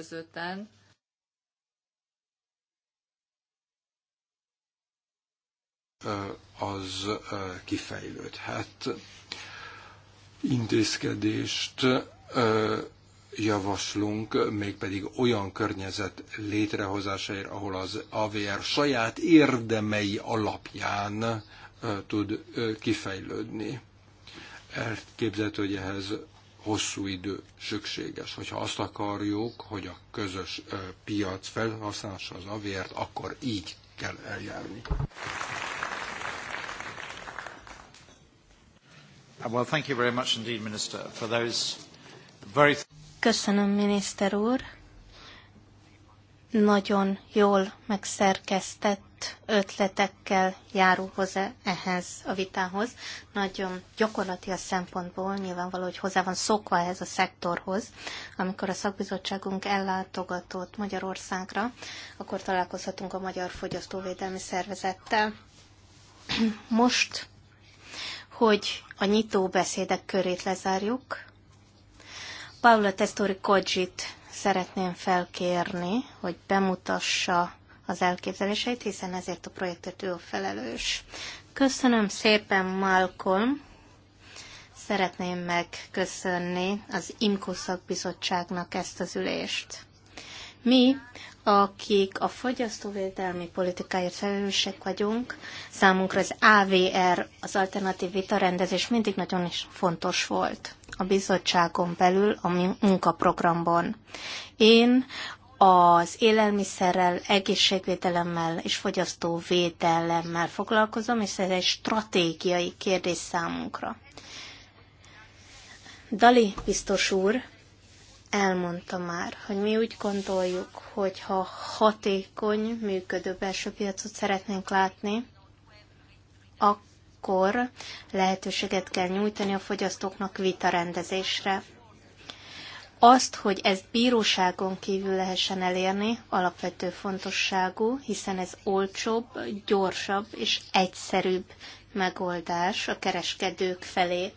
öltözőten. az kifejlődhet. Intézkedést javaslunk, mégpedig olyan környezet létrehozásáért, ahol az AVR saját érdemei alapján tud kifejlődni. Elképzelhető, hogy ehhez hosszú idő szükséges. Hogyha azt akarjuk, hogy a közös piac felhasználása az avért, akkor így kell eljárni. Well, thank you very much indeed, Minister, for those very... Köszönöm, miniszter úr, nagyon jól megszerkesztett ötletekkel járul hozzá ehhez a vitához. Nagyon gyakorlati a szempontból, nyilvánvaló, hogy hozzá van szokva ehhez a szektorhoz. Amikor a szakbizottságunk ellátogatott Magyarországra, akkor találkozhatunk a Magyar Fogyasztóvédelmi Szervezettel. Most, hogy a nyitó beszédek körét lezárjuk, Paula Testori Kodzsit szeretném felkérni, hogy bemutassa az elképzeléseit, hiszen ezért a projektet ő a felelős. Köszönöm szépen, Malcolm! Szeretném megköszönni az IMCO szakbizottságnak ezt az ülést. Mi akik a fogyasztóvédelmi politikáért felelősek vagyunk, számunkra az AVR, az alternatív vitarendezés mindig nagyon is fontos volt a bizottságon belül, a munkaprogramban. Én az élelmiszerrel, egészségvédelemmel és fogyasztóvédelemmel foglalkozom, és ez egy stratégiai kérdés számunkra. Dali biztos úr elmondta már, hogy mi úgy gondoljuk, hogy ha hatékony, működő belső piacot szeretnénk látni, akkor lehetőséget kell nyújtani a fogyasztóknak vitarendezésre. Azt, hogy ezt bíróságon kívül lehessen elérni, alapvető fontosságú, hiszen ez olcsóbb, gyorsabb és egyszerűbb megoldás a kereskedők felé.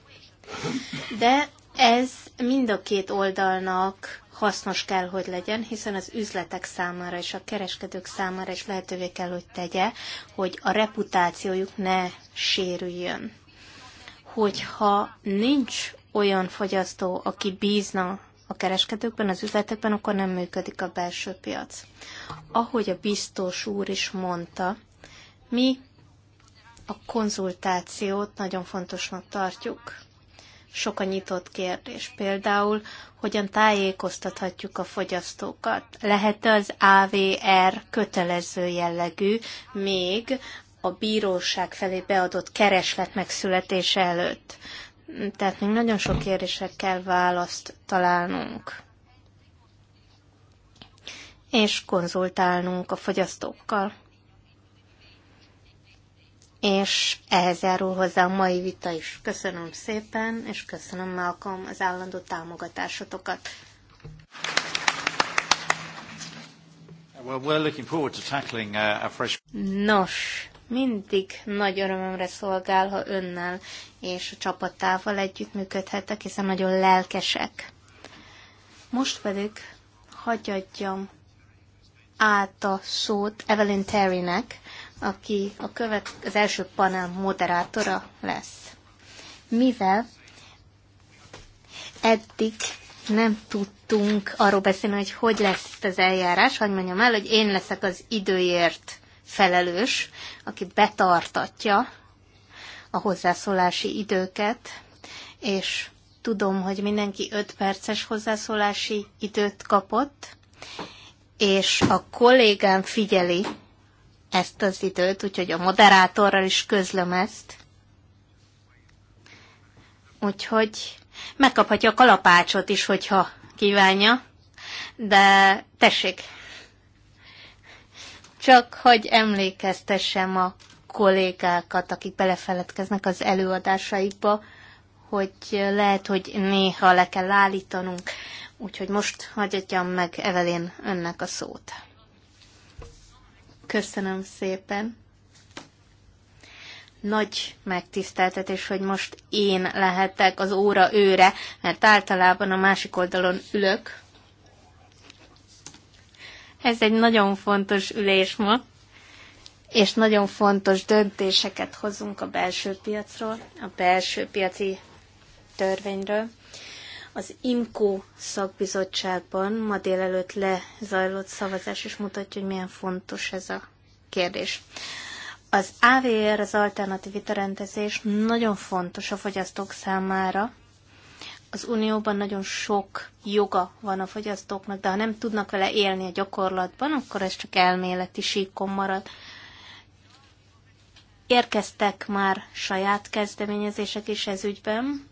De ez mind a két oldalnak hasznos kell, hogy legyen, hiszen az üzletek számára és a kereskedők számára is lehetővé kell, hogy tegye, hogy a reputációjuk ne sérüljön. Hogyha nincs olyan fogyasztó, aki bízna a kereskedőkben, az üzletekben, akkor nem működik a belső piac. Ahogy a biztos úr is mondta, mi a konzultációt nagyon fontosnak tartjuk sok a nyitott kérdés. Például, hogyan tájékoztathatjuk a fogyasztókat? Lehet-e az AVR kötelező jellegű, még a bíróság felé beadott kereslet megszületése előtt? Tehát még nagyon sok kérdésre kell választ találnunk. És konzultálnunk a fogyasztókkal és ehhez járul hozzá a mai vita is. Köszönöm szépen, és köszönöm Malcolm az állandó támogatásotokat. Uh, Nos, mindig nagy örömömre szolgál, ha önnel és a csapatával együttműködhetek, hiszen nagyon lelkesek. Most pedig hagyjadjam át a szót Evelyn Terrynek, aki a követ, az első panel moderátora lesz. Mivel eddig nem tudtunk arról beszélni, hogy hogy lesz itt az eljárás, hogy mondjam el, hogy én leszek az időért felelős, aki betartatja a hozzászólási időket, és tudom, hogy mindenki 5 perces hozzászólási időt kapott, és a kollégám figyeli, ezt az időt, úgyhogy a moderátorral is közlöm ezt. Úgyhogy megkaphatja a kalapácsot is, hogyha kívánja, de tessék. Csak, hogy emlékeztessem a kollégákat, akik belefeledkeznek az előadásaikba, hogy lehet, hogy néha le kell állítanunk. Úgyhogy most hagyjam meg Evelyn önnek a szót. Köszönöm szépen. Nagy megtiszteltetés, hogy most én lehetek az óra őre, mert általában a másik oldalon ülök. Ez egy nagyon fontos ülés ma, és nagyon fontos döntéseket hozunk a belső piacról, a belső piaci törvényről az IMCO szakbizottságban ma délelőtt lezajlott szavazás is mutatja, hogy milyen fontos ez a kérdés. Az AVR, az alternatív vitarendezés nagyon fontos a fogyasztók számára. Az Unióban nagyon sok joga van a fogyasztóknak, de ha nem tudnak vele élni a gyakorlatban, akkor ez csak elméleti síkon marad. Érkeztek már saját kezdeményezések is ez ügyben,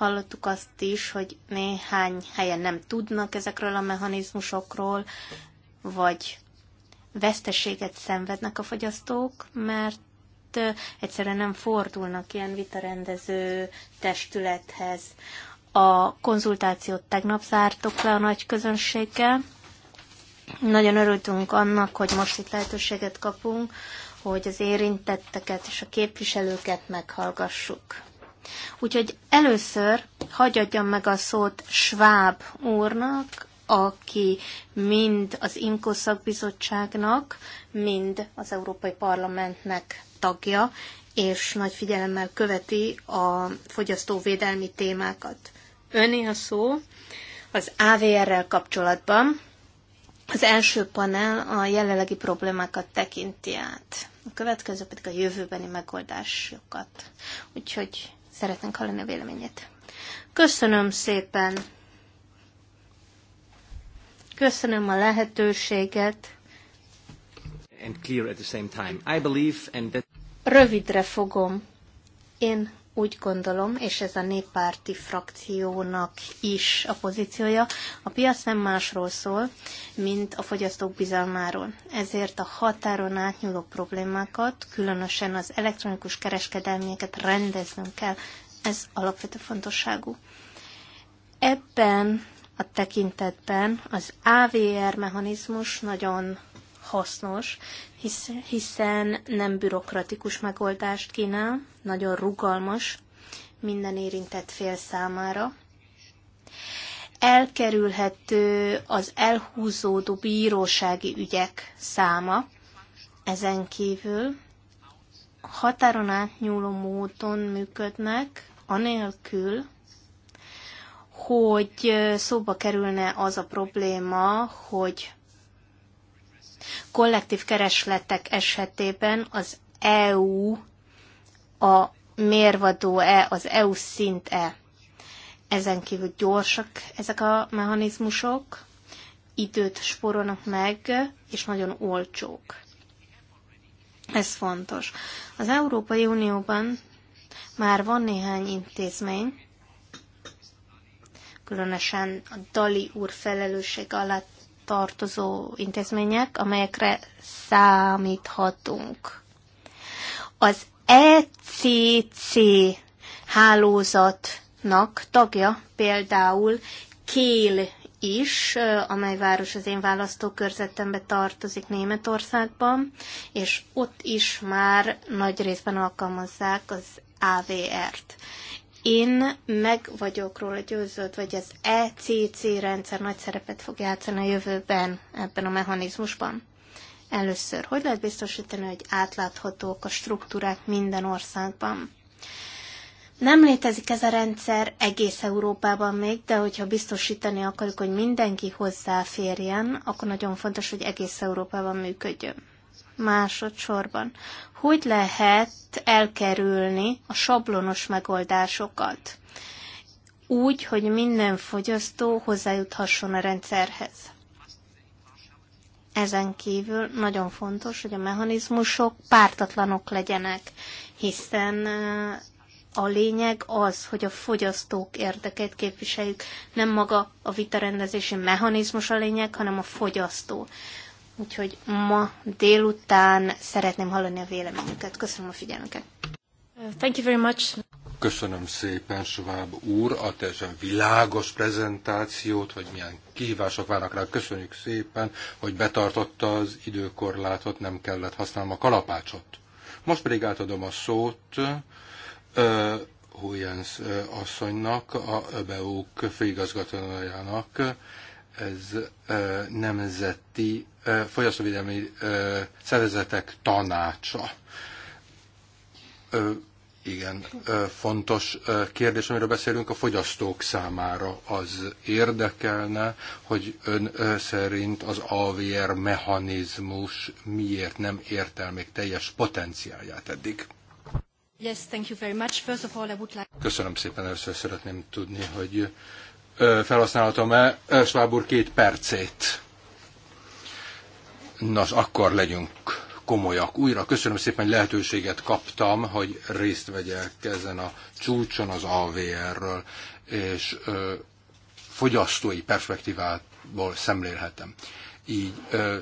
Hallottuk azt is, hogy néhány helyen nem tudnak ezekről a mechanizmusokról, vagy veszteséget szenvednek a fogyasztók, mert egyszerűen nem fordulnak ilyen vitarendező testülethez. A konzultációt tegnap zártok le a nagy közönséggel. Nagyon örültünk annak, hogy most itt lehetőséget kapunk, hogy az érintetteket és a képviselőket meghallgassuk. Úgyhogy először hagyjadjam meg a szót Schwab úrnak, aki mind az IMKO szakbizottságnak, mind az Európai Parlamentnek tagja, és nagy figyelemmel követi a fogyasztóvédelmi témákat. Öné a szó az AVR-rel kapcsolatban. Az első panel a jelenlegi problémákat tekinti át, a következő pedig a jövőbeni megoldásokat. Úgyhogy Szeretnénk hallani a véleményét. Köszönöm szépen! Köszönöm a lehetőséget. And clear at the same time. I believe and that... Rövidre fogom. Én úgy gondolom, és ez a néppárti frakciónak is a pozíciója, a piac nem másról szól, mint a fogyasztók bizalmáról. Ezért a határon átnyúló problémákat, különösen az elektronikus kereskedelmieket rendeznünk kell. Ez alapvető fontosságú. Ebben a tekintetben az AVR mechanizmus nagyon hasznos, hiszen nem bürokratikus megoldást kínál, nagyon rugalmas minden érintett fél számára. Elkerülhető az elhúzódó bírósági ügyek száma, ezen kívül határon átnyúló módon működnek, anélkül, hogy szóba kerülne az a probléma, hogy kollektív keresletek esetében az EU a mérvadó-e, az EU szint-e. Ezen kívül gyorsak ezek a mechanizmusok, időt spórolnak meg, és nagyon olcsók. Ez fontos. Az Európai Unióban már van néhány intézmény, különösen a Dali úr felelősség alatt tartozó intézmények, amelyekre számíthatunk. Az ECC hálózatnak tagja például Kél is, amely város az én választókörzetembe tartozik Németországban, és ott is már nagy részben alkalmazzák az AVR-t. Én meg vagyok róla győződ, hogy az ECC rendszer nagy szerepet fog játszani a jövőben ebben a mechanizmusban. Először, hogy lehet biztosítani, hogy átláthatók a struktúrák minden országban? Nem létezik ez a rendszer egész Európában még, de hogyha biztosítani akarjuk, hogy mindenki hozzáférjen, akkor nagyon fontos, hogy egész Európában működjön. Másodszorban, hogy lehet elkerülni a sablonos megoldásokat, úgy, hogy minden fogyasztó hozzájuthasson a rendszerhez. Ezen kívül nagyon fontos, hogy a mechanizmusok pártatlanok legyenek, hiszen eh, a lényeg az, hogy a fogyasztók érdekeit képviseljük. Nem maga a vitarendezési mechanizmus a lényeg, hanem a fogyasztó. Úgyhogy ma délután szeretném hallani a véleményüket. Köszönöm a figyelmüket. Thank you very much. Köszönöm szépen, Sváb úr, a teljesen világos prezentációt, hogy milyen kihívások várnak rá. Köszönjük szépen, hogy betartotta az időkorlátot, nem kellett használnom a kalapácsot. Most pedig átadom a szót uh, Huyens asszonynak, a BEUK főigazgatójának, ez nemzeti fogyasztóvédelmi szervezetek tanácsa. Igen, fontos kérdés, amiről beszélünk a fogyasztók számára. Az érdekelne, hogy ön szerint az AVR mechanizmus miért nem érte még teljes potenciálját eddig? Köszönöm szépen, először szeretném tudni, hogy felhasználhatom-e Schwab úr két percét? Nos, akkor legyünk komolyak újra. Köszönöm szépen, hogy lehetőséget kaptam, hogy részt vegyek ezen a csúcson az AVR-ről, és ö, fogyasztói perspektívából szemlélhetem így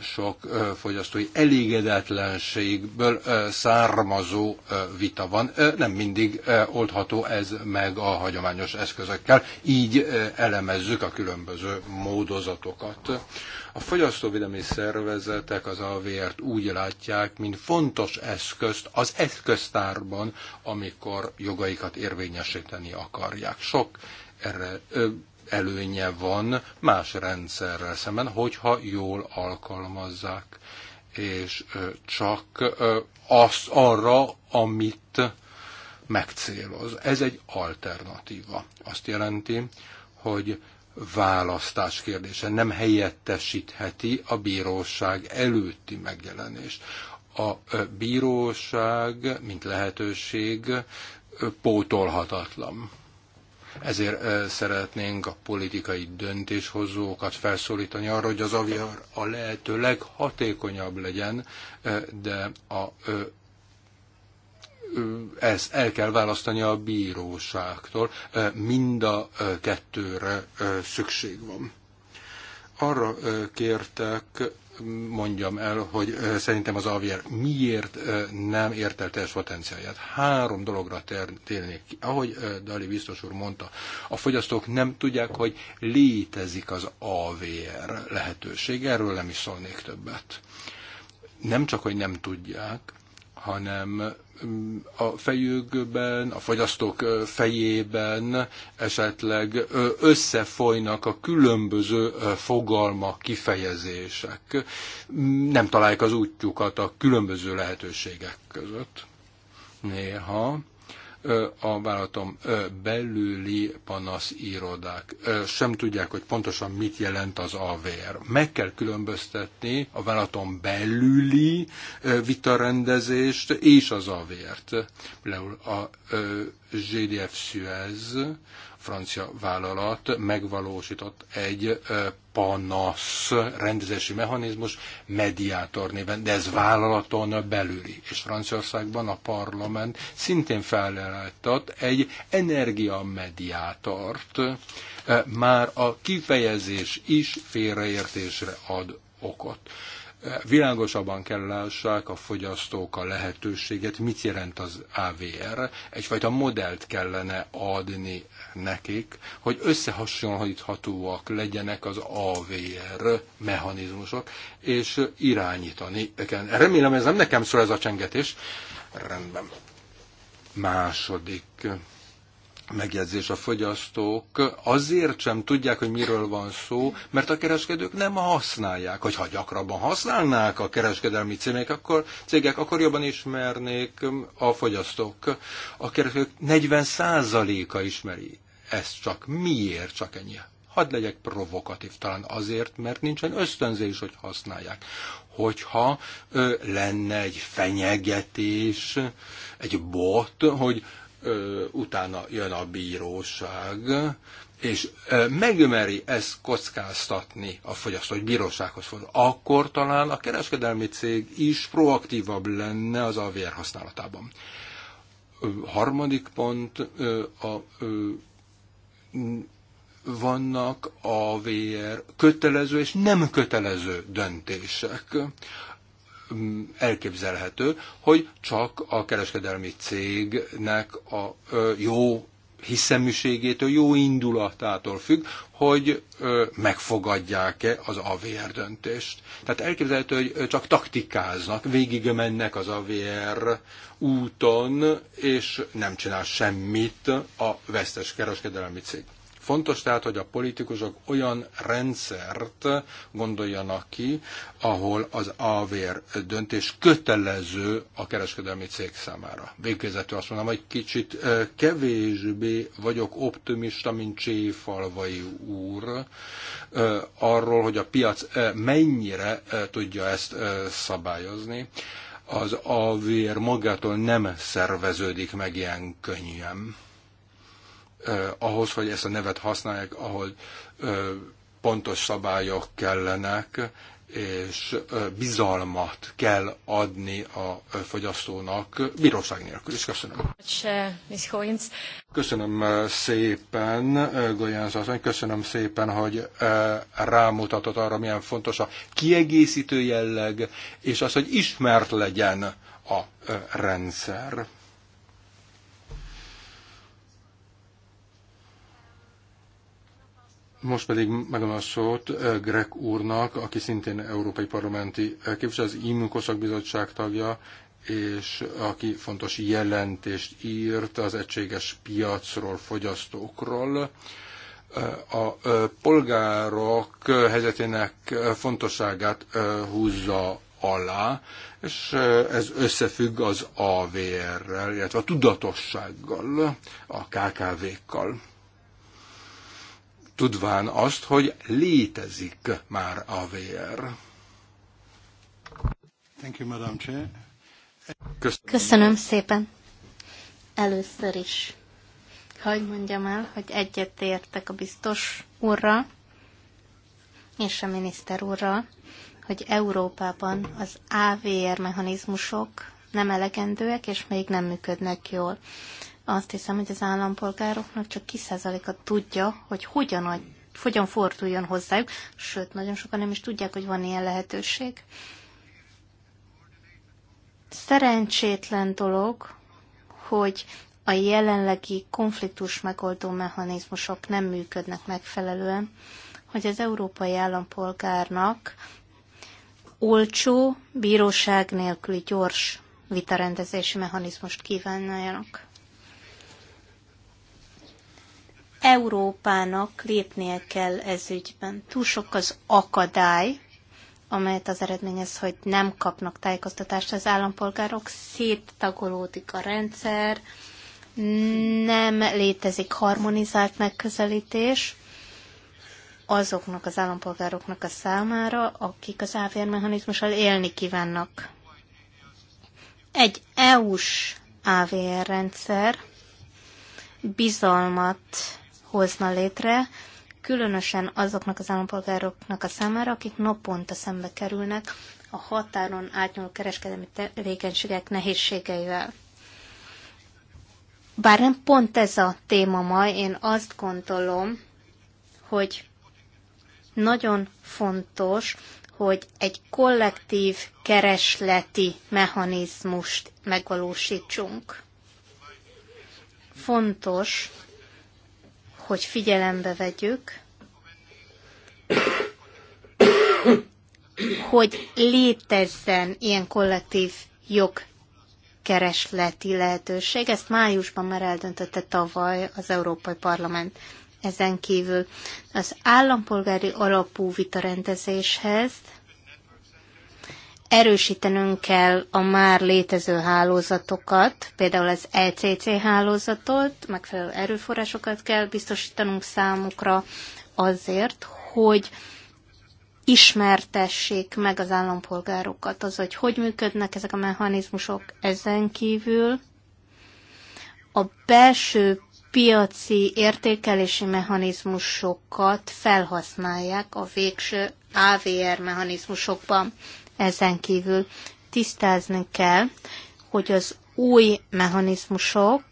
sok fogyasztói elégedetlenségből származó vita van. Nem mindig oldható ez meg a hagyományos eszközökkel, így elemezzük a különböző módozatokat. A fogyasztóvédelmi szervezetek az AVR-t úgy látják, mint fontos eszközt az eszköztárban, amikor jogaikat érvényesíteni akarják. Sok erre előnye van más rendszerrel szemben, hogyha jól alkalmazzák, és csak azt arra, amit megcéloz. Ez egy alternatíva. Azt jelenti, hogy választás kérdése nem helyettesítheti a bíróság előtti megjelenést. A bíróság, mint lehetőség, pótolhatatlan. Ezért szeretnénk a politikai döntéshozókat felszólítani arra, hogy az aviar a lehető leghatékonyabb legyen, de a, ezt el kell választani a bíróságtól. Mind a kettőre szükség van arra kértek, mondjam el, hogy szerintem az AVR miért nem ért el teljes potenciáját. Három dologra térnék ki. Ahogy Dali biztos úr mondta, a fogyasztók nem tudják, hogy létezik az AVR lehetőség. Erről nem is szólnék többet. Nem csak, hogy nem tudják, hanem mm, a fejükben, a fogyasztók fejében esetleg összefolynak a különböző fogalmak, kifejezések. Mm, nem találják az útjukat a különböző lehetőségek között. Néha a vállalatom belüli panaszirodák sem tudják, hogy pontosan mit jelent az AVR. Meg kell különböztetni a vállalatom belüli vitarendezést és az AVR-t. Például a GDF Suez francia vállalat megvalósított egy panasz rendezési mechanizmus mediátor néven, de ez vállalaton belüli. És Franciaországban a parlament szintén felállított egy energiamediátort, már a kifejezés is félreértésre ad okot világosabban kell lássák a fogyasztók a lehetőséget, mit jelent az AVR, egyfajta modellt kellene adni nekik, hogy összehasonlíthatóak legyenek az AVR mechanizmusok, és irányítani. Remélem ez nem nekem szól ez a csengetés. Rendben. Második megjegyzés a fogyasztók azért sem tudják, hogy miről van szó, mert a kereskedők nem használják. Hogyha gyakrabban használnák a kereskedelmi cégek, akkor, cégek, akkor jobban ismernék a fogyasztók. A kereskedők 40%-a ismeri ez csak miért csak ennyi? Hadd legyek provokatív, talán azért, mert nincsen ösztönzés, hogy használják. Hogyha ö, lenne egy fenyegetés, egy bot, hogy ö, utána jön a bíróság, és megmeri ezt kockáztatni a fogyasztó, hogy bírósághoz fordul, akkor talán a kereskedelmi cég is proaktívabb lenne az AVR használatában. Harmadik pont a vannak a VR kötelező és nem kötelező döntések. Elképzelhető, hogy csak a kereskedelmi cégnek a jó hiszeműségétől, jó indulatától függ, hogy megfogadják-e az AVR döntést. Tehát elképzelhető, hogy csak taktikáznak, végigmennek az AVR úton, és nem csinál semmit a vesztes kereskedelmi cég. Fontos tehát, hogy a politikusok olyan rendszert gondoljanak ki, ahol az AVR döntés kötelező a kereskedelmi cég számára. Végkezetül azt mondom, hogy kicsit kevésbé vagyok optimista, mint Cséfalvai úr, arról, hogy a piac mennyire tudja ezt szabályozni az avér magától nem szerveződik meg ilyen könnyen. Eh, ahhoz, hogy ezt a nevet használják, ahol eh, pontos szabályok kellenek, és bizalmat kell adni a fogyasztónak, bíróság nélkül is. Köszönöm. Köszönöm szépen, Golyán asszony, köszönöm szépen, hogy rámutatott arra, milyen fontos a kiegészítő jelleg, és az, hogy ismert legyen a rendszer. Most pedig megadom a szót Greg úrnak, aki szintén európai parlamenti képviselő, az Immukosak Bizottság tagja, és aki fontos jelentést írt az egységes piacról, fogyasztókról. A polgárok helyzetének fontosságát húzza alá, és ez összefügg az AVR-rel, illetve a tudatossággal, a KKV-kkal tudván azt, hogy létezik már a VR. Köszönöm. szépen. Először is. Hogy mondjam el, hogy egyetértek a biztos úrral és a miniszter úrral, hogy Európában az AVR mechanizmusok nem elegendőek, és még nem működnek jól. Azt hiszem, hogy az állampolgároknak csak kiszázaléka tudja, hogy hogyan, hogyan forduljon hozzájuk, sőt, nagyon sokan nem is tudják, hogy van ilyen lehetőség. Szerencsétlen dolog, hogy a jelenlegi konfliktus megoldó mechanizmusok nem működnek megfelelően, hogy az európai állampolgárnak olcsó, bíróság nélküli gyors vitarendezési mechanizmust kívánjanak. Európának lépnie kell ez ügyben. Túl sok az akadály, amelyet az eredményez, hogy nem kapnak tájékoztatást az állampolgárok, széttagolódik a rendszer, nem létezik harmonizált megközelítés azoknak az állampolgároknak a számára, akik az AVR-mechanizmussal élni kívánnak. Egy EU-s AVR rendszer bizalmat hozna létre, különösen azoknak az állampolgároknak a számára, akik naponta szembe kerülnek a határon átnyúló kereskedelmi tevékenységek nehézségeivel. Bár nem pont ez a téma ma, én azt gondolom, hogy nagyon fontos, hogy egy kollektív keresleti mechanizmust megvalósítsunk. Fontos, hogy figyelembe vegyük, hogy létezzen ilyen kollektív jogkeresleti lehetőség. Ezt májusban már eldöntötte tavaly az Európai Parlament. Ezen kívül az állampolgári alapú vitarendezéshez erősítenünk kell a már létező hálózatokat, például az ECC hálózatot, megfelelő erőforrásokat kell biztosítanunk számukra azért, hogy ismertessék meg az állampolgárokat az, hogy hogy működnek ezek a mechanizmusok ezen kívül. A belső piaci értékelési mechanizmusokat felhasználják a végső AVR mechanizmusokban. Ezen kívül tisztázni kell, hogy az új mechanizmusok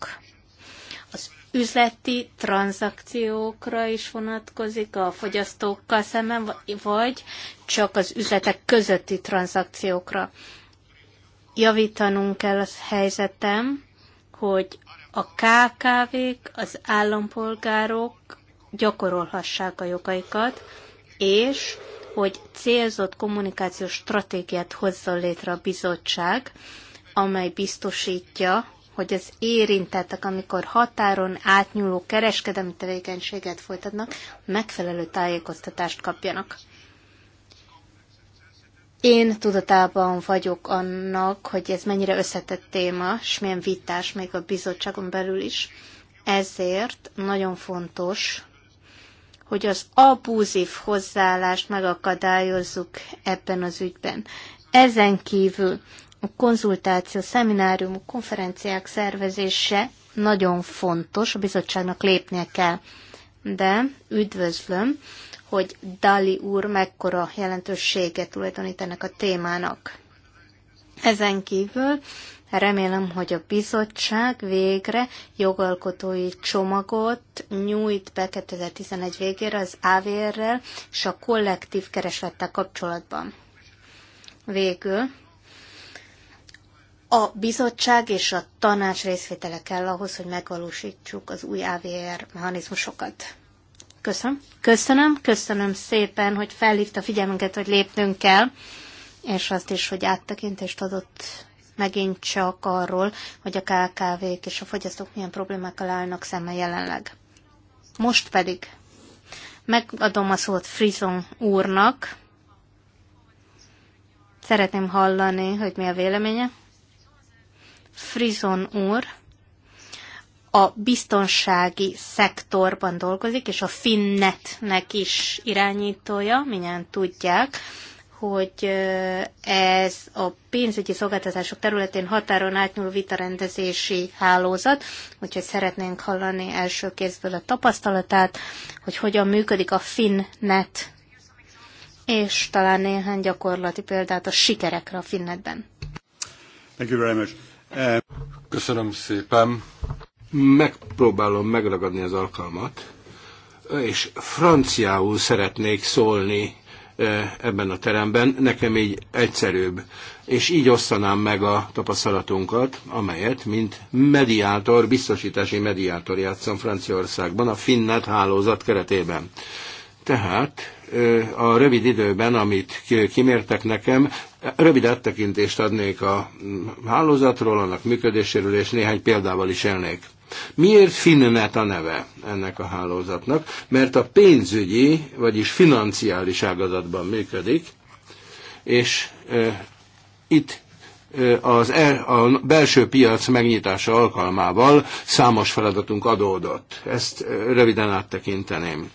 az üzleti tranzakciókra is vonatkozik a fogyasztókkal szemben, vagy csak az üzletek közötti tranzakciókra. Javítanunk kell az helyzetem, hogy a KKV-k, az állampolgárok gyakorolhassák a jogaikat, és hogy célzott kommunikációs stratégiát hozzon létre a bizottság, amely biztosítja, hogy az érintettek, amikor határon átnyúló kereskedelmi tevékenységet folytatnak, megfelelő tájékoztatást kapjanak. Én tudatában vagyok annak, hogy ez mennyire összetett téma, és milyen vitás még a bizottságon belül is. Ezért nagyon fontos, hogy az abúzív hozzáállást megakadályozzuk ebben az ügyben. Ezen kívül a konzultáció, szemináriumok, konferenciák szervezése nagyon fontos, a bizottságnak lépnie kell. De üdvözlöm, hogy Dali úr mekkora jelentőséget tulajdonít ennek a témának. Ezen kívül Remélem, hogy a bizottság végre jogalkotói csomagot nyújt be 2011 végére az AVR-rel és a kollektív kereslettel kapcsolatban. Végül a bizottság és a tanács részvétele kell ahhoz, hogy megvalósítsuk az új AVR mechanizmusokat. Köszönöm. Köszönöm, köszönöm szépen, hogy felhívta figyelmünket, hogy lépnünk kell, és azt is, hogy áttekintést adott megint csak arról, hogy a KKV-k és a fogyasztók milyen problémákkal állnak szemben jelenleg. Most pedig megadom a szót Frizon úrnak. Szeretném hallani, hogy mi a véleménye. Frizon úr a biztonsági szektorban dolgozik, és a Finnetnek is irányítója, minnyáján tudják, hogy ez a pénzügyi szolgáltatások területén határon átnyúló vitarendezési hálózat, úgyhogy szeretnénk hallani első kézből a tapasztalatát, hogy hogyan működik a FinNet, és talán néhány gyakorlati példát a sikerekre a FinNetben. Thank you very much. Köszönöm szépen. Megpróbálom megragadni az alkalmat, és franciául szeretnék szólni ebben a teremben, nekem így egyszerűbb. És így osztanám meg a tapasztalatunkat, amelyet, mint mediátor, biztosítási mediátor játszom Franciaországban, a Finnet hálózat keretében. Tehát a rövid időben, amit kimértek nekem, rövid áttekintést adnék a mm, hálózatról, annak működéséről, és néhány példával is elnék. Miért Finnet a neve ennek a hálózatnak? Mert a pénzügyi, vagyis financiális ágazatban működik, és e, itt az er, a belső piac megnyitása alkalmával számos feladatunk adódott. Ezt röviden áttekinteném.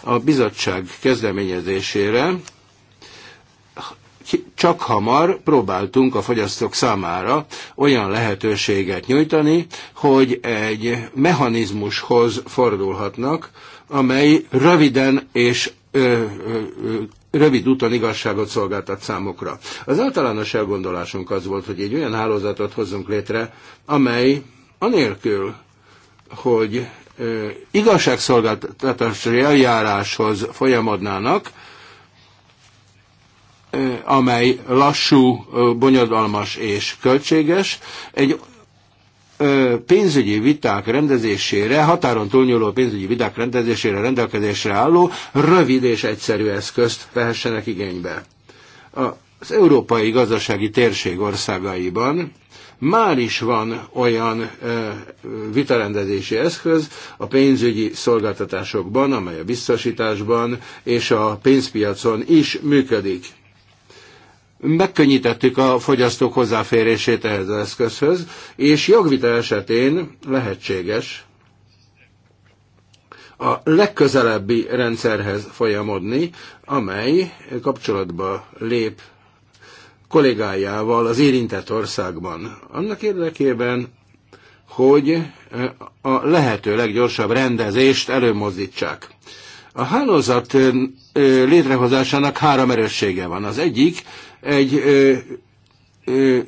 A bizottság kezdeményezésére csak hamar próbáltunk a fogyasztók számára olyan lehetőséget nyújtani, hogy egy mechanizmushoz fordulhatnak, amely röviden és ö, ö, ö, rövid úton igazságot szolgáltat számukra. Az általános elgondolásunk az volt, hogy egy olyan hálózatot hozzunk létre, amely anélkül, hogy igazságszolgáltatási eljáráshoz folyamodnának, amely lassú, bonyodalmas és költséges, egy pénzügyi viták rendezésére, határon túlnyúló pénzügyi viták rendezésére rendelkezésre álló rövid és egyszerű eszközt vehessenek igénybe. Az európai gazdasági térség országaiban már is van olyan vitarendezési eszköz a pénzügyi szolgáltatásokban, amely a biztosításban és a pénzpiacon is működik megkönnyítettük a fogyasztók hozzáférését ehhez az eszközhöz, és jogvita esetén lehetséges a legközelebbi rendszerhez folyamodni, amely kapcsolatba lép kollégájával az érintett országban. Annak érdekében, hogy a lehető leggyorsabb rendezést előmozdítsák. A hálózat létrehozásának három erőssége van. Az egyik egy ö, ö,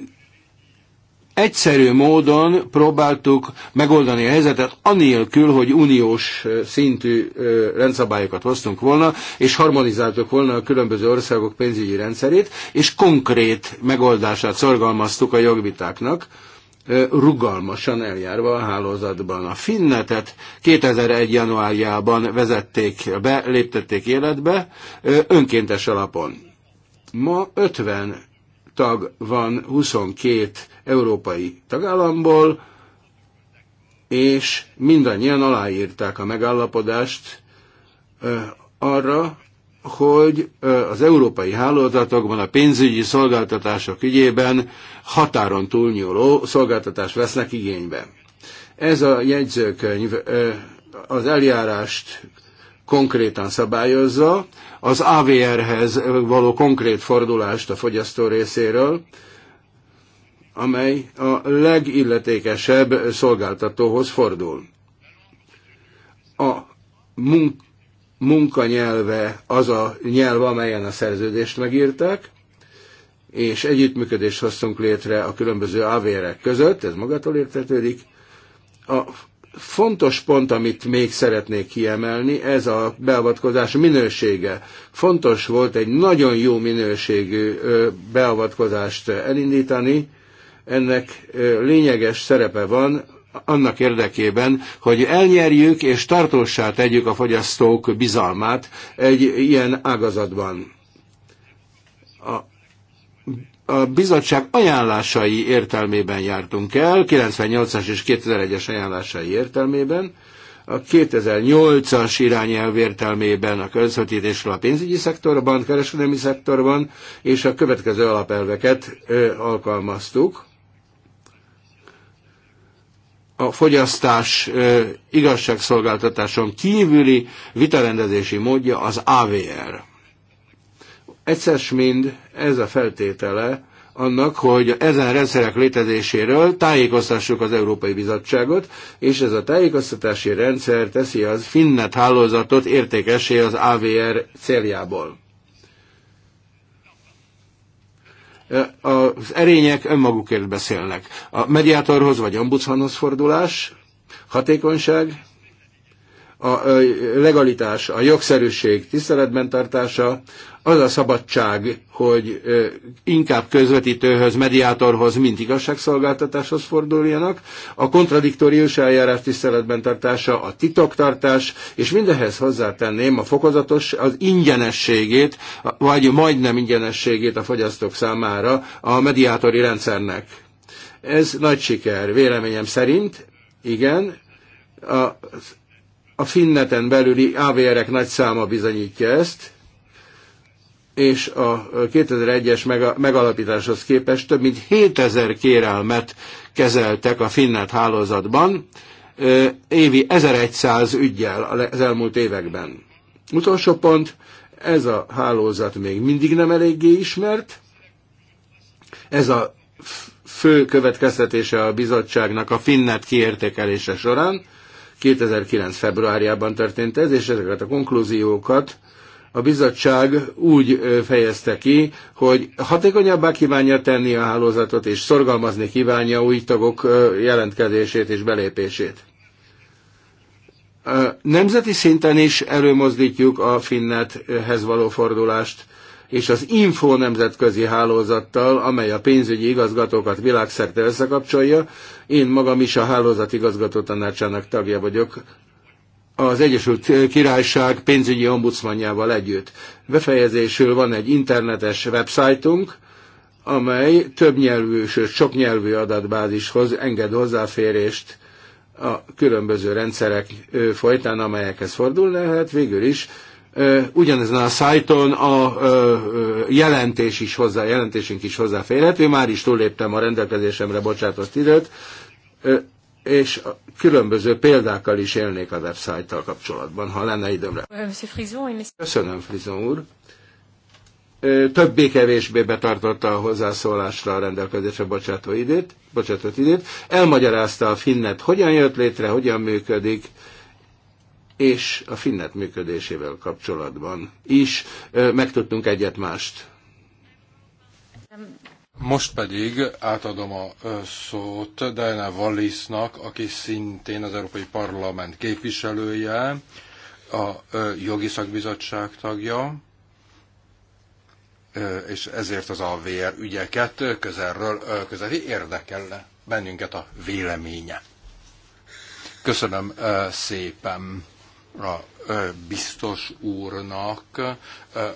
egyszerű módon próbáltuk megoldani a helyzetet, anélkül, hogy uniós szintű rendszabályokat hoztunk volna, és harmonizáltuk volna a különböző országok pénzügyi rendszerét, és konkrét megoldását szorgalmaztuk a jogvitáknak, rugalmasan eljárva a hálózatban. A finnetet 2001. januárjában vezették be, léptették életbe önkéntes alapon Ma 50 tag van 22 európai tagállamból, és mindannyian aláírták a megállapodást arra, hogy az európai hálózatokban a pénzügyi szolgáltatások ügyében határon túlnyúló szolgáltatást vesznek igénybe. Ez a jegyzőkönyv az eljárást konkrétan szabályozza, az AVR-hez való konkrét fordulást a fogyasztó részéről, amely a legilletékesebb szolgáltatóhoz fordul. A munk munkanyelve az a nyelv, amelyen a szerződést megírták, és együttműködést hoztunk létre a különböző AVR-ek között, ez magától értetődik. A Fontos pont, amit még szeretnék kiemelni, ez a beavatkozás minősége. Fontos volt egy nagyon jó minőségű beavatkozást elindítani, ennek lényeges szerepe van annak érdekében, hogy elnyerjük és tartósá tegyük a fogyasztók bizalmát egy ilyen ágazatban. A a bizottság ajánlásai értelmében jártunk el, 98-as és 2001-es ajánlásai értelmében, a 2008-as irányelv értelmében a közvetítésről a pénzügyi szektorban, kereskedelmi szektorban, és a következő alapelveket ö, alkalmaztuk. A fogyasztás ö, igazságszolgáltatáson kívüli vitarendezési módja az AVR. Egyszer mind ez a feltétele annak, hogy ezen rendszerek létezéséről tájékoztassuk az Európai Bizottságot, és ez a tájékoztatási rendszer teszi az finnet hálózatot értékesé az AVR céljából. az erények önmagukért beszélnek. A mediátorhoz vagy ombudsmanhoz fordulás, hatékonyság, a legalitás, a jogszerűség tiszteletben tartása, az a szabadság, hogy inkább közvetítőhöz, mediátorhoz, mint igazságszolgáltatáshoz forduljanak, a kontradiktórius eljárás tiszteletben tartása, a titoktartás, és mindehhez hozzátenném a fokozatos, az ingyenességét, vagy majdnem ingyenességét a fogyasztók számára a mediátori rendszernek. Ez nagy siker, véleményem szerint, igen, a a finneten belüli AVR-ek nagy száma bizonyítja ezt, és a 2001-es megalapításhoz képest több mint 7000 kérelmet kezeltek a finnet hálózatban, évi 1100 ügyjel az elmúlt években. Utolsó pont, ez a hálózat még mindig nem eléggé ismert. Ez a fő következtetése a bizottságnak a finnet kiértékelése során 2009. februárjában történt ez, és ezeket a konklúziókat a bizottság úgy fejezte ki, hogy hatékonyabbá kívánja tenni a hálózatot, és szorgalmazni kívánja új tagok jelentkezését és belépését. Nemzeti szinten is előmozdítjuk a finnethez való fordulást, és az Info nemzetközi hálózattal, amely a pénzügyi igazgatókat világszerte összekapcsolja. Én magam is a hálózat igazgató tanácsának tagja vagyok, az Egyesült Királyság pénzügyi ombudsmanjával együtt. Befejezésül van egy internetes websájtunk, amely nyelvű, sőt soknyelvű adatbázishoz enged hozzáférést a különböző rendszerek folytán, amelyekhez fordul lehet. Végül is ugyanezen a szájton a jelentés is hozzá, jelentésünk is hozzáférhető, már is túléptem a rendelkezésemre bocsátott időt, és különböző példákkal is élnék a website kapcsolatban, ha lenne időmre. Euh, Köszönöm, Frizon úr. Többé-kevésbé betartotta a hozzászólásra a rendelkezésre időt, bocsátott időt. Elmagyarázta a finnet, hogyan jött létre, hogyan működik, és a finnet működésével kapcsolatban is megtudtunk egyet-mást. Most pedig átadom a szót Diana Wallisnak, aki szintén az Európai Parlament képviselője, a jogi szakbizottság tagja, és ezért az AVR ügyeket közelről közeli érdekel bennünket a véleménye. Köszönöm szépen a biztos úrnak,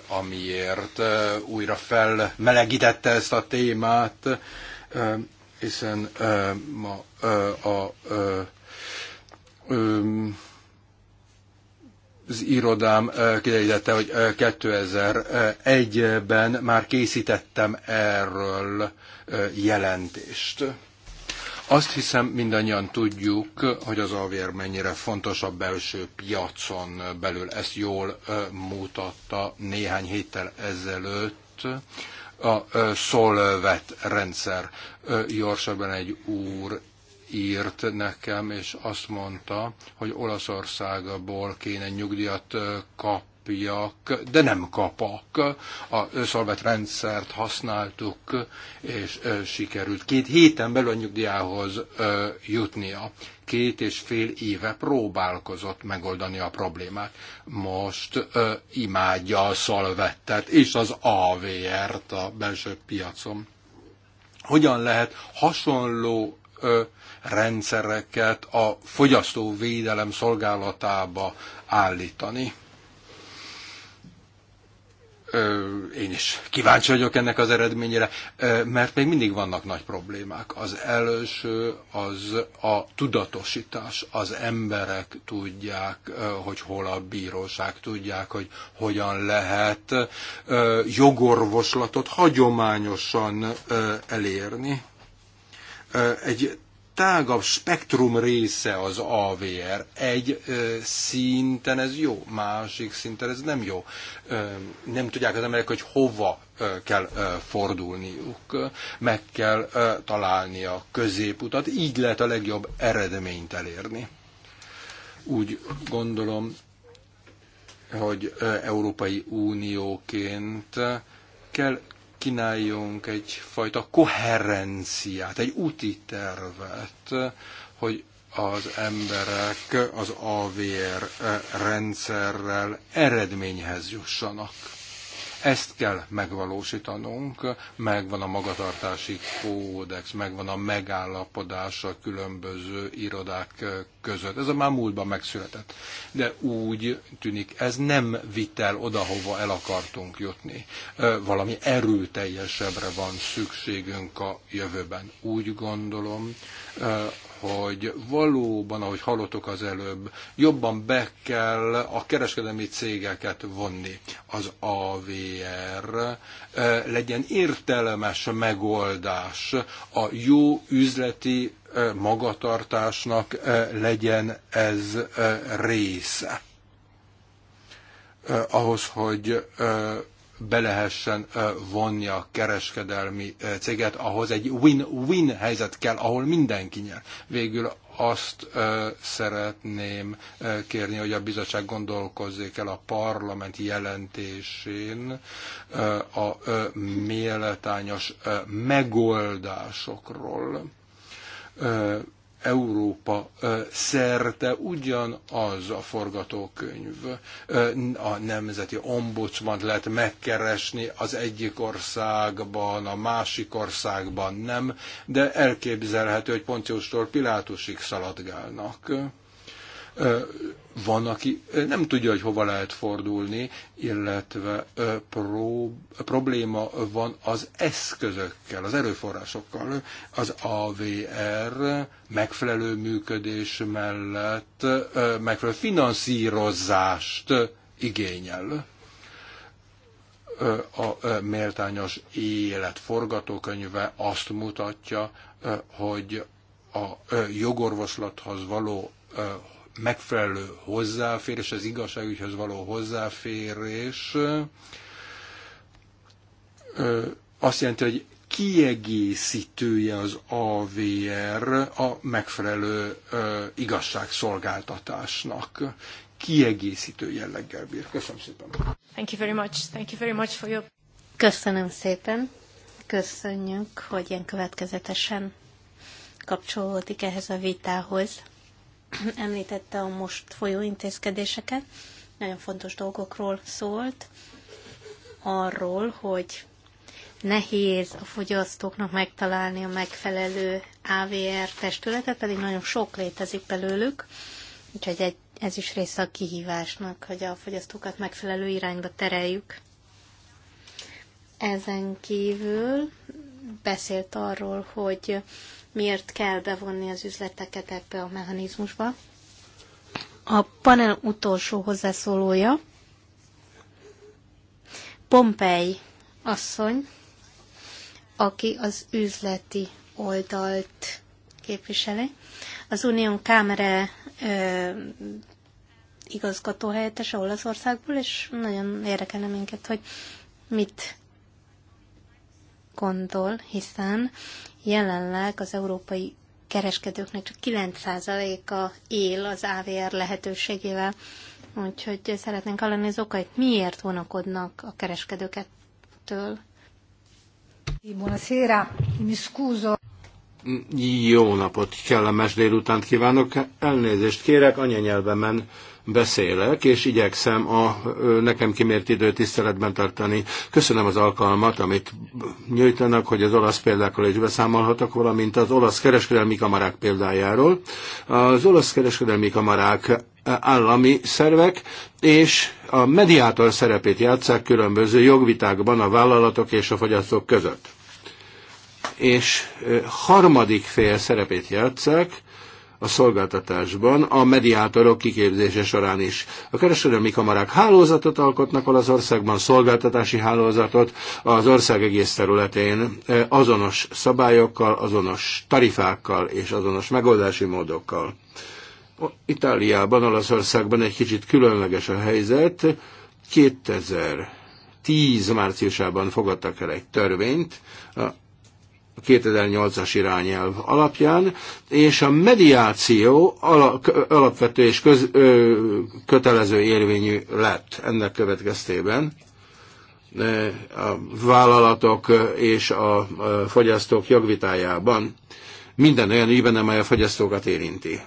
amiért újra felmelegítette ezt a témát, hiszen ma a az irodám kiderítette, hogy 2001-ben már készítettem erről jelentést. Azt hiszem, mindannyian tudjuk, hogy az alvér mennyire fontos a belső piacon belül. Ezt jól mutatta néhány héttel ezelőtt a Solvet rendszer. Jorsabban egy úr írt nekem, és azt mondta, hogy Olaszországból kéne nyugdíjat kap kapjak, de nem kapak. A szolvett rendszert használtuk, és sikerült két héten belül a nyugdíjához jutnia. Két és fél éve próbálkozott megoldani a problémát. Most imádja a szolvettet és az AVR-t a belső piacon. Hogyan lehet hasonló rendszereket a fogyasztóvédelem szolgálatába állítani én is kíváncsi vagyok ennek az eredményére, mert még mindig vannak nagy problémák. Az első az a tudatosítás. Az emberek tudják, hogy hol a bíróság, tudják, hogy hogyan lehet jogorvoslatot hagyományosan elérni. Egy tágabb spektrum része az AVR. Egy ö, szinten ez jó, másik szinten ez nem jó. Ö, nem tudják az emberek, hogy hova ö, kell ö, fordulniuk. Meg kell ö, találni a középutat. Így lehet a legjobb eredményt elérni. Úgy gondolom, hogy Európai Unióként kell kínáljunk egyfajta koherenciát, egy úti tervet, hogy az emberek az AVR eh, rendszerrel eredményhez jussanak ezt kell megvalósítanunk, megvan a magatartási kódex, megvan a megállapodás a különböző irodák között. Ez a már múltban megszületett. De úgy tűnik, ez nem vitt el oda, hova el akartunk jutni. Valami erőteljesebbre van szükségünk a jövőben. Úgy gondolom, hogy valóban, ahogy hallottuk az előbb, jobban be kell a kereskedelmi cégeket vonni. Az AVR eh, legyen értelmes megoldás a jó üzleti eh, magatartásnak eh, legyen ez része ahhoz, hogy be lehessen vonni a kereskedelmi céget, ahhoz egy win-win helyzet kell, ahol mindenki nyer. Végül azt szeretném kérni, hogy a bizottság gondolkozzék el a parlament jelentésén a méltányos megoldásokról Európa szerte ugyanaz a forgatókönyv. A nemzeti ombudsman lehet megkeresni az egyik országban, a másik országban nem, de elképzelhető, hogy Pontiustól Pilátusig szaladgálnak. Van, aki nem tudja, hogy hova lehet fordulni, illetve probléma van az eszközökkel, az erőforrásokkal. Az AVR megfelelő működés mellett megfelelő finanszírozást igényel a méltányos élet forgatókönyve azt mutatja, hogy a jogorvoslathoz való megfelelő hozzáférés, az igazságügyhöz való hozzáférés azt jelenti, hogy kiegészítője az AVR a megfelelő igazságszolgáltatásnak. Kiegészítő jelleggel bír. Köszönöm szépen. Thank you very much. Thank you very much for your... Köszönöm szépen. Köszönjük, hogy ilyen következetesen kapcsolódik ehhez a vitához említette a most folyó intézkedéseket, nagyon fontos dolgokról szólt, arról, hogy nehéz a fogyasztóknak megtalálni a megfelelő AVR testületet, pedig nagyon sok létezik belőlük, úgyhogy egy, ez is része a kihívásnak, hogy a fogyasztókat megfelelő irányba tereljük. Ezen kívül beszélt arról, hogy miért kell bevonni az üzleteket ebbe a mechanizmusba. A panel utolsó hozzászólója, Pompei asszony, aki az üzleti oldalt képviseli. Az Unión Kámere igazgatóhelyettese Olaszországból, és nagyon érdekelne minket, hogy mit gondol, hiszen jelenleg az európai kereskedőknek csak 9%-a él az AVR lehetőségével, úgyhogy szeretnénk hallani az okait, miért vonakodnak a kereskedőkettől. Buonasera, mi scuso. Jó napot, kellemes délutánt kívánok. Elnézést kérek, anyanyelvemen beszélek, és igyekszem a nekem kimért időt tiszteletben tartani. Köszönöm az alkalmat, amit nyújtanak, hogy az olasz példákról is beszámolhatok, valamint az olasz kereskedelmi kamarák példájáról. Az olasz kereskedelmi kamarák állami szervek, és a mediátor szerepét játszák különböző jogvitákban a vállalatok és a fogyasztók között. És harmadik fél szerepét játszák, a szolgáltatásban a mediátorok kiképzése során is. A kereskedelmi kamarák hálózatot alkotnak az országban szolgáltatási hálózatot az ország egész területén e, azonos szabályokkal, azonos tarifákkal és azonos megoldási módokkal. Itáliában, Olaszországban egy kicsit különleges a helyzet. 2010 márciusában fogadtak el egy törvényt, a 2008-as irányelv alapján, és a mediáció alapvető és köz, ö, kötelező érvényű lett ennek következtében. A vállalatok és a fogyasztók jogvitájában minden olyan ügyben, amely a fogyasztókat érinti.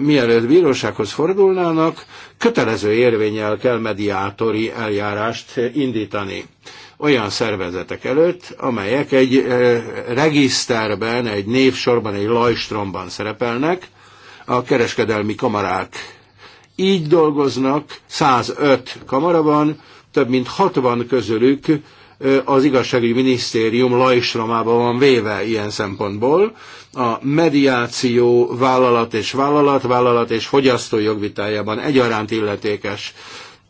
Mielőtt bírósághoz fordulnának, kötelező érvényel kell mediátori eljárást indítani olyan szervezetek előtt, amelyek egy eh, regiszterben, egy névsorban, egy lajstromban szerepelnek, a kereskedelmi kamarák így dolgoznak, 105 kamara van, több mint 60 közülük eh, az igazságügyi minisztérium lajstromába van véve ilyen szempontból. A mediáció vállalat és vállalat, vállalat és fogyasztó jogvitájában egyaránt illetékes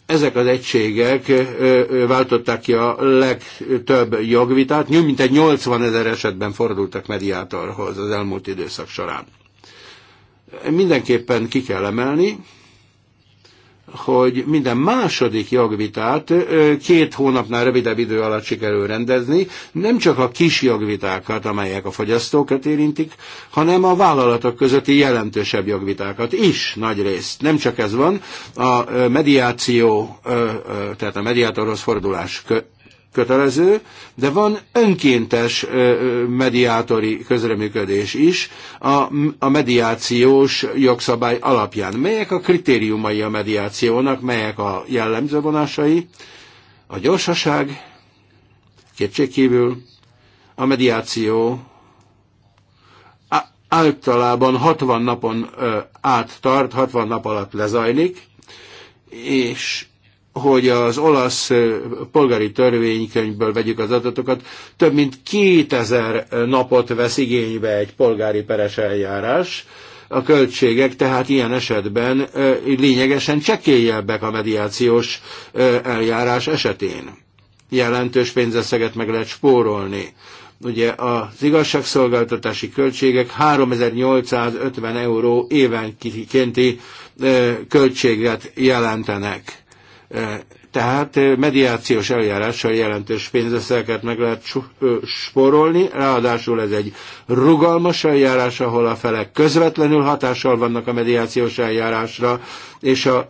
ezek az egységek váltották ki a legtöbb jogvitát, mintegy 80 ezer esetben fordultak mediátorhoz az elmúlt időszak során. Mindenképpen ki kell emelni, hogy minden második jogvitát két hónapnál rövidebb idő alatt sikerül rendezni, nem csak a kis jogvitákat, amelyek a fogyasztókat érintik, hanem a vállalatok közötti jelentősebb jogvitákat is nagy részt. Nem csak ez van, a mediáció, tehát a mediátorhoz fordulás kötelező, de van önkéntes mediátori közreműködés is a, a mediációs jogszabály alapján. Melyek a kritériumai a mediációnak, melyek a jellemző vonásai? A gyorsaság, kétségkívül, a mediáció általában 60 napon át tart, 60 nap alatt lezajlik, és hogy az olasz polgári törvénykönyvből vegyük az adatokat, több mint 2000 napot vesz igénybe egy polgári peres eljárás, a költségek, tehát ilyen esetben lényegesen csekélyebbek a mediációs eljárás esetén. Jelentős pénzeszeget meg lehet spórolni. Ugye az igazságszolgáltatási költségek 3850 euró évenkénti költséget jelentenek E, tehát e, mediációs eljárással jelentős pénzösszegeket meg lehet sporolni, ráadásul ez egy rugalmas eljárás, ahol a felek közvetlenül hatással vannak a mediációs eljárásra, és a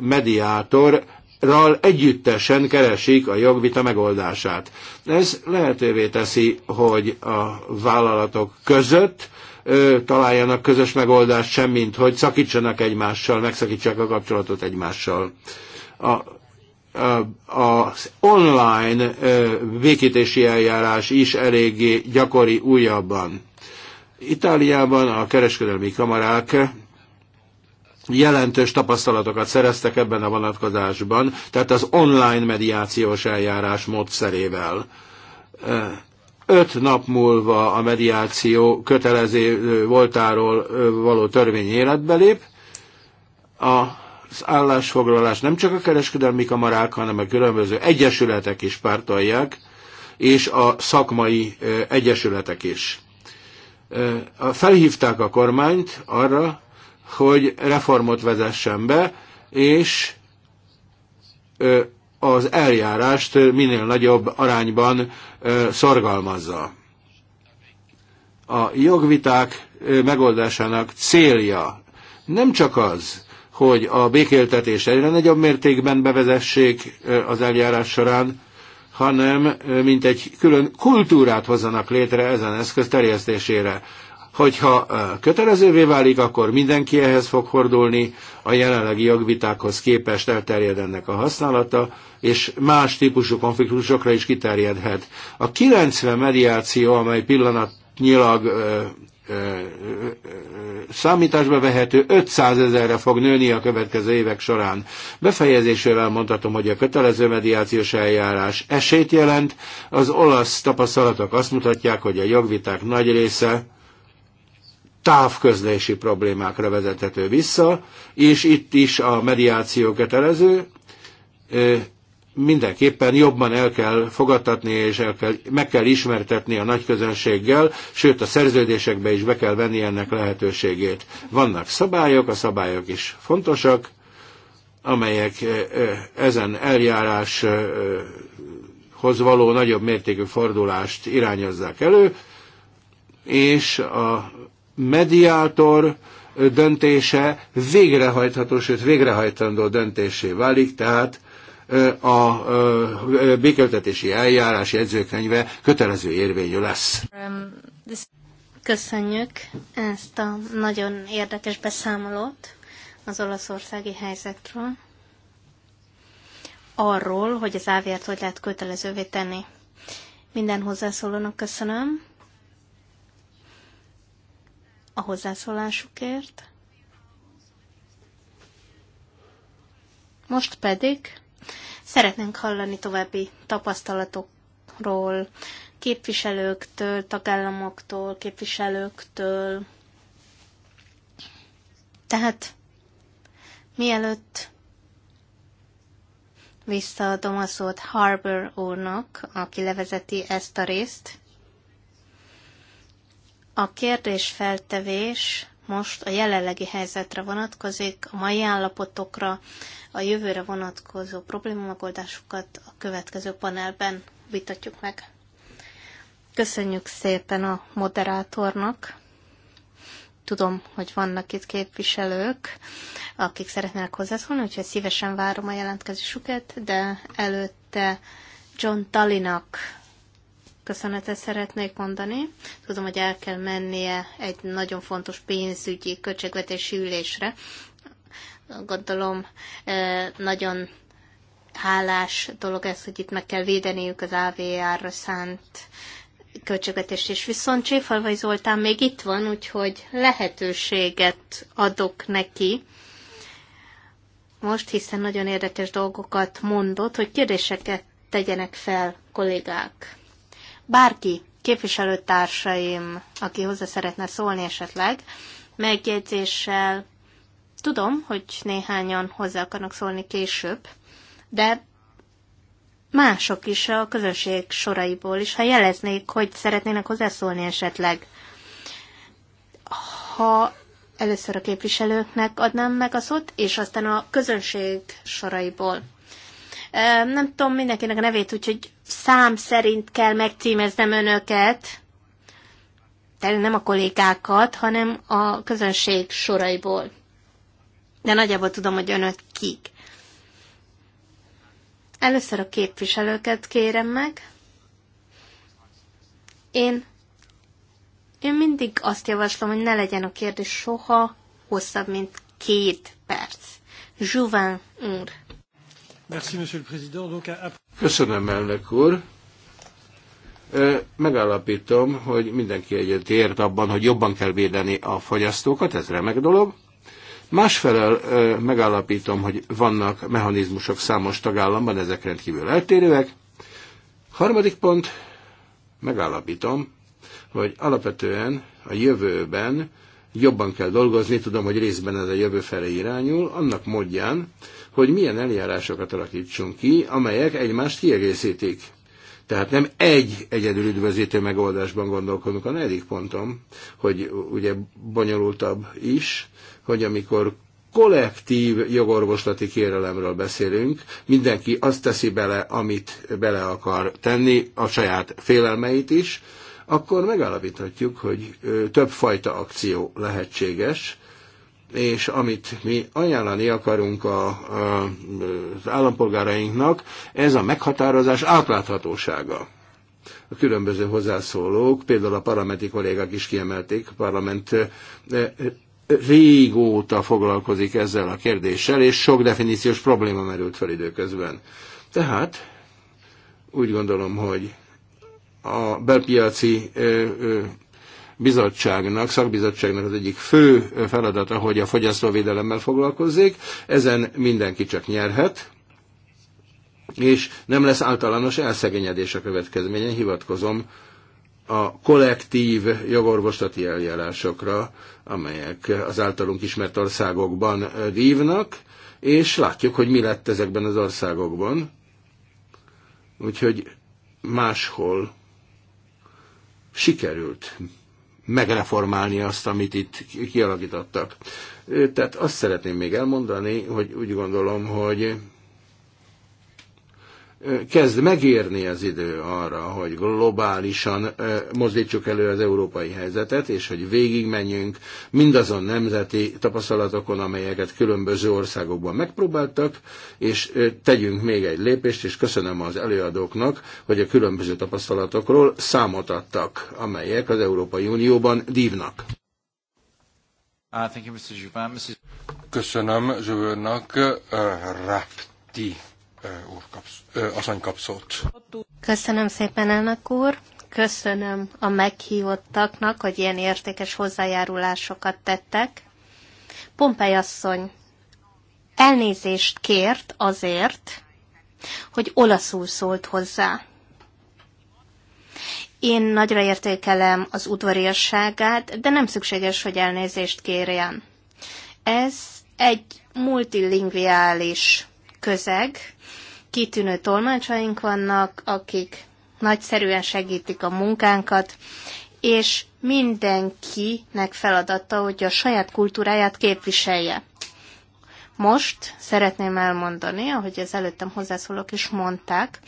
mediátor ral együttesen keresik a jogvita megoldását. Ez lehetővé teszi, hogy a vállalatok között ö, találjanak közös megoldást, semmint hogy szakítsanak egymással, megszakítsák a kapcsolatot egymással a az online végítési eljárás is eléggé gyakori újabban. Itáliában a kereskedelmi kamarák jelentős tapasztalatokat szereztek ebben a vonatkozásban, tehát az online mediációs eljárás módszerével. Öt nap múlva a mediáció kötelező voltáról való törvény életbe lép, a az állásfoglalás nem csak a kereskedelmi kamarák, hanem a különböző egyesületek is pártolják, és a szakmai egyesületek is. Felhívták a kormányt arra, hogy reformot vezessen be, és az eljárást minél nagyobb arányban szorgalmazza. A jogviták megoldásának célja nem csak az, hogy a békéltetés egyre nagyobb mértékben bevezessék az eljárás során, hanem mint egy külön kultúrát hozzanak létre ezen eszköz terjesztésére. Hogyha kötelezővé válik, akkor mindenki ehhez fog fordulni, a jelenlegi jogvitákhoz képest elterjed ennek a használata, és más típusú konfliktusokra is kiterjedhet. A 90 mediáció, amely pillanatnyilag számításba vehető 500 ezerre fog nőni a következő évek során. Befejezésével mondhatom, hogy a kötelező mediációs eljárás esélyt jelent. Az olasz tapasztalatok azt mutatják, hogy a jogviták nagy része távközlési problémákra vezethető vissza, és itt is a mediáció kötelező, mindenképpen jobban el kell fogadtatni, és el kell, meg kell ismertetni a nagyközönséggel, sőt a szerződésekbe is be kell venni ennek lehetőségét. Vannak szabályok, a szabályok is fontosak, amelyek ezen eljáráshoz való nagyobb mértékű fordulást irányozzák elő, és a mediátor döntése végrehajtható, sőt végrehajtandó döntésé válik, tehát a békeltetési eljárás jegyzőkönyve kötelező érvényű lesz. Um, Köszönjük ezt a nagyon érdekes beszámolót az olaszországi helyzetről, arról, hogy az ávért hogy lehet kötelezővé tenni. Minden hozzászólónak köszönöm a hozzászólásukért. Most pedig Szeretnénk hallani további tapasztalatokról, képviselőktől, tagállamoktól, képviselőktől. Tehát mielőtt visszaadom a szót Harbour úrnak, aki levezeti ezt a részt, a kérdésfeltevés most a jelenlegi helyzetre vonatkozik, a mai állapotokra, a jövőre vonatkozó problémamegoldásokat a következő panelben vitatjuk meg. Köszönjük szépen a moderátornak. Tudom, hogy vannak itt képviselők, akik szeretnének hozzászólni, úgyhogy szívesen várom a jelentkezésüket, de előtte John Talinak köszönetet szeretnék mondani. Tudom, hogy el kell mennie egy nagyon fontos pénzügyi költségvetési ülésre. Gondolom nagyon hálás dolog ez, hogy itt meg kell védeniük az AVR-ra szánt költségvetést és Viszont Cséfalvai Zoltán még itt van, úgyhogy lehetőséget adok neki most, hiszen nagyon érdekes dolgokat mondott, hogy kérdéseket tegyenek fel kollégák bárki, képviselőtársaim, aki hozzá szeretne szólni esetleg, megjegyzéssel, tudom, hogy néhányan hozzá akarnak szólni később, de mások is a közönség soraiból is, ha jeleznék, hogy szeretnének hozzászólni esetleg. Ha először a képviselőknek adnám meg a szót, és aztán a közönség soraiból. Nem tudom mindenkinek a nevét, úgyhogy szám szerint kell megcímeznem önöket, tehát nem a kollégákat, hanem a közönség soraiból. De nagyjából tudom, hogy önök kik. Először a képviselőket kérem meg. Én, én mindig azt javaslom, hogy ne legyen a kérdés soha hosszabb, mint két perc. Juvin úr. Köszönöm, elnök úr. Megállapítom, hogy mindenki egyet ért abban, hogy jobban kell védeni a fogyasztókat, ez remek dolog. Másfelől megállapítom, hogy vannak mechanizmusok számos tagállamban, ezek rendkívül eltérőek. Harmadik pont, megállapítom, hogy alapvetően a jövőben jobban kell dolgozni, tudom, hogy részben ez a jövő felé irányul, annak módján, hogy milyen eljárásokat alakítsunk ki, amelyek egymást kiegészítik. Tehát nem egy egyedül üdvözítő megoldásban gondolkodunk. A negyedik pontom, hogy ugye bonyolultabb is, hogy amikor kollektív jogorvoslati kérelemről beszélünk, mindenki azt teszi bele, amit bele akar tenni, a saját félelmeit is, akkor megállapíthatjuk, hogy többfajta akció lehetséges, és amit mi ajánlani akarunk a, a, az állampolgárainknak, ez a meghatározás átláthatósága. A különböző hozzászólók, például a parlamenti kollégák is kiemelték, a parlament e, e, régóta foglalkozik ezzel a kérdéssel, és sok definíciós probléma merült fel időközben. Tehát úgy gondolom, hogy a belpiaci e, bizottságnak, szakbizottságnak az egyik fő feladata, hogy a fogyasztóvédelemmel foglalkozzék. Ezen mindenki csak nyerhet, és nem lesz általános elszegényedés a következménye, hivatkozom a kollektív jogorvoslati eljárásokra, amelyek az általunk ismert országokban vívnak, és látjuk, hogy mi lett ezekben az országokban. Úgyhogy máshol sikerült megreformálni azt, amit itt kialakítottak. Tehát azt szeretném még elmondani, hogy úgy gondolom, hogy kezd megérni az idő arra, hogy globálisan mozdítsuk elő az európai helyzetet, és hogy végigmenjünk mindazon nemzeti tapasztalatokon, amelyeket különböző országokban megpróbáltak, és tegyünk még egy lépést, és köszönöm az előadóknak, hogy a különböző tapasztalatokról számot adtak, amelyek az Európai Unióban dívnak. Uh, köszönöm Zsövőrnak, uh, Rapti úr kapsz, asszony Köszönöm szépen, elnök úr. Köszönöm a meghívottaknak, hogy ilyen értékes hozzájárulásokat tettek. Pompei asszony elnézést kért azért, hogy olaszul szólt hozzá. Én nagyra értékelem az udvariasságát, de nem szükséges, hogy elnézést kérjen. Ez egy multilingviális közeg, kitűnő tolmácsaink vannak, akik nagyszerűen segítik a munkánkat, és mindenkinek feladata, hogy a saját kultúráját képviselje. Most szeretném elmondani, ahogy az előttem hozzászólók is mondták,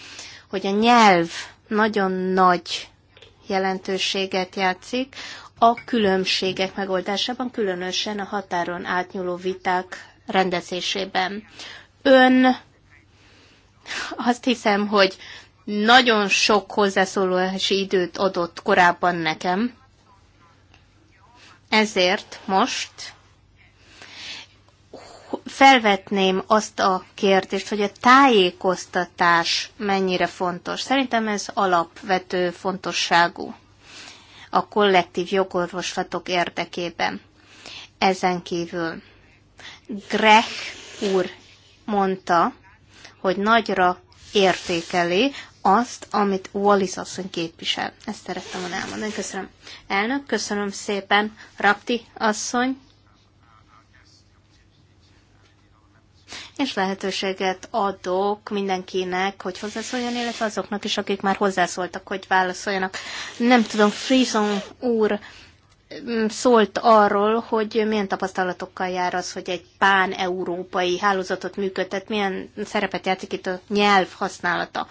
hogy a nyelv nagyon nagy jelentőséget játszik a különbségek megoldásában, különösen a határon átnyúló viták rendezésében. Ön azt hiszem, hogy nagyon sok hozzászólási időt adott korábban nekem, ezért most felvetném azt a kérdést, hogy a tájékoztatás mennyire fontos. Szerintem ez alapvető fontosságú a kollektív jogorvoslatok érdekében. Ezen kívül Grech úr mondta, hogy nagyra értékeli azt, amit Wallis asszony képvisel. Ezt szerettem volna elmondani. Köszönöm. Elnök, köszönöm szépen. Rapti asszony. És lehetőséget adok mindenkinek, hogy hozzászóljon, illetve azoknak is, akik már hozzászóltak, hogy válaszoljanak. Nem tudom, Frison úr szólt arról, hogy milyen tapasztalatokkal jár az, hogy egy pán-európai hálózatot működtet, milyen szerepet játszik itt a nyelv használata.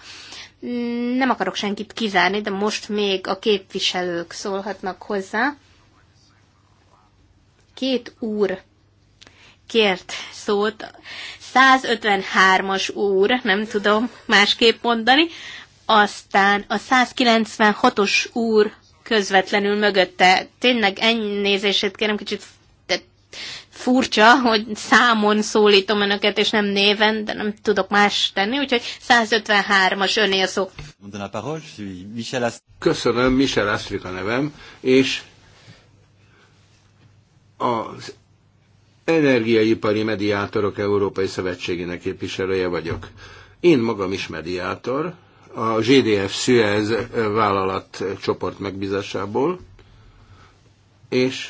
Nem akarok senkit kizárni, de most még a képviselők szólhatnak hozzá. Két úr kért szót, 153-as úr, nem tudom másképp mondani, aztán a 196-os úr közvetlenül mögötte. Tényleg ennyi nézését kérem, kicsit furcsa, hogy számon szólítom önöket, és nem néven, de nem tudok más tenni, úgyhogy 153-as önél szó. Köszönöm, Michel Astrik a nevem, és az Energiaipari Mediátorok Európai Szövetségének képviselője vagyok. Én magam is mediátor, a GDF Suez vállalat csoport megbízásából, és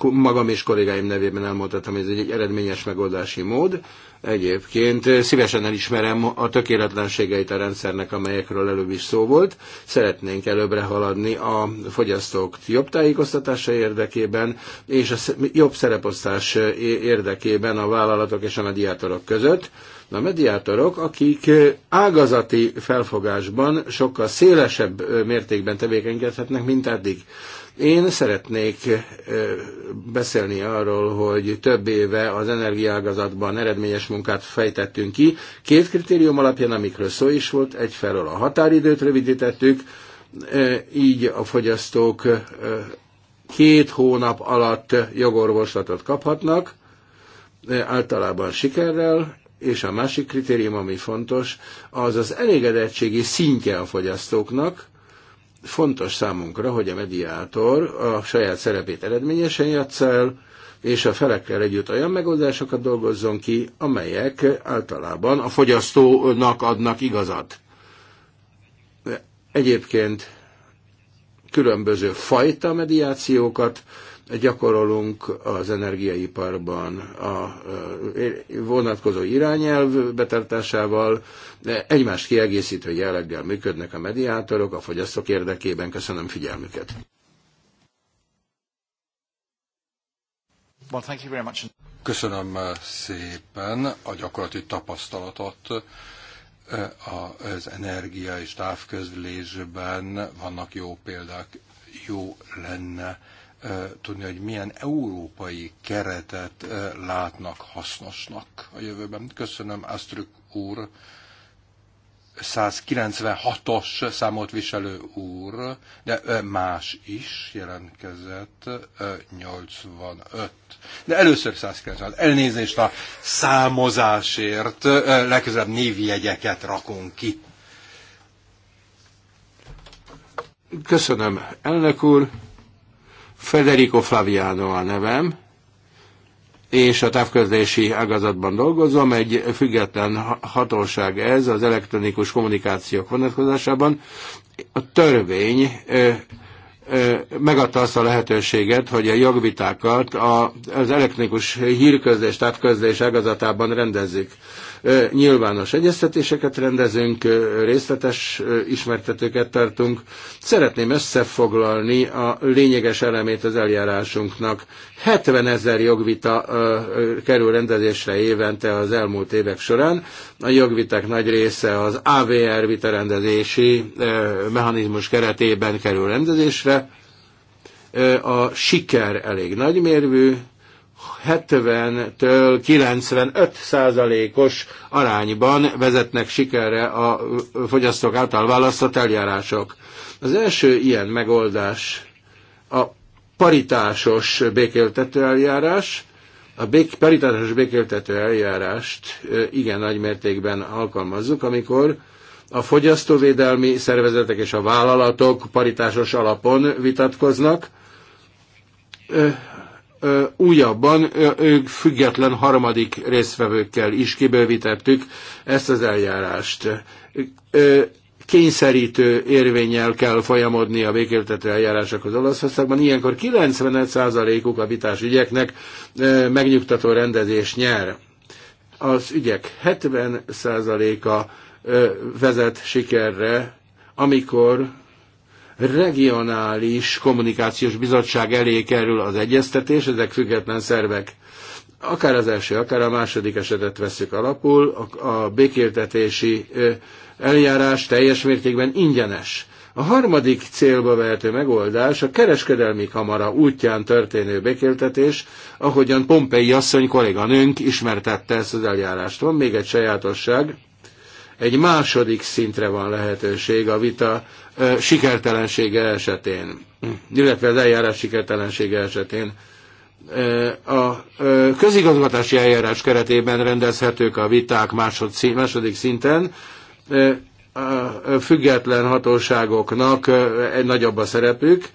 magam és kollégáim nevében elmondhatom, ez egy eredményes megoldási mód. Egyébként szívesen elismerem a tökéletlenségeit a rendszernek, amelyekről előbb is szó volt. Szeretnénk előbbre haladni a fogyasztók jobb tájékoztatása érdekében, és a jobb szereposztás érdekében a vállalatok és a mediátorok között a mediátorok, akik ágazati felfogásban sokkal szélesebb mértékben tevékenykedhetnek, mint eddig. Én szeretnék beszélni arról, hogy több éve az energiágazatban eredményes munkát fejtettünk ki. Két kritérium alapján, amikről szó is volt, egyfelől a határidőt rövidítettük, így a fogyasztók két hónap alatt jogorvoslatot kaphatnak, általában sikerrel, és a másik kritérium, ami fontos, az az elégedettségi szintje a fogyasztóknak, fontos számunkra, hogy a mediátor a saját szerepét eredményesen játsz el, és a felekkel együtt olyan megoldásokat dolgozzon ki, amelyek általában a fogyasztónak adnak igazat. Egyébként különböző fajta mediációkat gyakorolunk az energiaiparban a vonatkozó irányelv betartásával, egymást kiegészítő jelleggel működnek a mediátorok a fogyasztók érdekében. Köszönöm figyelmüket. Köszönöm szépen a gyakorlati tapasztalatot az energia és távközlésben vannak jó példák, jó lenne tudni, hogy milyen európai keretet látnak hasznosnak a jövőben. Köszönöm, Astruk úr, 196-os számot viselő úr, de más is jelentkezett, 85. De először 196. Elnézést a számozásért, legközelebb névjegyeket rakunk ki. Köszönöm, elnök úr. Federico Flaviano a nevem, és a távközlési ágazatban dolgozom. Egy független hatóság ez az elektronikus kommunikációk vonatkozásában. A törvény ö, ö, megadta azt a lehetőséget, hogy a jogvitákat az elektronikus hírközlés, távközlés ágazatában rendezzük nyilvános egyeztetéseket rendezünk, részletes ismertetőket tartunk. Szeretném összefoglalni a lényeges elemét az eljárásunknak. 70 ezer jogvita kerül rendezésre évente az elmúlt évek során. A jogviták nagy része az AVR vitarendezési mechanizmus keretében kerül rendezésre. A siker elég nagymérvű, 70-től 95 százalékos arányban vezetnek sikerre a fogyasztók által választott eljárások. Az első ilyen megoldás a paritásos békéltető eljárás. A bék, paritásos békéltető eljárást igen nagy mértékben alkalmazzuk, amikor a fogyasztóvédelmi szervezetek és a vállalatok paritásos alapon vitatkoznak, újabban ők független harmadik résztvevőkkel is kibővítettük ezt az eljárást. Kényszerítő érvényel kell folyamodni a végéltető eljárásokhoz Olaszországban. Ilyenkor 95%-uk a vitás ügyeknek megnyugtató rendezés nyer. Az ügyek 70%-a vezet sikerre, amikor regionális kommunikációs bizottság elé kerül az egyeztetés, ezek független szervek. Akár az első, akár a második esetet veszük alapul, a, a békéltetési eljárás teljes mértékben ingyenes. A harmadik célba vehető megoldás a kereskedelmi kamara útján történő békéltetés, ahogyan Pompei asszony kolléganőnk ismertette ezt az eljárást. Van még egy sajátosság, egy második szintre van lehetőség a vita sikertelensége esetén, illetve az eljárás sikertelensége esetén. A közigazgatási eljárás keretében rendezhetők a viták másod, második szinten, a független hatóságoknak egy nagyobb a szerepük,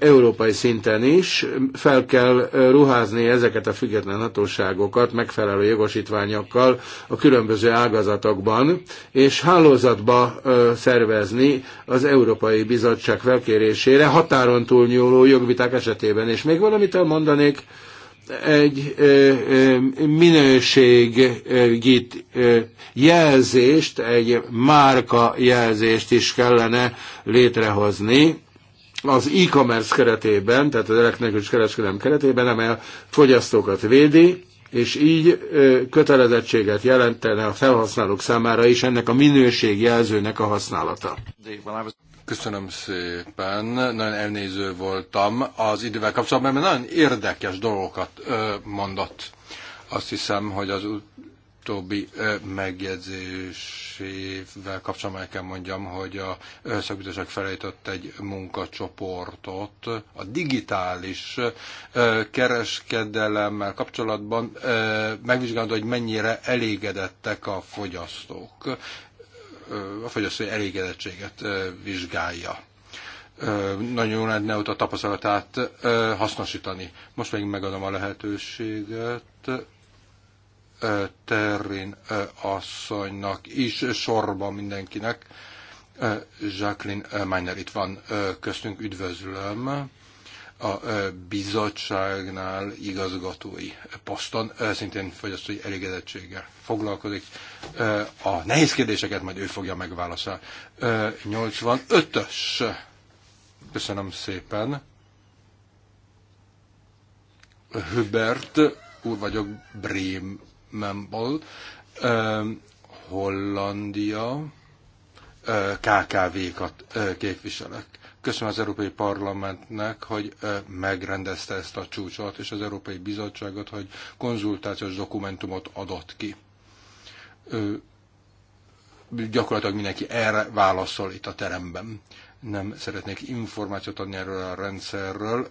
európai szinten is fel kell ruházni ezeket a független hatóságokat megfelelő jogosítványokkal a különböző ágazatokban, és hálózatba szervezni az Európai Bizottság felkérésére határon túlnyúló jogviták esetében. És még valamit elmondanék, egy minőségit jelzést, egy márka jelzést is kellene létrehozni, az e-commerce keretében, tehát az elektronikus kereskedelem keretében, amely a fogyasztókat védi, és így kötelezettséget jelentene a felhasználók számára is ennek a minőségjelzőnek a használata. Köszönöm szépen, nagyon elnéző voltam az idővel kapcsolatban, mert nagyon érdekes dolgokat mondott. Azt hiszem, hogy az utóbbi megjegyzésével kapcsolatban el kell mondjam, hogy a szakbizottság felejtett egy munkacsoportot a digitális kereskedelemmel kapcsolatban megvizsgálni, hogy mennyire elégedettek a fogyasztók. A fogyasztói elégedettséget vizsgálja nagyon lenne ott a tapasztalatát hasznosítani. Most még megadom a lehetőséget Tervin asszonynak is, sorban mindenkinek. Jacqueline Meiner itt van köztünk, üdvözlöm a bizottságnál igazgatói poszton, szintén fogyasztói elégedettséggel foglalkozik. A nehéz kérdéseket majd ő fogja megválaszolni. 85-ös. Köszönöm szépen. Hubert úr vagyok, Brém, Memble, Hollandia, KKV-kat képviselek. Köszönöm az Európai Parlamentnek, hogy megrendezte ezt a csúcsot, és az Európai Bizottságot, hogy konzultációs dokumentumot adott ki. Gyakorlatilag mindenki erre válaszol itt a teremben nem szeretnék információt adni erről a rendszerről,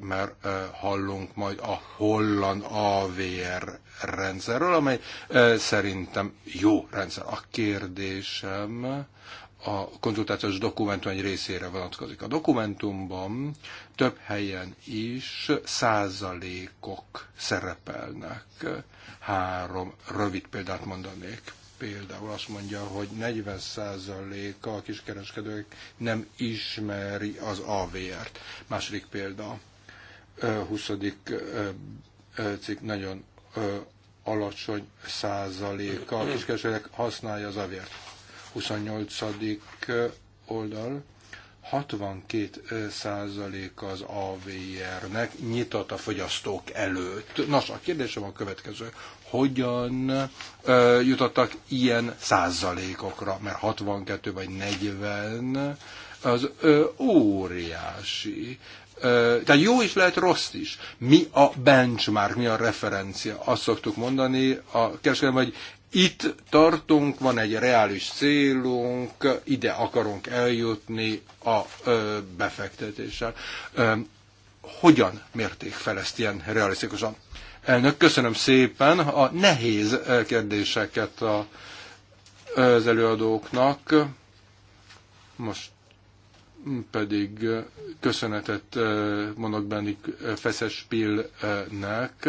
mert hallunk majd a holland AVR rendszerről, amely szerintem jó rendszer. A kérdésem a konzultációs dokumentum egy részére vonatkozik. A dokumentumban több helyen is százalékok szerepelnek. Három rövid példát mondanék például azt mondja, hogy 40%-a a kiskereskedők nem ismeri az AVR-t. Második példa, 20. cikk nagyon alacsony százaléka a kiskereskedők használja az AVR-t. 28. oldal, 62 százaléka az AVR-nek nyitott a fogyasztók előtt. Nos, a kérdésem a következő hogyan ö, jutottak ilyen százalékokra, mert 62 vagy 40 az ö, óriási. Ö, tehát jó is lehet, rossz is. Mi a benchmark, mi a referencia? Azt szoktuk mondani a kereskedelem, hogy itt tartunk, van egy reális célunk, ide akarunk eljutni a ö, befektetéssel. Ö, hogyan mérték fel ezt ilyen realisztikusan? Elnök, köszönöm szépen a nehéz kérdéseket a, az előadóknak. Most pedig köszönetet mondok Feszes Feszespilnek,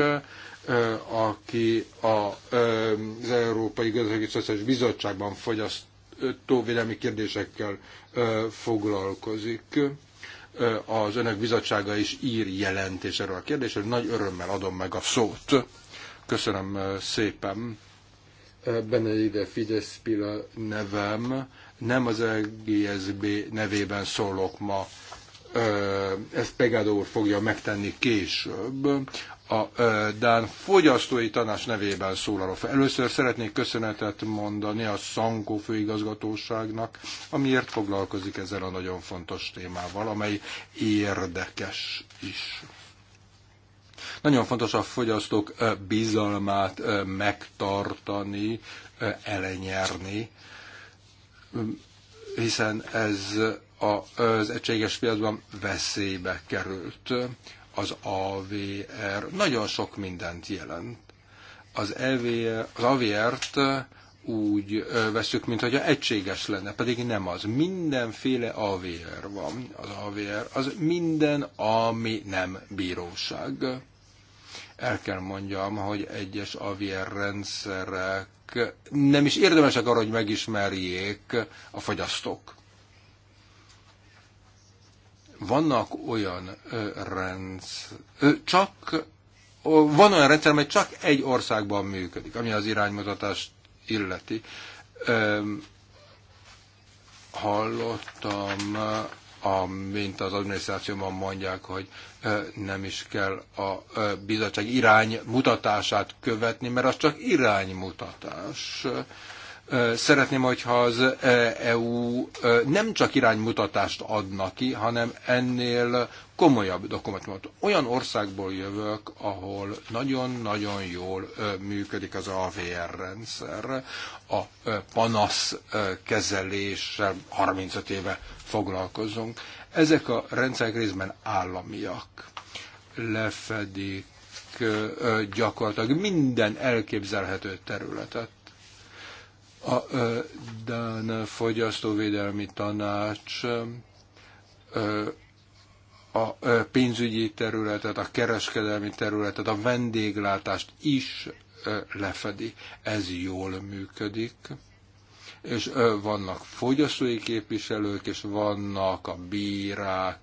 aki a, az Európai Gazdasági Szociális Bizottságban fogyasztóvédelmi kérdésekkel foglalkozik az önök bizottsága is ír jelentés erről a kérdésről. Nagy örömmel adom meg a szót. Köszönöm szépen. ide Fidesz Pila nevem. Nem az EGSB nevében szólok ma. Ezt Pegádó úr fogja megtenni később a Dán Fogyasztói Tanács nevében szólalok fel. Először szeretnék köszönetet mondani a Szankó főigazgatóságnak, amiért foglalkozik ezzel a nagyon fontos témával, amely érdekes is. Nagyon fontos a fogyasztók bizalmát megtartani, elenyerni, hiszen ez az egységes piacban veszélybe került az AVR nagyon sok mindent jelent. Az, EVR, az AVR-t úgy veszük, mintha egységes lenne, pedig nem az. Mindenféle AVR van. Az AVR az minden, ami nem bíróság. El kell mondjam, hogy egyes AVR rendszerek nem is érdemesek arra, hogy megismerjék a fogyasztók vannak olyan rendsz, csak van olyan rendszer, amely csak egy országban működik, ami az iránymutatást illeti. Hallottam, amint az adminisztrációban mondják, hogy nem is kell a bizottság iránymutatását követni, mert az csak iránymutatás. mutatás Szeretném, hogyha az EU nem csak iránymutatást adna ki, hanem ennél komolyabb dokumentumot. Olyan országból jövök, ahol nagyon-nagyon jól működik az AVR rendszer, a panasz kezeléssel 35 éve foglalkozunk. Ezek a rendszerek részben államiak. Lefedik gyakorlatilag minden elképzelhető területet a Dán Fogyasztóvédelmi Tanács a pénzügyi területet, a kereskedelmi területet, a vendéglátást is lefedi. Ez jól működik és vannak fogyasztói képviselők, és vannak a bírák,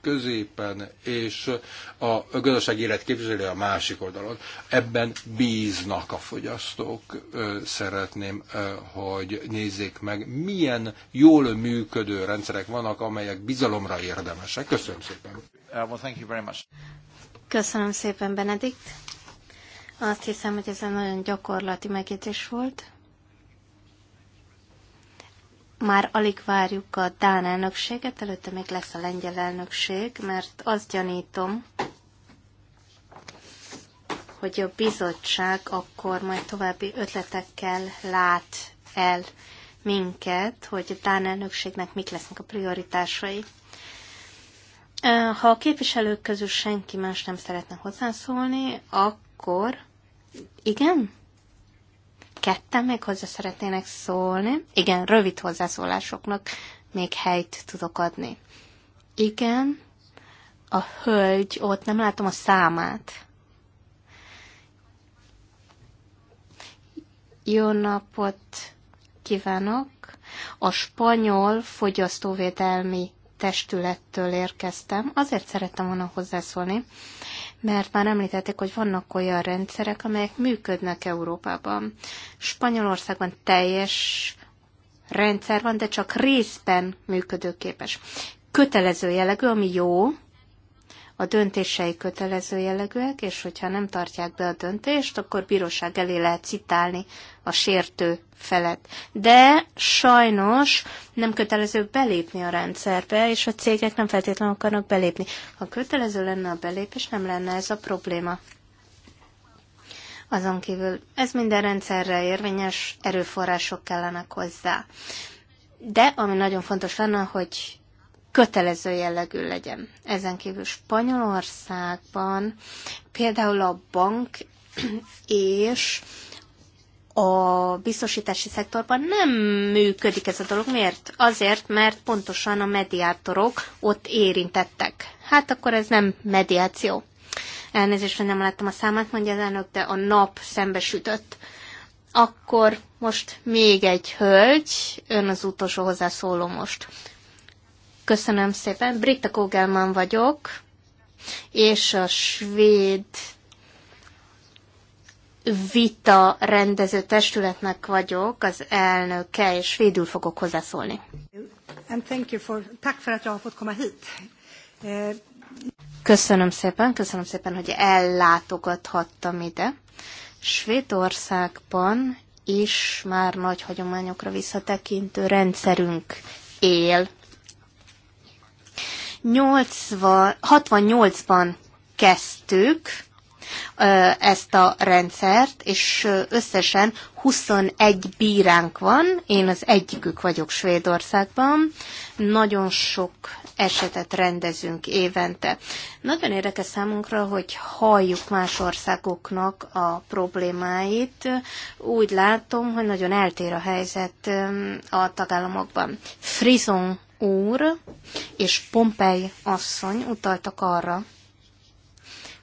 középen, és a gazdasági élet képviseli a másik oldalon. Ebben bíznak a fogyasztók. Szeretném, hogy nézzék meg, milyen jól működő rendszerek vannak, amelyek bizalomra érdemesek. Köszönöm szépen. Uh, Köszönöm szépen, Benedikt. Azt hiszem, hogy ez egy nagyon gyakorlati megjegyzés volt már alig várjuk a Dán elnökséget, előtte még lesz a lengyel elnökség, mert azt gyanítom, hogy a bizottság akkor majd további ötletekkel lát el minket, hogy a Dán elnökségnek mik lesznek a prioritásai. Ha a képviselők közül senki más nem szeretne hozzászólni, akkor igen? ketten még hozzá szeretnének szólni. Igen, rövid hozzászólásoknak még helyt tudok adni. Igen, a hölgy, ott nem látom a számát. Jó napot kívánok! A spanyol fogyasztóvédelmi testülettől érkeztem, azért szerettem volna hozzászólni, mert már említették, hogy vannak olyan rendszerek, amelyek működnek Európában. Spanyolországban teljes rendszer van, de csak részben működőképes. Kötelező jellegű, ami jó, a döntései kötelező jellegűek, és hogyha nem tartják be a döntést, akkor bíróság elé lehet citálni a sértő felet. De sajnos nem kötelező belépni a rendszerbe, és a cégek nem feltétlenül akarnak belépni. Ha kötelező lenne a belépés, nem lenne ez a probléma. Azon kívül ez minden rendszerre érvényes, erőforrások kellenek hozzá. De ami nagyon fontos lenne, hogy kötelező jellegű legyen. Ezen kívül Spanyolországban például a bank és a biztosítási szektorban nem működik ez a dolog. Miért? Azért, mert pontosan a mediátorok ott érintettek. Hát akkor ez nem mediáció. Elnézést, hogy nem láttam a számát, mondja az elnök, de a nap szembesütött. Akkor most még egy hölgy, ön az utolsó hozzászóló most. Köszönöm szépen. Britta Kogelman vagyok, és a svéd vita rendező testületnek vagyok, az elnöke, és svédül fogok hozzászólni. And thank you for, tak för att jag har fått komma hit. Eh, köszönöm szépen, köszönöm szépen, hogy ellátogathattam ide. Svédországban is már nagy hagyományokra visszatekintő rendszerünk él. 80, 68-ban kezdtük ezt a rendszert, és összesen 21 bíránk van, én az egyikük vagyok Svédországban, nagyon sok esetet rendezünk évente. Nagyon érdekes számunkra, hogy halljuk más országoknak a problémáit. Úgy látom, hogy nagyon eltér a helyzet a tagállamokban. Frizon úr és Pompei asszony utaltak arra,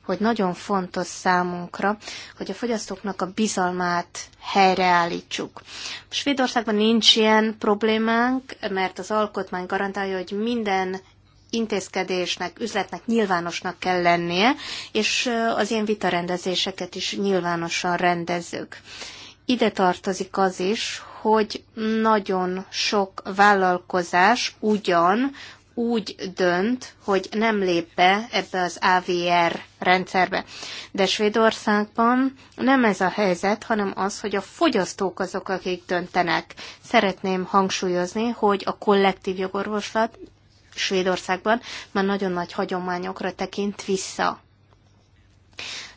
hogy nagyon fontos számunkra, hogy a fogyasztóknak a bizalmát helyreállítsuk. Svédországban nincs ilyen problémánk, mert az alkotmány garantálja, hogy minden intézkedésnek, üzletnek nyilvánosnak kell lennie, és az ilyen vitarendezéseket is nyilvánosan rendezzük. Ide tartozik az is, hogy nagyon sok vállalkozás ugyan úgy dönt, hogy nem lép be ebbe az AVR rendszerbe. De Svédországban nem ez a helyzet, hanem az, hogy a fogyasztók azok, akik döntenek. Szeretném hangsúlyozni, hogy a kollektív jogorvoslat Svédországban már nagyon nagy hagyományokra tekint vissza.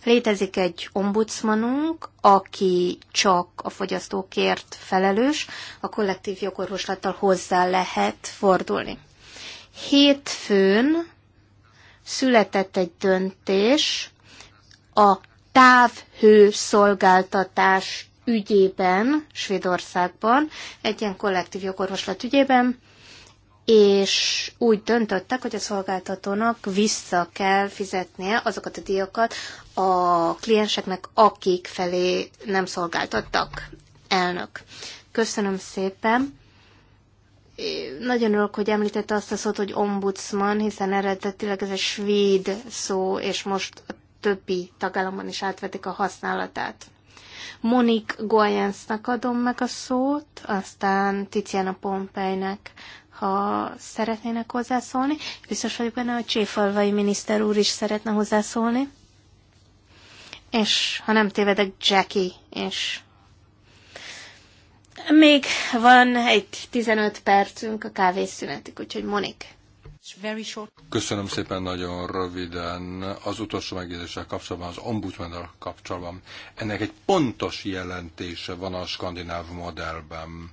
Létezik egy ombudsmanunk, aki csak a fogyasztókért felelős, a kollektív jogorvoslattal hozzá lehet fordulni. Hétfőn született egy döntés a távhő szolgáltatás ügyében Svédországban, egy ilyen kollektív jogorvoslat ügyében, és úgy döntöttek, hogy a szolgáltatónak vissza kell fizetnie azokat a díjakat a klienseknek, akik felé nem szolgáltattak. Elnök. Köszönöm szépen. Nagyon örülök, hogy említette azt a szót, hogy ombudsman, hiszen eredetileg ez egy svéd szó, és most a többi tagállamban is átvetik a használatát. Monik Goyensnak adom meg a szót, aztán Tiziana Pompeinek, ha szeretnének hozzászólni. Biztos vagyok benne, hogy Cséfalvai miniszter úr is szeretne hozzászólni. És ha nem tévedek, Jackie és Még van egy 15 percünk a kávészünetig, úgyhogy Monik. Köszönöm szépen nagyon röviden. Az utolsó megjegyzéssel kapcsolatban, az ombudsman kapcsolatban. Ennek egy pontos jelentése van a skandináv modellben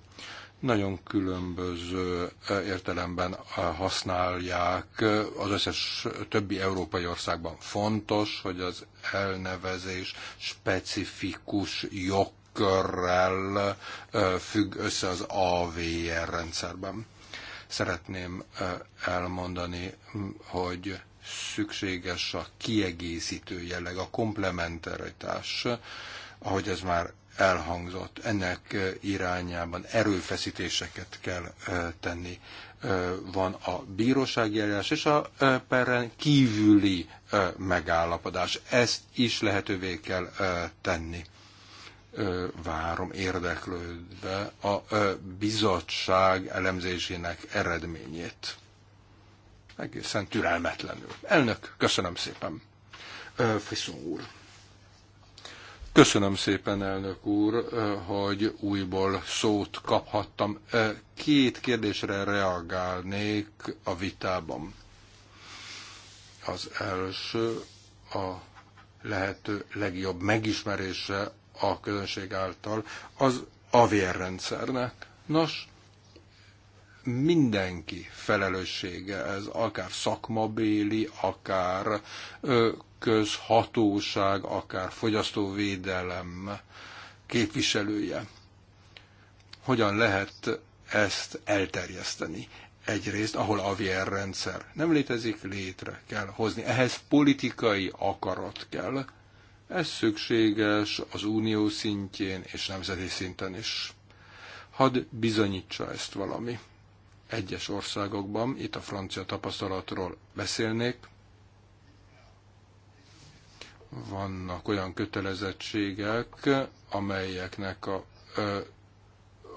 nagyon különböző e, értelemben e, használják az összes többi európai országban. Fontos, hogy az elnevezés specifikus jogkörrel e, függ össze az AVR rendszerben. Szeretném elmondani, hogy szükséges a kiegészítő jelleg, a komplementaritás, ahogy ez már elhangzott. Ennek irányában erőfeszítéseket kell tenni. Van a bírósági eljárás és a perren kívüli megállapodás. Ezt is lehetővé kell tenni várom érdeklődve a bizottság elemzésének eredményét. Egészen türelmetlenül. Elnök, köszönöm szépen. Fiszon úr. Köszönöm szépen, elnök úr, eh, hogy újból szót kaphattam. Eh, két kérdésre reagálnék a vitában. Az első a lehető legjobb megismerése a közönség által az AVR rendszernek. Nos, mindenki felelőssége ez, akár szakmabéli, akár ö, közhatóság, akár fogyasztóvédelem képviselője. Hogyan lehet ezt elterjeszteni? Egyrészt, ahol a VR rendszer nem létezik, létre kell hozni. Ehhez politikai akarat kell. Ez szükséges az unió szintjén és nemzeti szinten is. Hadd bizonyítsa ezt valami egyes országokban, itt a francia tapasztalatról beszélnék, vannak olyan kötelezettségek, amelyeknek, a, ö,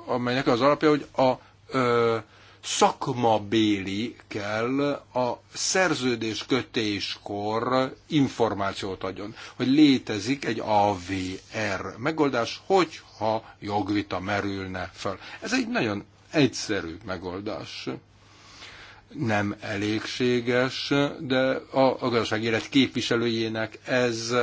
amelyeknek az alapja, hogy a ö, szakmabéli kell a szerződés kötéskor információt adjon, hogy létezik egy AVR megoldás, hogyha jogvita merülne fel. Ez egy nagyon egyszerű megoldás nem elégséges, de a, a gazdaság élet képviselőjének ez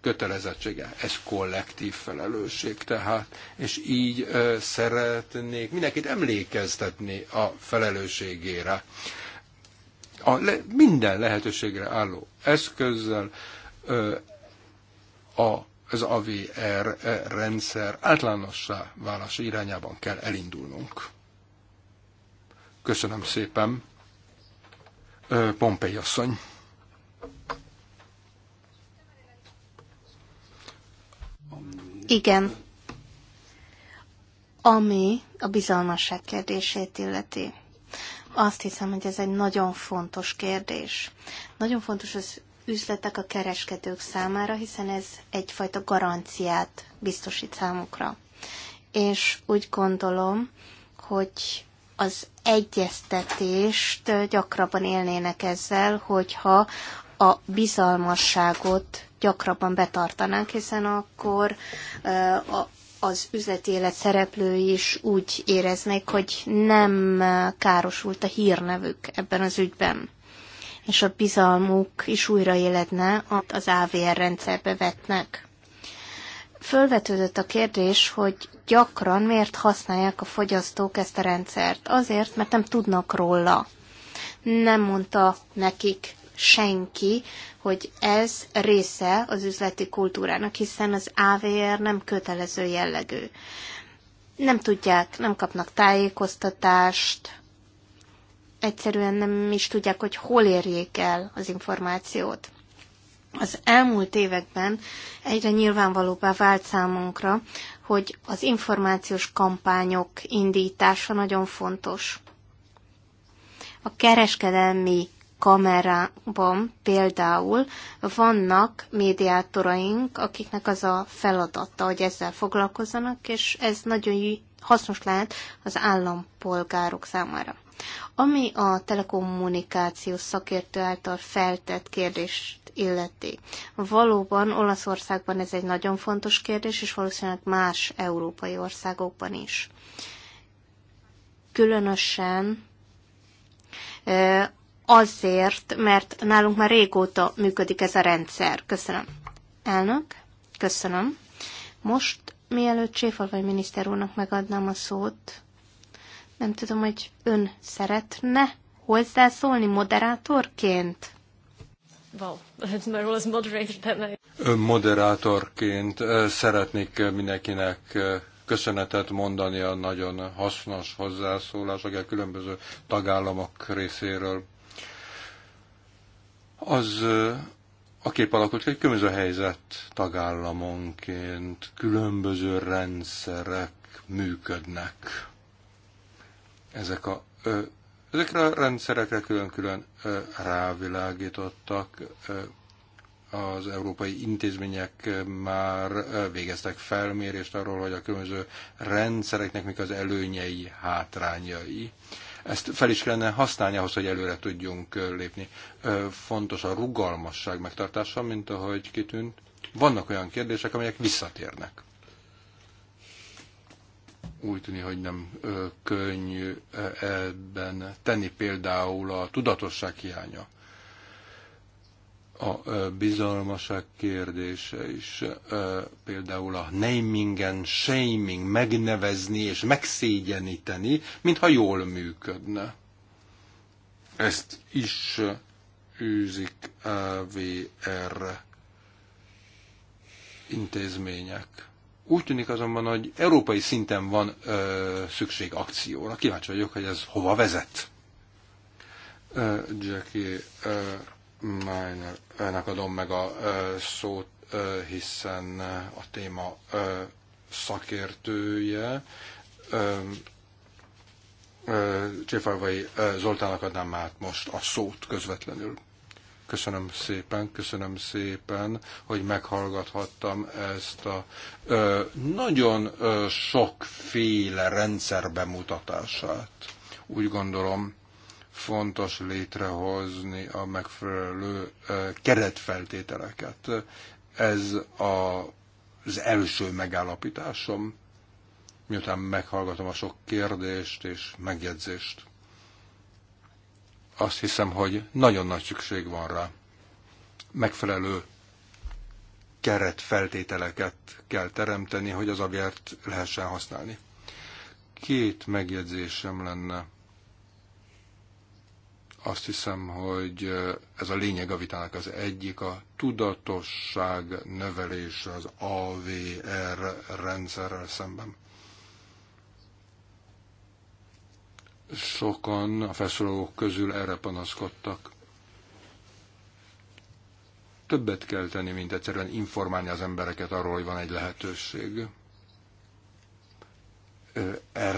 kötelezettsége, ez kollektív felelősség tehát, és így ö, szeretnék mindenkit emlékeztetni a felelősségére. A le, minden lehetőségre álló eszközzel ö, a, az AVR rendszer általánossá válása irányában kell elindulnunk. Köszönöm szépen! Pompei asszony. Igen. Ami a bizalmasság kérdését illeti. Azt hiszem, hogy ez egy nagyon fontos kérdés. Nagyon fontos az üzletek a kereskedők számára, hiszen ez egyfajta garanciát biztosít számukra. És úgy gondolom, hogy az egyeztetést gyakrabban élnének ezzel, hogyha a bizalmasságot gyakrabban betartanánk, hiszen akkor eh, az üzleti élet szereplői is úgy éreznék, hogy nem károsult a hírnevük ebben az ügyben és a bizalmuk is újraéledne, az AVR rendszerbe vetnek. Fölvetődött a kérdés, hogy gyakran miért használják a fogyasztók ezt a rendszert. Azért, mert nem tudnak róla. Nem mondta nekik senki, hogy ez része az üzleti kultúrának, hiszen az AVR nem kötelező jellegű. Nem tudják, nem kapnak tájékoztatást, egyszerűen nem is tudják, hogy hol érjék el az információt. Az elmúlt években egyre nyilvánvalóbbá vált számunkra, hogy az információs kampányok indítása nagyon fontos. A kereskedelmi kamerában például vannak médiátoraink, akiknek az a feladata, hogy ezzel foglalkozzanak, és ez nagyon hasznos lehet az állampolgárok számára. Ami a telekommunikációs szakértő által feltett kérdést illeti. Valóban Olaszországban ez egy nagyon fontos kérdés, és valószínűleg más európai országokban is. Különösen azért, mert nálunk már régóta működik ez a rendszer. Köszönöm. Elnök, köszönöm. Most, mielőtt Cséfalvai miniszter úrnak megadnám a szót, nem tudom, hogy ön szeretne hozzászólni moderátorként? Wow, Moderátorként szeretnék mindenkinek köszönetet mondani a nagyon hasznos hozzászólások a különböző tagállamok részéről. Az a kép alakult ki, hogy különböző helyzet tagállamonként, különböző rendszerek működnek. Ezek a Ezekre a rendszerekre külön-külön rávilágítottak az európai intézmények már végeztek felmérést arról, hogy a különböző rendszereknek mik az előnyei, hátrányai. Ezt fel is kellene használni ahhoz, hogy előre tudjunk lépni. Fontos a rugalmasság megtartása, mint ahogy kitűnt. Vannak olyan kérdések, amelyek visszatérnek úgy tűnik, hogy nem könnyű ebben tenni, például a tudatosság hiánya. A bizalmaság kérdése is, például a namingen, shaming, megnevezni és megszégyeníteni, mintha jól működne. Ezt is űzik AVR intézmények úgy tűnik azonban, hogy európai szinten van ö, szükség akcióra. Kíváncsi vagyok, hogy ez hova vezet. Ö, Jackie ö, Minernek adom meg a ö, szót, ö, hiszen a téma ö, szakértője. Ö, Cséfalvai Zoltának adnám át most a szót közvetlenül. Köszönöm szépen, köszönöm szépen, hogy meghallgathattam ezt a ö, nagyon ö, sokféle rendszer bemutatását. Úgy gondolom, fontos létrehozni a megfelelő ö, keretfeltételeket. Ez a, az első megállapításom, miután meghallgatom a sok kérdést és megjegyzést azt hiszem, hogy nagyon nagy szükség van rá. Megfelelő keret feltételeket kell teremteni, hogy az agert lehessen használni. Két megjegyzésem lenne. Azt hiszem, hogy eh, ez a lényeg a vitának az egyik, a tudatosság növelése az AVR rendszerrel szemben. Sokan a felszólalók közül erre panaszkodtak. Többet kell tenni, mint egyszerűen informálni az embereket arról, hogy van egy lehetőség.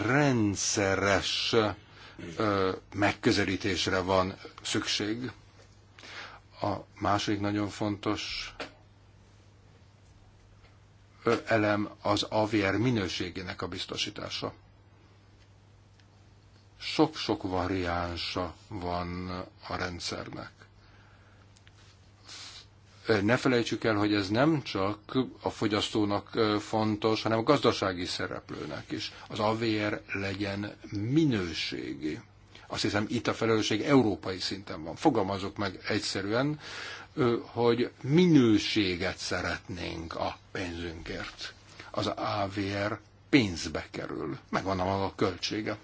Rendszeres megközelítésre van szükség. A másik nagyon fontos elem az AVR minőségének a biztosítása sok-sok variánsa van a rendszernek. Ne felejtsük el, hogy ez nem csak a fogyasztónak fontos, hanem a gazdasági szereplőnek is. Az AVR legyen minőségi. Azt hiszem, itt a felelősség európai szinten van. Fogalmazok meg egyszerűen, hogy minőséget szeretnénk a pénzünkért. Az AVR pénzbe kerül, megvan a maga költsége.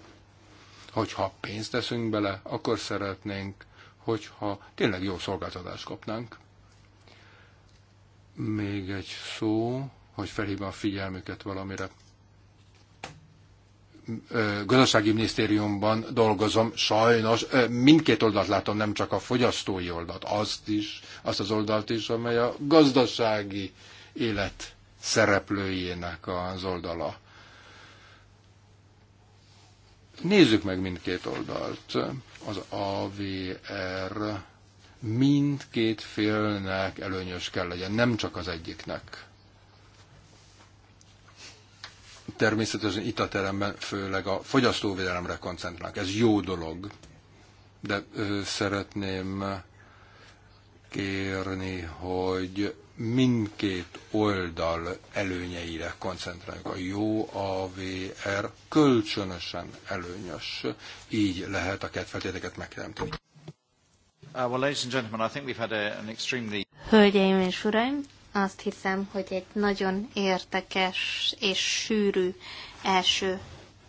Hogyha pénzt teszünk bele, akkor szeretnénk, hogyha tényleg jó szolgáltatást kapnánk. Még egy szó, hogy felhívom a figyelmüket valamire. Gazdasági minisztériumban dolgozom, sajnos mindkét oldalt látom, nem csak a fogyasztói oldalt, azt is, azt az oldalt is, amely a gazdasági élet szereplőjének az oldala. Nézzük meg mindkét oldalt. Az AVR mindkét félnek előnyös kell legyen, nem csak az egyiknek. Természetesen itt a teremben főleg a fogyasztóvédelemre koncentrálnak. Ez jó dolog, de ö, szeretném kérni, hogy mindkét oldal előnyeire koncentráljuk. A jó AVR kölcsönösen előnyös, így lehet a kedvetéteket megteremteni. Uh, Hölgyeim és uraim, azt hiszem, hogy egy nagyon értekes és sűrű első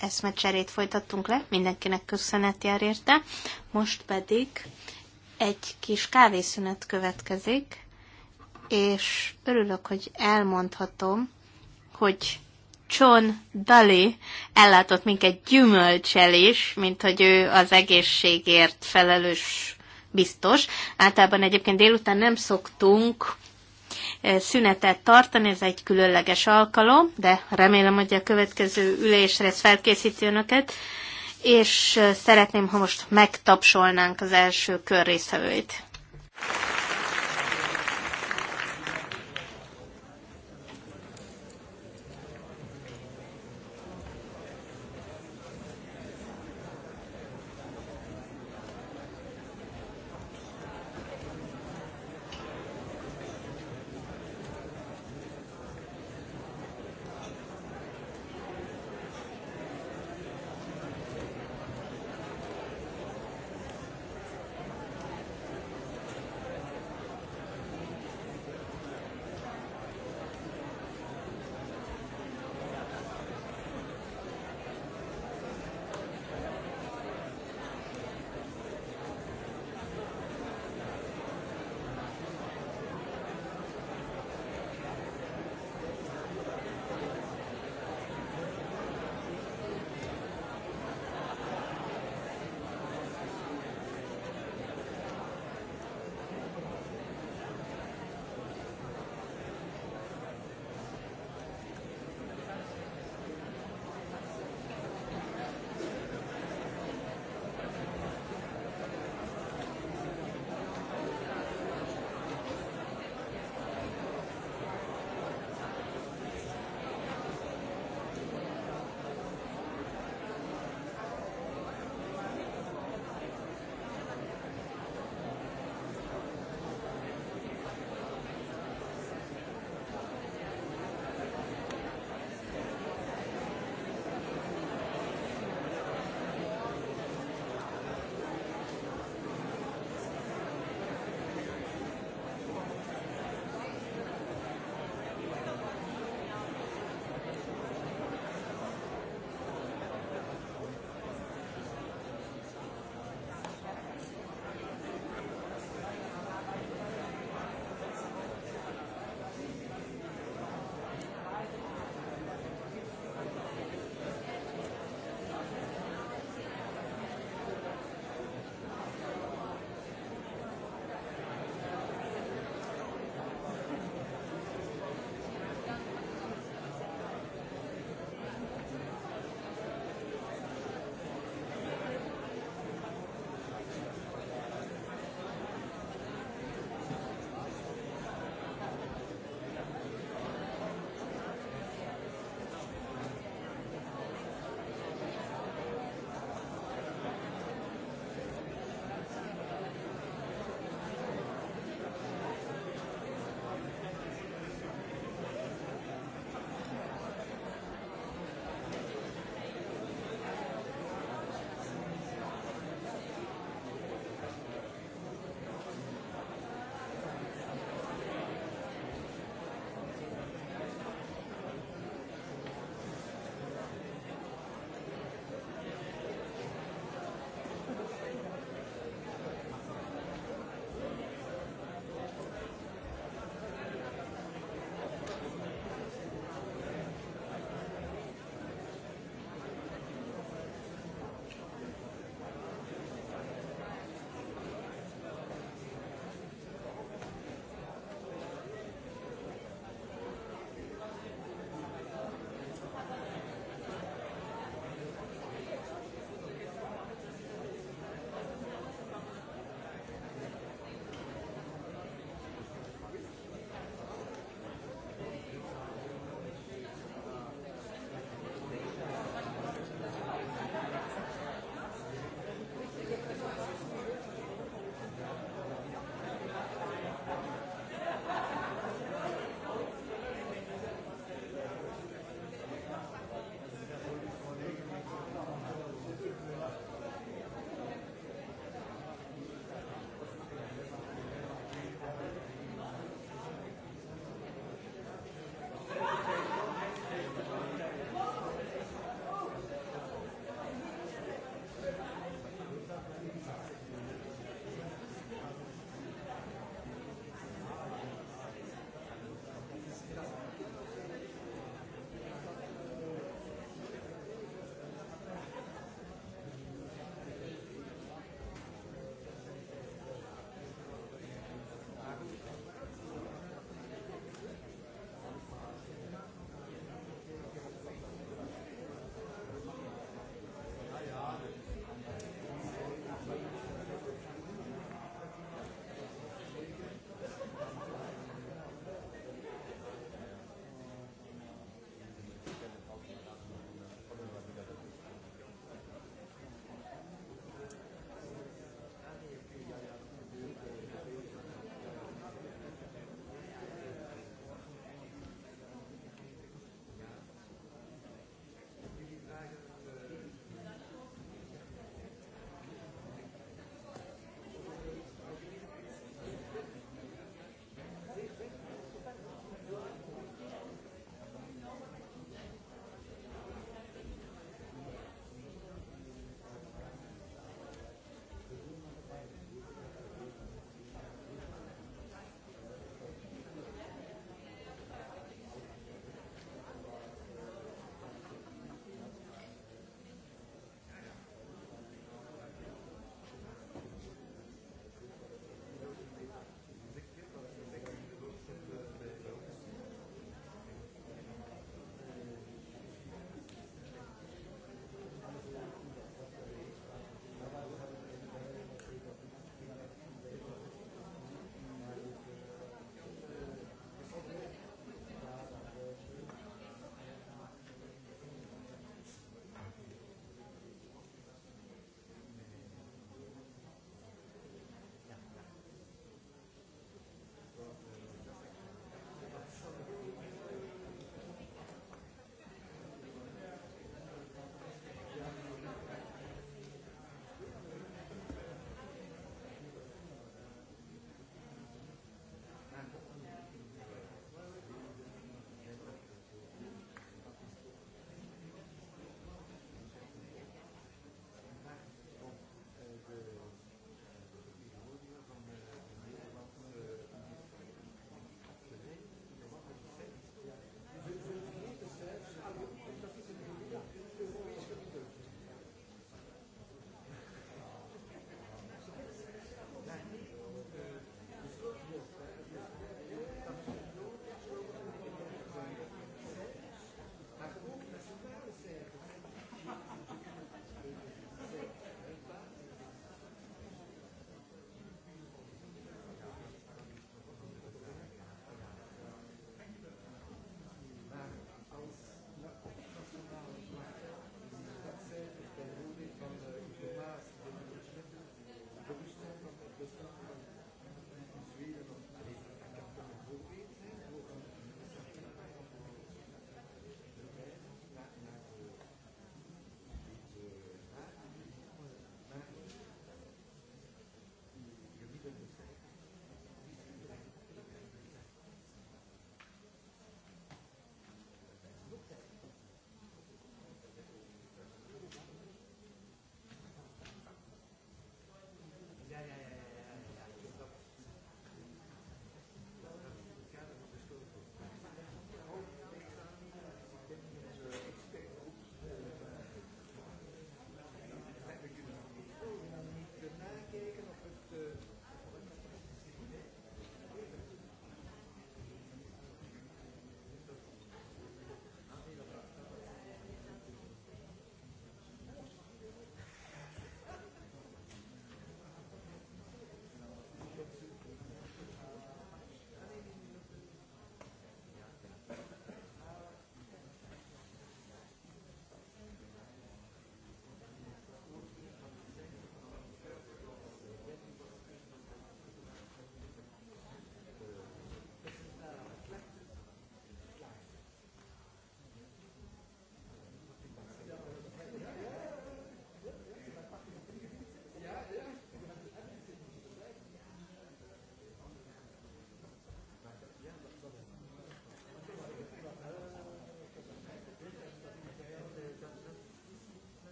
eszmecserét folytattunk le. Mindenkinek köszönet jár érte. Most pedig egy kis kávészünet következik és örülök, hogy elmondhatom, hogy John Daly ellátott minket gyümölcsel is, mint hogy ő az egészségért felelős biztos. Általában egyébként délután nem szoktunk eh, szünetet tartani, ez egy különleges alkalom, de remélem, hogy a következő ülésre ez felkészíti önöket, és eh, szeretném, ha most megtapsolnánk az első kör résztvevőit.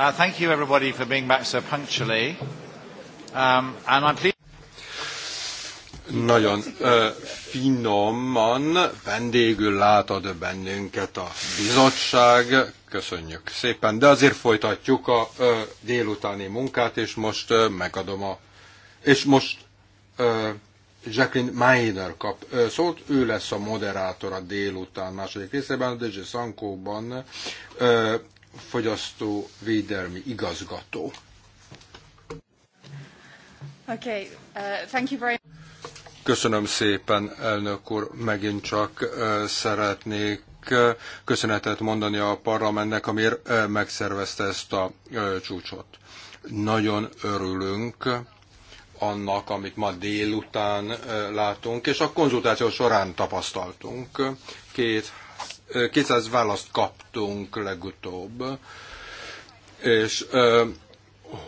Uh, thank you everybody for being back so punctually. Um, and I'm pleased nagyon ö, finoman vendégül látod bennünket a bizottság. Köszönjük szépen, de azért folytatjuk a ö, délutáni munkát, és most ö, megadom a... És most ö, Jacqueline Mayer kap ö, szót, ő lesz a moderátor a délután második részében, a szankóban. Sankóban fogyasztóvédelmi igazgató. Okay, uh, thank you very Köszönöm szépen, elnök úr. Megint csak uh, szeretnék uh, köszönetet mondani a parlamentnek, amiért uh, megszervezte ezt a uh, csúcsot. Nagyon örülünk annak, amit ma délután látunk, és a konzultáció során tapasztaltunk. Két 200 választ kaptunk legutóbb, és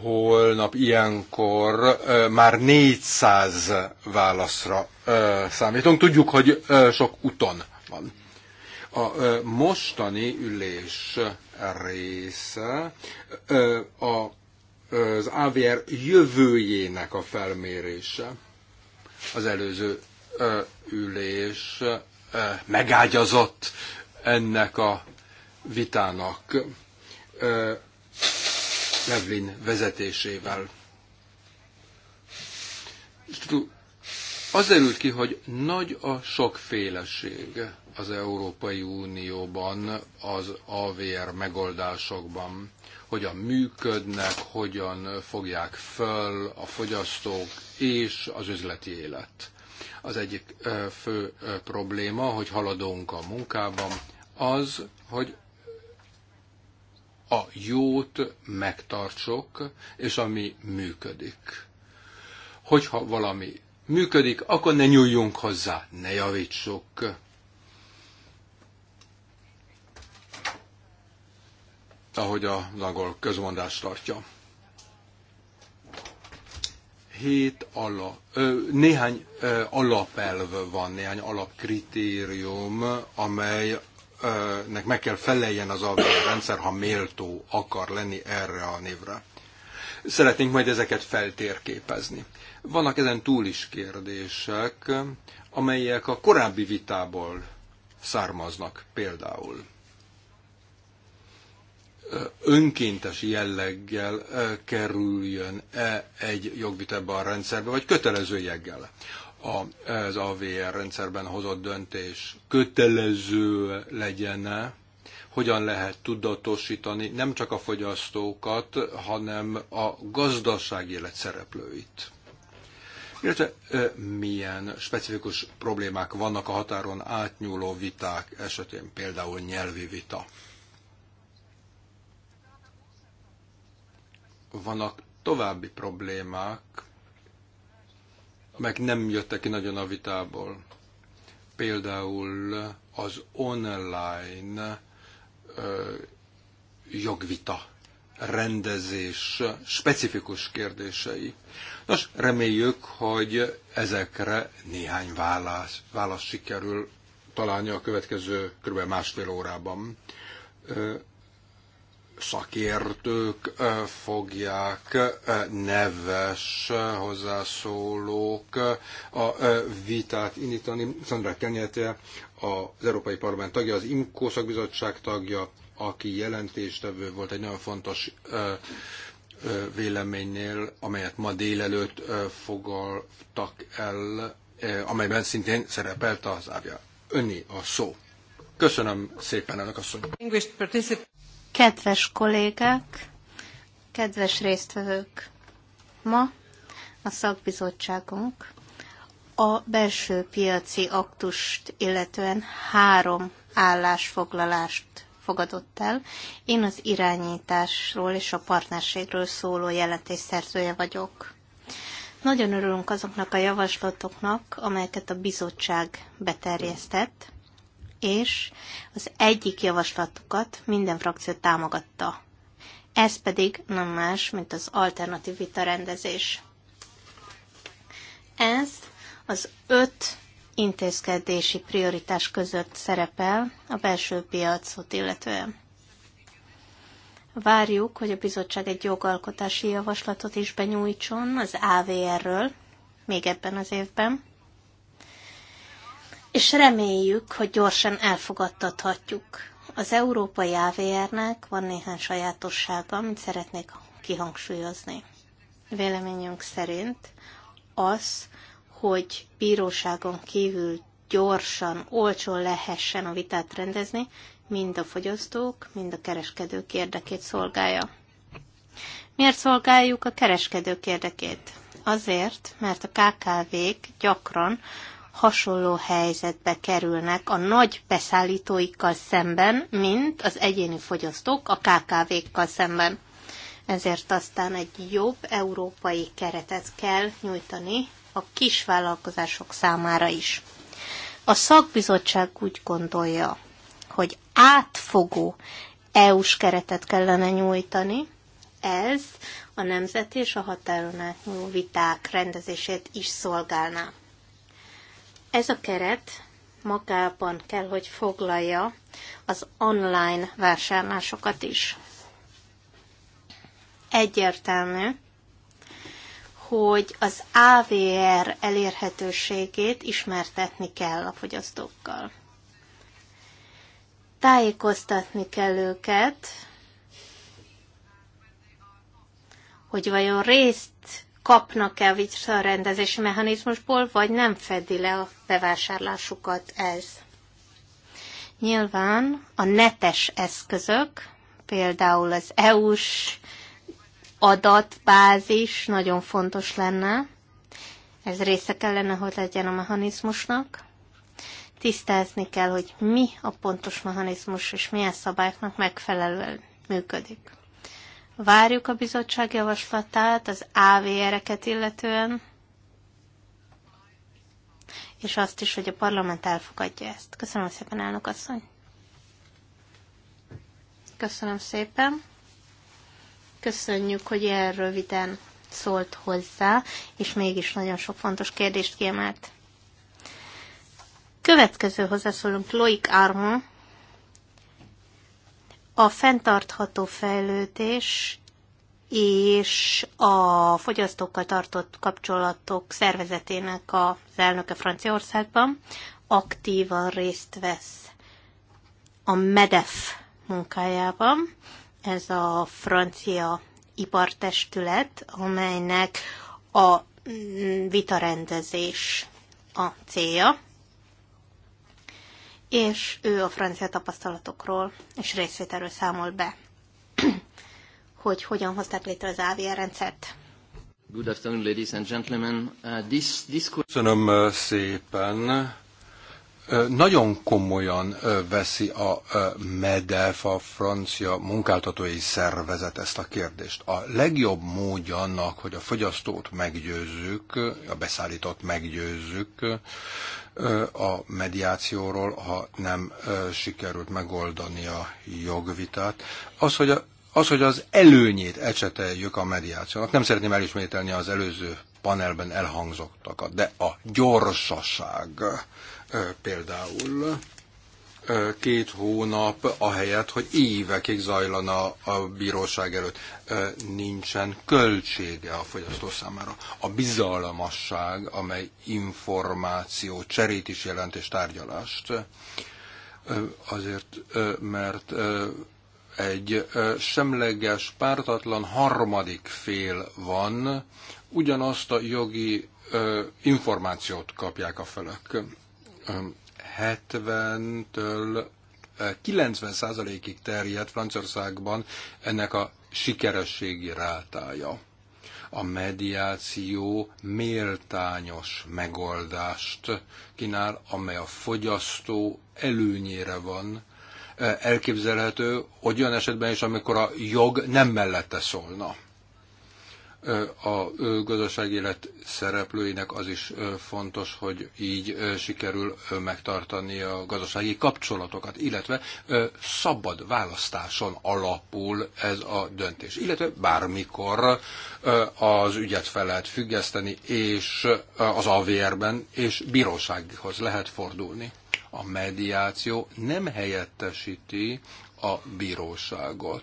holnap ilyenkor már 400 válaszra számítunk. Tudjuk, hogy sok uton van. A mostani ülés része az AVR jövőjének a felmérése. Az előző ülés megágyazott ennek a vitának Levlin vezetésével. Az derült ki, hogy nagy a sokféleség az Európai Unióban az AVR megoldásokban. Hogyan működnek, hogyan fogják föl a fogyasztók és az üzleti élet. Az egyik fő probléma, hogy haladunk a munkában, az, hogy a jót megtartsok, és ami működik. Hogyha valami működik, akkor ne nyúljunk hozzá, ne javítsuk. Ahogy a angol közmondás tartja. Hét ala, ö, néhány ö, alapelv van, néhány alapkritérium, amely nek meg kell feleljen az a rendszer, ha méltó akar lenni erre a névre. Szeretnénk majd ezeket feltérképezni. Vannak ezen túl is kérdések, amelyek a korábbi vitából származnak például önkéntes jelleggel eh, kerüljön-e egy jogvita a rendszerbe, vagy kötelező jeggel? az AVR rendszerben hozott döntés kötelező legyen, hogyan lehet tudatosítani nem csak a fogyasztókat, hanem a gazdaság élet szereplőit. Illetve milyen specifikus problémák vannak a határon átnyúló viták esetén, például nyelvi vita. Vannak további problémák, amelyek nem jöttek ki nagyon a vitából. Például az online ö, jogvita rendezés specifikus kérdései. Nos, reméljük, hogy ezekre néhány válasz, válasz sikerül találni a következő kb. másfél órában szakértők fogják, neves hozzászólók a vitát indítani. Szandrák Kenyete, az Európai Parlament tagja, az IMKO szakbizottság tagja, aki jelentéstevő volt egy nagyon fontos véleménynél, amelyet ma délelőtt fogaltak el, amelyben szintén szerepelt az ávja. Önni a szó. Köszönöm szépen, elnök asszony. Kedves kollégák, kedves résztvevők! Ma a szakbizottságunk a belső piaci aktust illetően három állásfoglalást fogadott el. Én az irányításról és a partnerségről szóló jelentés szerzője vagyok. Nagyon örülünk azoknak a javaslatoknak, amelyeket a bizottság beterjesztett, és az egyik javaslatukat minden frakció támogatta. Ez pedig nem más, mint az alternatív vita rendezés. Ez az öt intézkedési prioritás között szerepel a belső piacot illetően. Várjuk, hogy a bizottság egy jogalkotási javaslatot is benyújtson az AVR-ről, még ebben az évben és reméljük, hogy gyorsan elfogadtathatjuk. Az európai AVR-nek van néhány sajátossága, amit szeretnék kihangsúlyozni. Véleményünk szerint az, hogy bíróságon kívül gyorsan, olcsón lehessen a vitát rendezni, mind a fogyasztók, mind a kereskedők érdekét szolgálja. Miért szolgáljuk a kereskedők érdekét? Azért, mert a KKV-k gyakran hasonló helyzetbe kerülnek a nagy beszállítóikkal szemben, mint az egyéni fogyasztók a KKV-kkal szemben. Ezért aztán egy jobb európai keretet kell nyújtani a kisvállalkozások számára is. A szakbizottság úgy gondolja, hogy átfogó EU-s keretet kellene nyújtani, ez a nemzet és a határon átnyúló viták rendezését is szolgálná. Ez a keret magában kell, hogy foglalja az online vásárlásokat is. Egyértelmű, hogy az AVR elérhetőségét ismertetni kell a fogyasztókkal. Tájékoztatni kell őket, hogy vajon részt kapnak-e a visszarendezési mechanizmusból, vagy nem fedi le a bevásárlásukat ez. Nyilván a netes eszközök, például az EU-s adatbázis nagyon fontos lenne, ez része kellene, hogy legyen a mechanizmusnak. Tisztázni kell, hogy mi a pontos mechanizmus, és milyen szabályoknak megfelelően működik. Várjuk a bizottság javaslatát az AVR-eket illetően, és azt is, hogy a parlament elfogadja ezt. Köszönöm szépen, elnök asszony. Köszönöm szépen. Köszönjük, hogy ilyen röviden szólt hozzá, és mégis nagyon sok fontos kérdést kiemelt. Következő hozzászólunk Loik Armand, a fenntartható fejlődés és a fogyasztókkal tartott kapcsolatok szervezetének az elnöke Franciaországban aktívan részt vesz a MEDEF munkájában. Ez a francia ipartestület, amelynek a mm, vitarendezés a célja és ő a francia tapasztalatokról és részvételről számol be, hogy hogyan hozták létre az AVR rendszert. Good afternoon, ladies and gentlemen. Uh, this, this... Köszönöm uh, szépen nagyon komolyan veszi a MEDEF, a francia munkáltatói szervezet ezt a kérdést. A legjobb módja annak, hogy a fogyasztót meggyőzzük, a beszállítót meggyőzzük a mediációról, ha nem sikerült megoldani a jogvitát, az, hogy a az, hogy az előnyét ecseteljük a mediációnak. Nem szeretném elismételni az előző panelben elhangzottakat, de a gyorsaság Például két hónap ahelyett, hogy évekig zajlana a bíróság előtt. Nincsen költsége a fogyasztó számára. A bizalmasság, amely információ cserét is jelent és tárgyalást, azért, mert egy semleges, pártatlan harmadik fél van, ugyanazt a jogi információt kapják a felek 70-től 90 százalékig terjedt Franciaországban ennek a sikerességi rátája. A mediáció méltányos megoldást kínál, amely a fogyasztó előnyére van, elképzelhető, olyan esetben is, amikor a jog nem mellette szólna a gazdasági élet szereplőinek az is fontos, hogy így sikerül megtartani a gazdasági kapcsolatokat, illetve szabad választáson alapul ez a döntés. Illetve bármikor az ügyet fel lehet függeszteni, és az AVR-ben, és bírósághoz lehet fordulni. A mediáció nem helyettesíti a bíróságot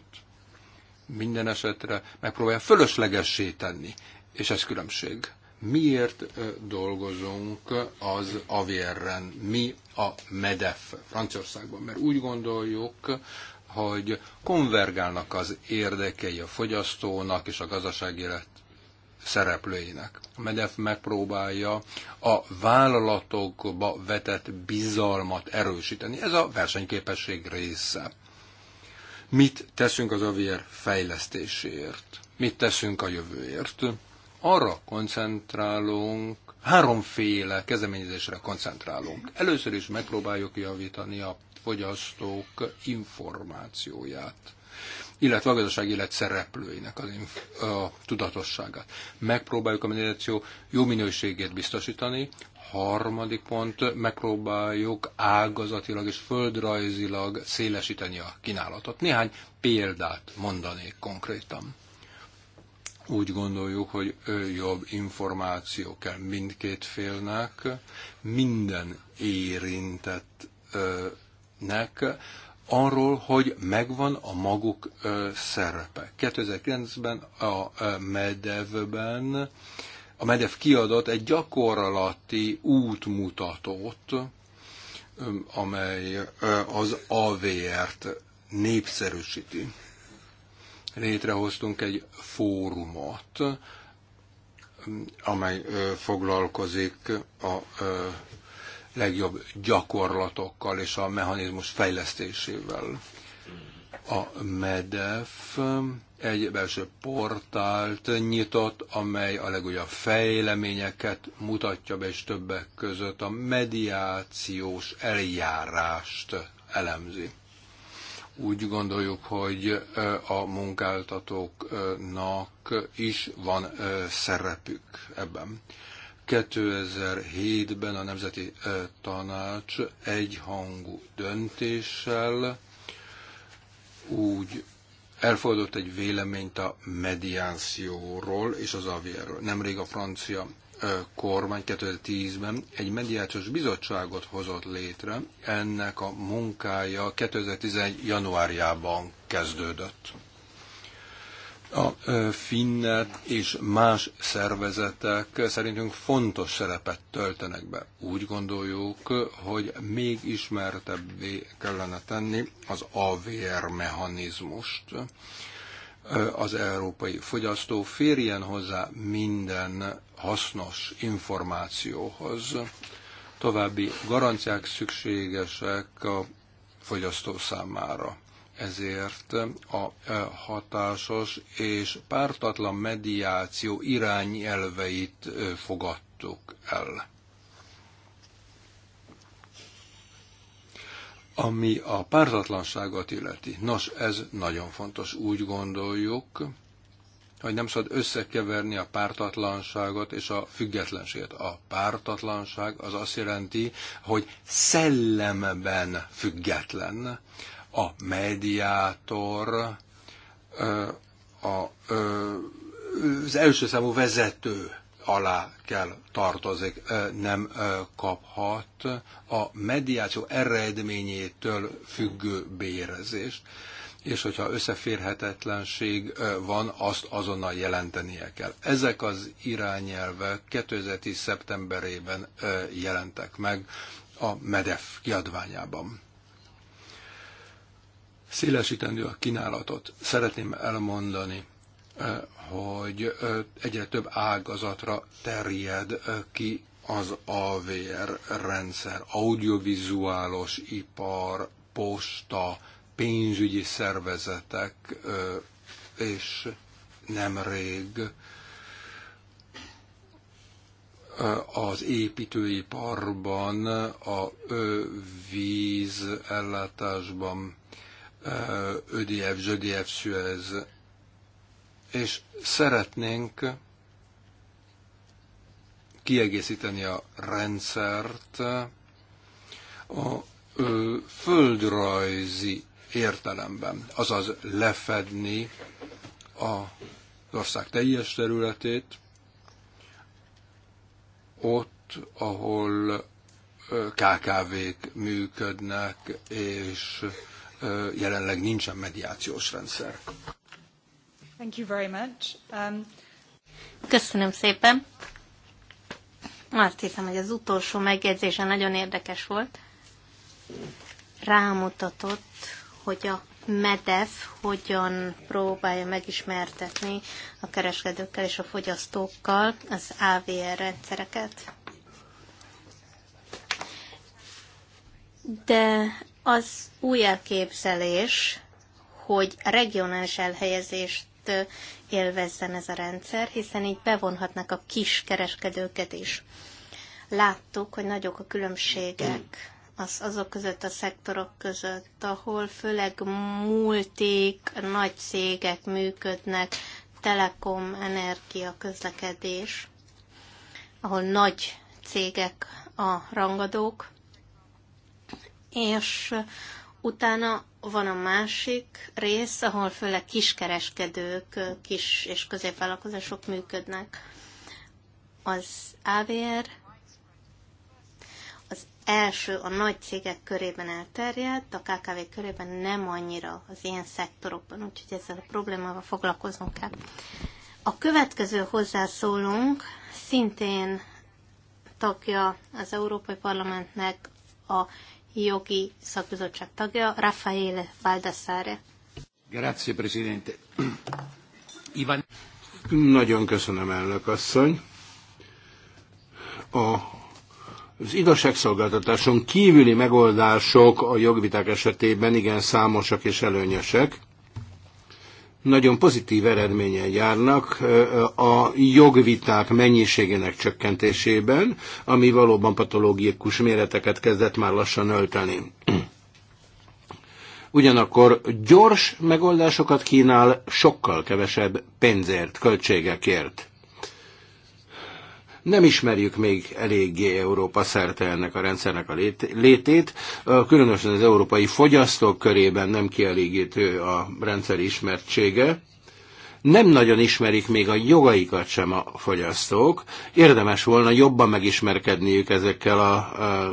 minden esetre megpróbálja fölöslegessé tenni, és ez különbség. Miért dolgozunk az avérren, mi a MEDEF Franciaországban? Mert úgy gondoljuk, hogy konvergálnak az érdekei a fogyasztónak és a gazdasági élet szereplőinek. A MEDEF megpróbálja a vállalatokba vetett bizalmat erősíteni. Ez a versenyképesség része. Mit teszünk az avier fejlesztéséért? Mit teszünk a jövőért? Arra koncentrálunk, háromféle kezdeményezésre koncentrálunk. Először is megpróbáljuk javítani a fogyasztók információját illetve a gazdaság élet szereplőinek az inf- a tudatosságát. Megpróbáljuk a mediáció jó minőségét biztosítani, harmadik pont, megpróbáljuk ágazatilag és földrajzilag szélesíteni a kínálatot. Néhány példát mondanék konkrétan. Úgy gondoljuk, hogy jobb információ kell mindkét félnek, minden érintettnek, arról, hogy megvan a maguk szerepe. 2009-ben a Medevben a MEDEF kiadott egy gyakorlati útmutatót, amely az AVR-t népszerűsíti. Létrehoztunk egy fórumot, amely foglalkozik a legjobb gyakorlatokkal és a mechanizmus fejlesztésével. A MEDEF egy belső portált nyitott, amely a legújabb fejleményeket mutatja be, és többek között a mediációs eljárást elemzi. Úgy gondoljuk, hogy a munkáltatóknak is van szerepük ebben. 2007-ben a Nemzeti Tanács egyhangú döntéssel úgy elfogadott egy véleményt a mediációról és az avierről. Nemrég a francia kormány 2010-ben egy mediációs bizottságot hozott létre, ennek a munkája 2011. januárjában kezdődött. A finnek és más szervezetek szerintünk fontos szerepet töltenek be. Úgy gondoljuk, hogy még ismertebbé kellene tenni az AVR mechanizmust. Az európai fogyasztó férjen hozzá minden hasznos információhoz. További garanciák szükségesek a fogyasztó számára ezért a e, hatásos és pártatlan mediáció irányelveit e, fogadtuk el. Ami a pártatlanságot illeti, nos, ez nagyon fontos, úgy gondoljuk, hogy nem szabad összekeverni a pártatlanságot és a függetlenséget. A pártatlanság az azt jelenti, hogy szellemben független. A mediátor a, az első számú vezető alá kell tartozik, nem kaphat a mediáció eredményétől függő bérezést, és hogyha összeférhetetlenség van, azt azonnal jelentenie kell. Ezek az irányelvek 2010. szeptemberében jelentek meg a MEDEF kiadványában szélesítendő a kínálatot. Szeretném elmondani, eh, hogy eh, egyre több ágazatra terjed eh, ki az AVR rendszer, audiovizuálos ipar, posta, pénzügyi szervezetek, és nemrég az építőiparban, a vízellátásban ödiev, zsödiev, Suez, és szeretnénk kiegészíteni a rendszert a földrajzi értelemben, azaz lefedni az ország teljes területét, ott, ahol KKV-k működnek, és jelenleg nincsen mediációs rendszer. Thank you very much. Um... Köszönöm szépen. Azt hiszem, hogy az utolsó megjegyzése nagyon érdekes volt. Rámutatott, hogy a MEDEF hogyan próbálja megismertetni a kereskedőkkel és a fogyasztókkal az AVR rendszereket. De az új elképzelés, hogy regionális elhelyezést élvezzen ez a rendszer, hiszen így bevonhatnak a kis kereskedőket is. Láttuk, hogy nagyok a különbségek az, azok között a szektorok között, ahol főleg multik, nagy cégek működnek, telekom, energia, közlekedés, ahol nagy cégek a rangadók, és utána van a másik rész, ahol főleg kiskereskedők, kis és középvállalkozások működnek. Az AVR az első a nagy cégek körében elterjedt, a KKV körében nem annyira az ilyen szektorokban, úgyhogy ezzel a problémával foglalkozunk kell. A következő hozzászólunk szintén tagja az Európai Parlamentnek a jogi szakbizottság tagja, Raffaele Valdassare. Grazie, Presidente. Ivan... Nagyon köszönöm, elnök asszony. A az igazságszolgáltatáson kívüli megoldások a jogviták esetében igen számosak és előnyösek nagyon pozitív eredménye járnak a jogviták mennyiségének csökkentésében, ami valóban patológikus méreteket kezdett már lassan ölteni. Ugyanakkor gyors megoldásokat kínál sokkal kevesebb pénzért, költségekért. Nem ismerjük még eléggé Európa szerte ennek a rendszernek a létét, különösen az európai fogyasztók körében nem kielégítő a rendszer ismertsége nem nagyon ismerik még a jogaikat sem a fogyasztók. Érdemes volna jobban megismerkedniük ezekkel a, a,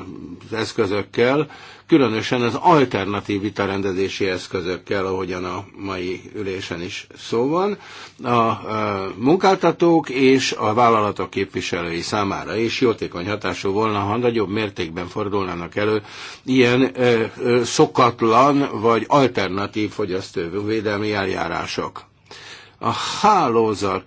az eszközökkel, különösen az alternatív vitarendezési eszközökkel, ahogyan a mai ülésen is szó van, a, a munkáltatók és a vállalatok képviselői számára is jótékony hatású volna, ha nagyobb mértékben fordulnának elő ilyen ö, ö, szokatlan vagy alternatív fogyasztóvédelmi eljárások a hálózat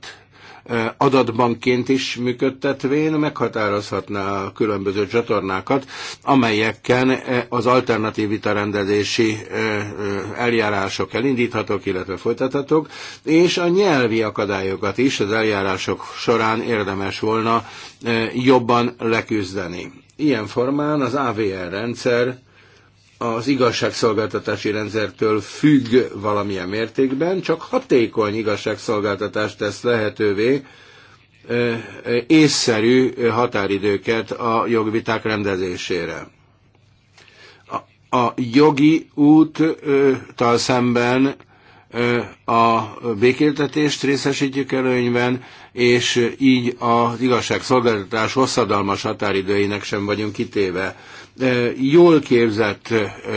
adatbankként is működtetvén meghatározhatná a különböző csatornákat, amelyeken az alternatív vitarendezési eljárások elindíthatók, illetve folytathatók, és a nyelvi akadályokat is az eljárások során érdemes volna jobban leküzdeni. Ilyen formán az AVR rendszer az igazságszolgáltatási rendszertől függ valamilyen mértékben, csak hatékony igazságszolgáltatást tesz lehetővé észszerű határidőket a jogviták rendezésére. A jogi úttal szemben a békéltetést részesítjük előnyben, és így az igazságszolgáltatás hosszadalmas határidőinek sem vagyunk kitéve jól képzett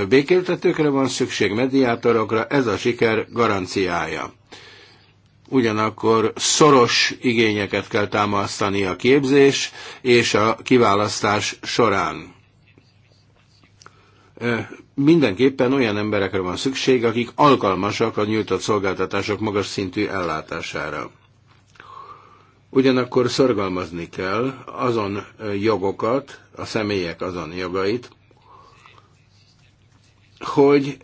békéltetőkre van szükség, mediátorokra, ez a siker garanciája. Ugyanakkor szoros igényeket kell támasztani a képzés és a kiválasztás során. Mindenképpen olyan emberekre van szükség, akik alkalmasak a nyújtott szolgáltatások magas szintű ellátására. Ugyanakkor szorgalmazni kell azon jogokat, a személyek azon jogait, hogy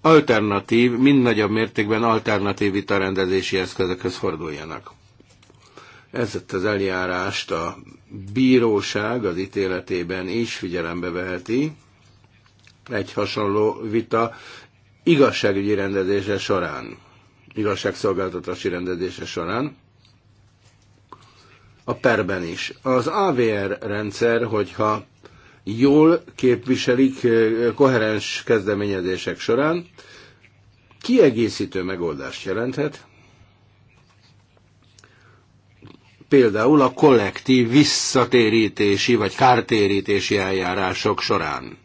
alternatív, mind nagyobb mértékben alternatív vitarendezési eszközökhöz forduljanak. Ez az eljárást a bíróság az ítéletében is figyelembe veheti. Egy hasonló vita igazságügyi rendezése során, igazságszolgáltatási rendezése során a perben is. Az AVR rendszer, hogyha jól képviselik koherens kezdeményezések során, kiegészítő megoldást jelenthet, például a kollektív visszatérítési vagy kártérítési eljárások során.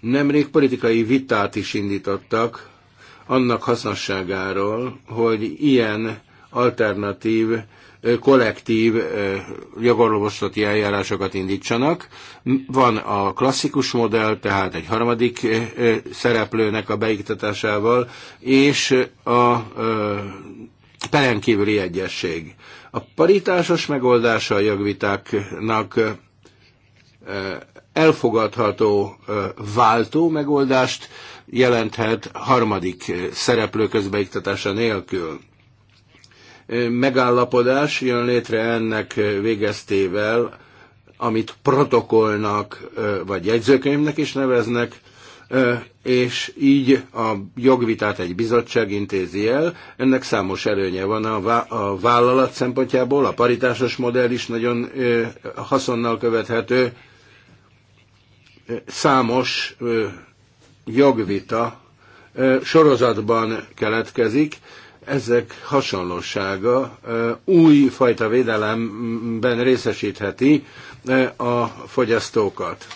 Nemrég politikai vitát is indítottak annak hasznosságáról, hogy ilyen alternatív, kollektív jogorvoslati eljárásokat indítsanak. Van a klasszikus modell, tehát egy harmadik szereplőnek a beiktatásával, és a perenkívüli egyesség. A paritásos megoldása a jogvitáknak elfogadható váltó megoldást jelenthet harmadik szereplő közbeiktatása nélkül megállapodás jön létre ennek végeztével, amit protokollnak vagy jegyzőkönyvnek is neveznek, és így a jogvitát egy bizottság intézi el. Ennek számos előnye van a vállalat szempontjából, a paritásos modell is nagyon haszonnal követhető. Számos jogvita sorozatban keletkezik, ezek hasonlósága új fajta védelemben részesítheti a fogyasztókat.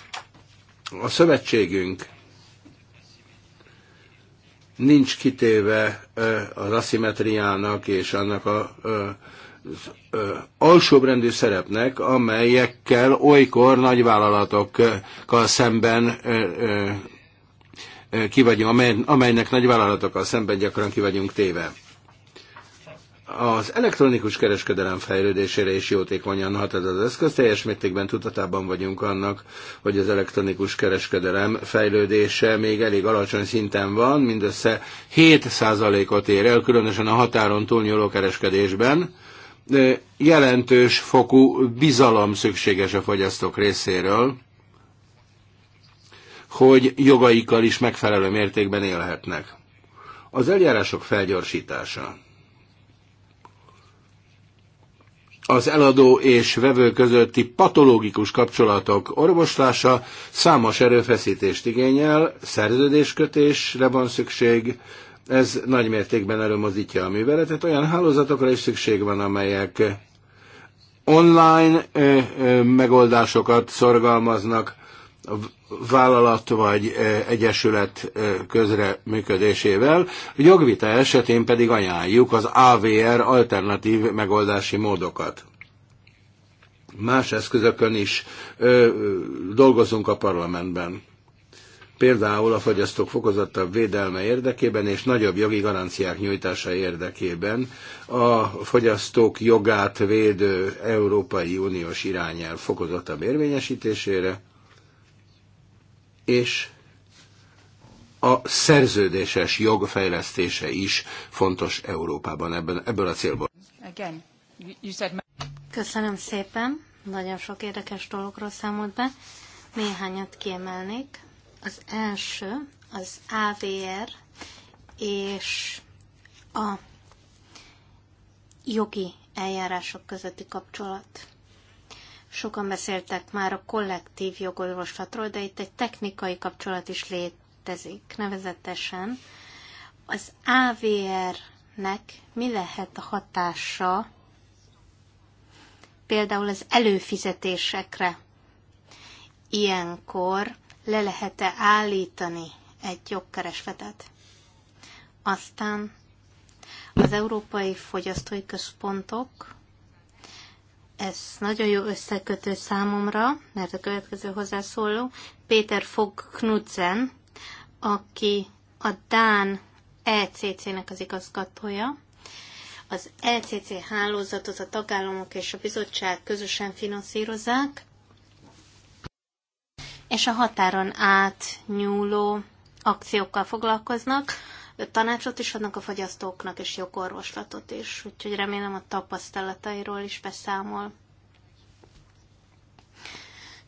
A szövetségünk nincs kitéve az aszimetriának és annak a alsóbrendű szerepnek, amelyekkel olykor nagyvállalatokkal szemben ki vagyunk, amelynek nagyvállalatokkal szemben gyakran ki vagyunk téve. Az elektronikus kereskedelem fejlődésére is jótékonyan hat ez az eszköz. Teljes mértékben tudatában vagyunk annak, hogy az elektronikus kereskedelem fejlődése még elég alacsony szinten van, mindössze 7%-ot ér el, különösen a határon túlnyúló kereskedésben. Jelentős fokú bizalom szükséges a fogyasztók részéről, hogy jogaikkal is megfelelő mértékben élhetnek. Az eljárások felgyorsítása az eladó és vevő közötti patológikus kapcsolatok orvoslása számos erőfeszítést igényel, szerződéskötésre van szükség, ez nagy mértékben előmozdítja a műveletet, olyan hálózatokra is szükség van, amelyek online megoldásokat szorgalmaznak, vállalat vagy e, egyesület e, közre működésével. Jogvita esetén pedig ajánljuk az AVR alternatív megoldási módokat. Más eszközökön is ö, e, dolgozunk a parlamentben például a fogyasztók fokozottabb védelme érdekében és nagyobb jogi garanciák nyújtása érdekében a fogyasztók jogát védő Európai Uniós irányel fokozottabb érvényesítésére, és a szerződéses jog fejlesztése is fontos Európában ebben, ebből a célból. Again, you said... Köszönöm szépen, nagyon sok érdekes dologról számolt be. Néhányat kiemelnék. Az első az AVR és a jogi eljárások közötti kapcsolat. Sokan beszéltek már a kollektív jogorvoslatról, de itt egy technikai kapcsolat is létezik, nevezetesen az AVR-nek mi lehet a hatása például az előfizetésekre. Ilyenkor le lehet-e állítani egy jogkeresletet? Aztán az Európai Fogyasztói Központok ez nagyon jó összekötő számomra, mert a következő hozzászóló Péter Fog Knudsen, aki a Dán ECC-nek az igazgatója. Az ECC hálózatot a tagállamok és a bizottság közösen finanszírozzák, és a határon átnyúló akciókkal foglalkoznak, tanácsot is adnak a fogyasztóknak, és jogorvoslatot is, úgyhogy remélem a tapasztalatairól is beszámol.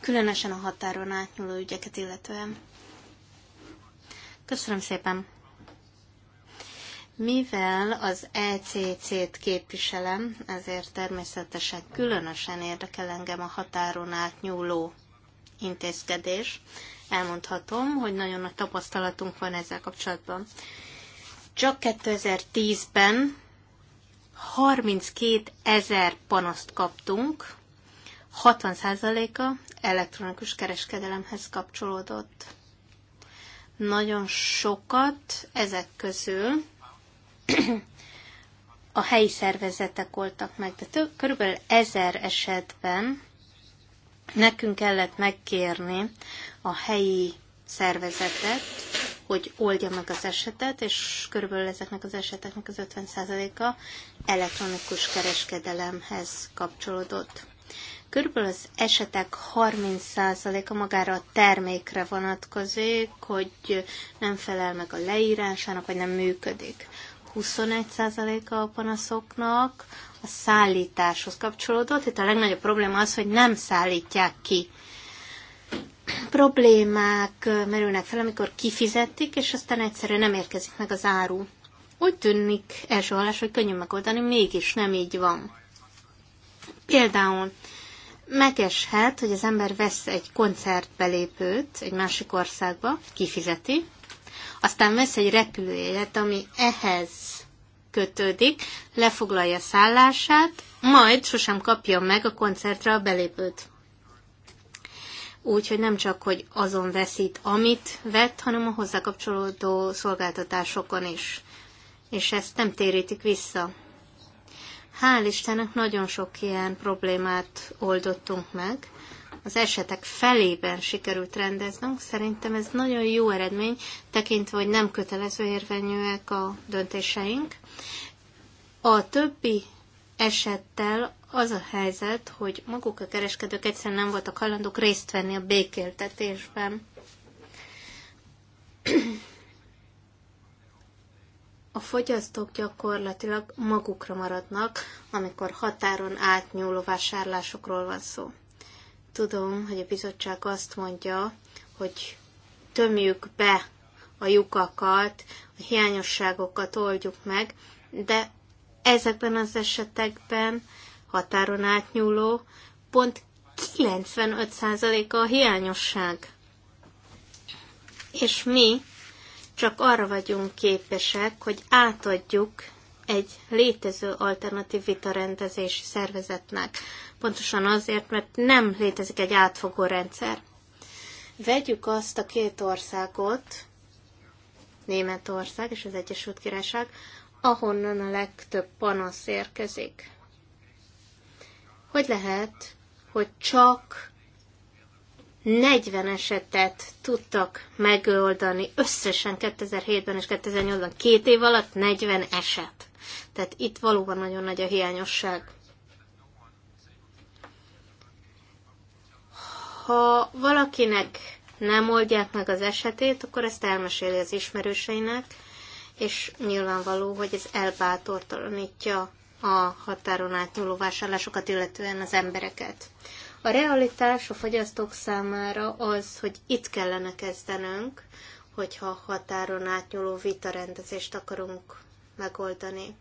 Különösen a határon átnyúló ügyeket illetően. Köszönöm szépen! Mivel az ECC-t képviselem, ezért természetesen különösen érdekel engem a határon átnyúló intézkedés. Elmondhatom, hogy nagyon nagy tapasztalatunk van ezzel kapcsolatban csak 2010-ben 32 ezer panaszt kaptunk, 60%-a elektronikus kereskedelemhez kapcsolódott. Nagyon sokat ezek közül a helyi szervezetek voltak meg, de több, körülbelül ezer esetben nekünk kellett megkérni a helyi szervezetet, hogy oldja meg az esetet, és körülbelül ezeknek az eseteknek az 50%-a elektronikus kereskedelemhez kapcsolódott. Körülbelül az esetek 30%-a magára a termékre vonatkozik, hogy nem felel meg a leírásának, vagy nem működik. 21%-a a panaszoknak a szállításhoz kapcsolódott. Itt a legnagyobb probléma az, hogy nem szállítják ki problémák merülnek fel, amikor kifizetik, és aztán egyszerűen nem érkezik meg az áru. Úgy tűnik első hallás, hogy könnyű megoldani, mégis nem így van. Például megeshet, hogy az ember vesz egy koncertbelépőt egy másik országba, kifizeti, aztán vesz egy repülőjegyet, ami ehhez kötődik, lefoglalja szállását, majd sosem kapja meg a koncertre a belépőt úgyhogy nem csak, hogy azon veszít, amit vett, hanem a hozzákapcsolódó szolgáltatásokon is. És ezt nem térítik vissza. Hál' Istennek nagyon sok ilyen problémát oldottunk meg. Az esetek felében sikerült rendeznünk. Szerintem ez nagyon jó eredmény, tekintve, hogy nem kötelező érvényűek a döntéseink. A többi esettel az a helyzet, hogy maguk a kereskedők egyszerűen nem voltak hajlandók részt venni a békéltetésben. A fogyasztók gyakorlatilag magukra maradnak, amikor határon átnyúló vásárlásokról van szó. Tudom, hogy a bizottság azt mondja, hogy tömjük be a lyukakat, a hiányosságokat oldjuk meg, de ezekben az esetekben határon átnyúló, pont 95%-a a hiányosság. És mi csak arra vagyunk képesek, hogy átadjuk egy létező alternatív vitarendezési szervezetnek. Pontosan azért, mert nem létezik egy átfogó rendszer. Vegyük azt a két országot, Németország és az Egyesült Királyság, ahonnan a legtöbb panasz érkezik. Hogy lehet, hogy csak 40 esetet tudtak megoldani összesen 2007-ben és 2008-ban, két év alatt 40 eset. Tehát itt valóban nagyon nagy a hiányosság. Ha valakinek nem oldják meg az esetét, akkor ezt elmeséli az ismerőseinek, és nyilvánvaló, hogy ez elbátortalanítja a határon átnyúló vásárlásokat, illetően az embereket. A realitás a fogyasztók számára az, hogy itt kellene kezdenünk, hogyha határon átnyúló vitarendezést akarunk megoldani.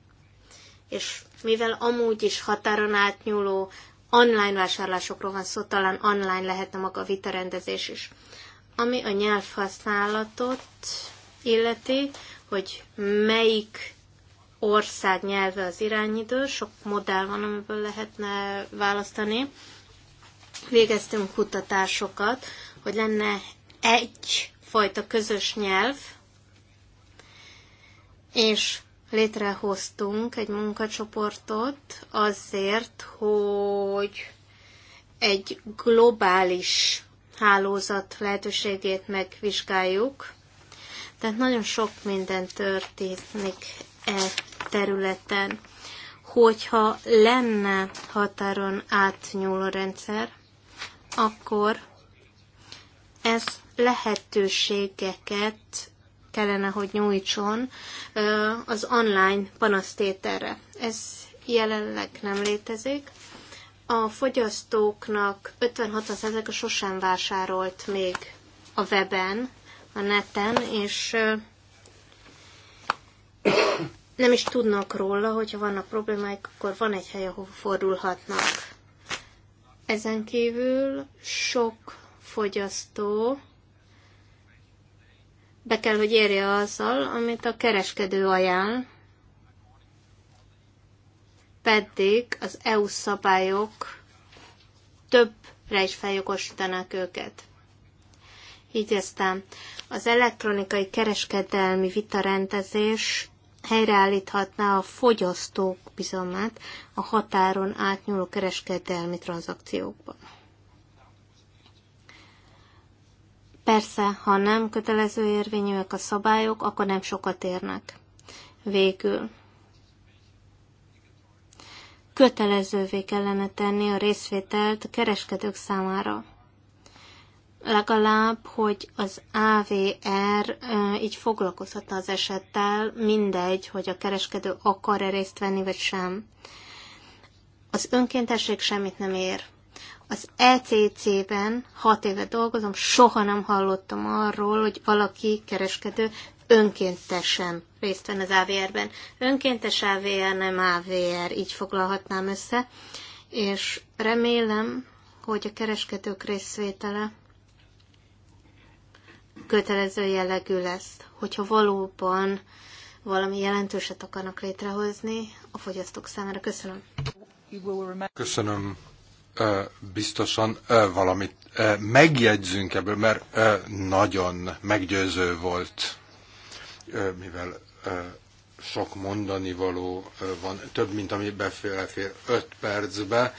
És mivel amúgy is határon átnyúló online vásárlásokról van szó, talán online lehetne maga a vitarendezés is. Ami a nyelvhasználatot illeti, hogy melyik ország nyelve az irányidő, sok modell van, amiből lehetne választani. Végeztünk kutatásokat, hogy lenne egy fajta közös nyelv, és létrehoztunk egy munkacsoportot azért, hogy egy globális hálózat lehetőségét megvizsgáljuk. Tehát nagyon sok minden történik e területen. Hogyha lenne határon átnyúló rendszer, akkor ez lehetőségeket kellene, hogy nyújtson az online panasztételre. Ez jelenleg nem létezik. A fogyasztóknak 56%-a sosem vásárolt még a weben, a neten, és nem is tudnak róla, hogyha vannak problémáik, akkor van egy hely, ahol fordulhatnak. Ezen kívül sok fogyasztó be kell, hogy érje azzal, amit a kereskedő ajánl, pedig az EU szabályok többre is feljogosítanák őket. Így aztán az elektronikai kereskedelmi vitarendezés helyreállíthatná a fogyasztók bizalmát a határon átnyúló kereskedelmi tranzakciókban. Persze, ha nem kötelező érvényűek a szabályok, akkor nem sokat érnek. Végül. Kötelezővé kellene tenni a részvételt a kereskedők számára legalább, hogy az AVR így foglalkozhatna az esettel, mindegy, hogy a kereskedő akar-e részt venni, vagy sem. Az önkéntesség semmit nem ér. Az ECC-ben hat éve dolgozom, soha nem hallottam arról, hogy valaki kereskedő önkéntesen részt venne az AVR-ben. Önkéntes AVR, nem AVR, így foglalhatnám össze, és remélem, hogy a kereskedők részvétele kötelező jellegű lesz, hogyha valóban valami jelentőset akarnak létrehozni a fogyasztók számára. Köszönöm. Köszönöm biztosan valamit megjegyzünk ebből, mert nagyon meggyőző volt, mivel sok mondani való van, több, mint ami befélefér öt percbe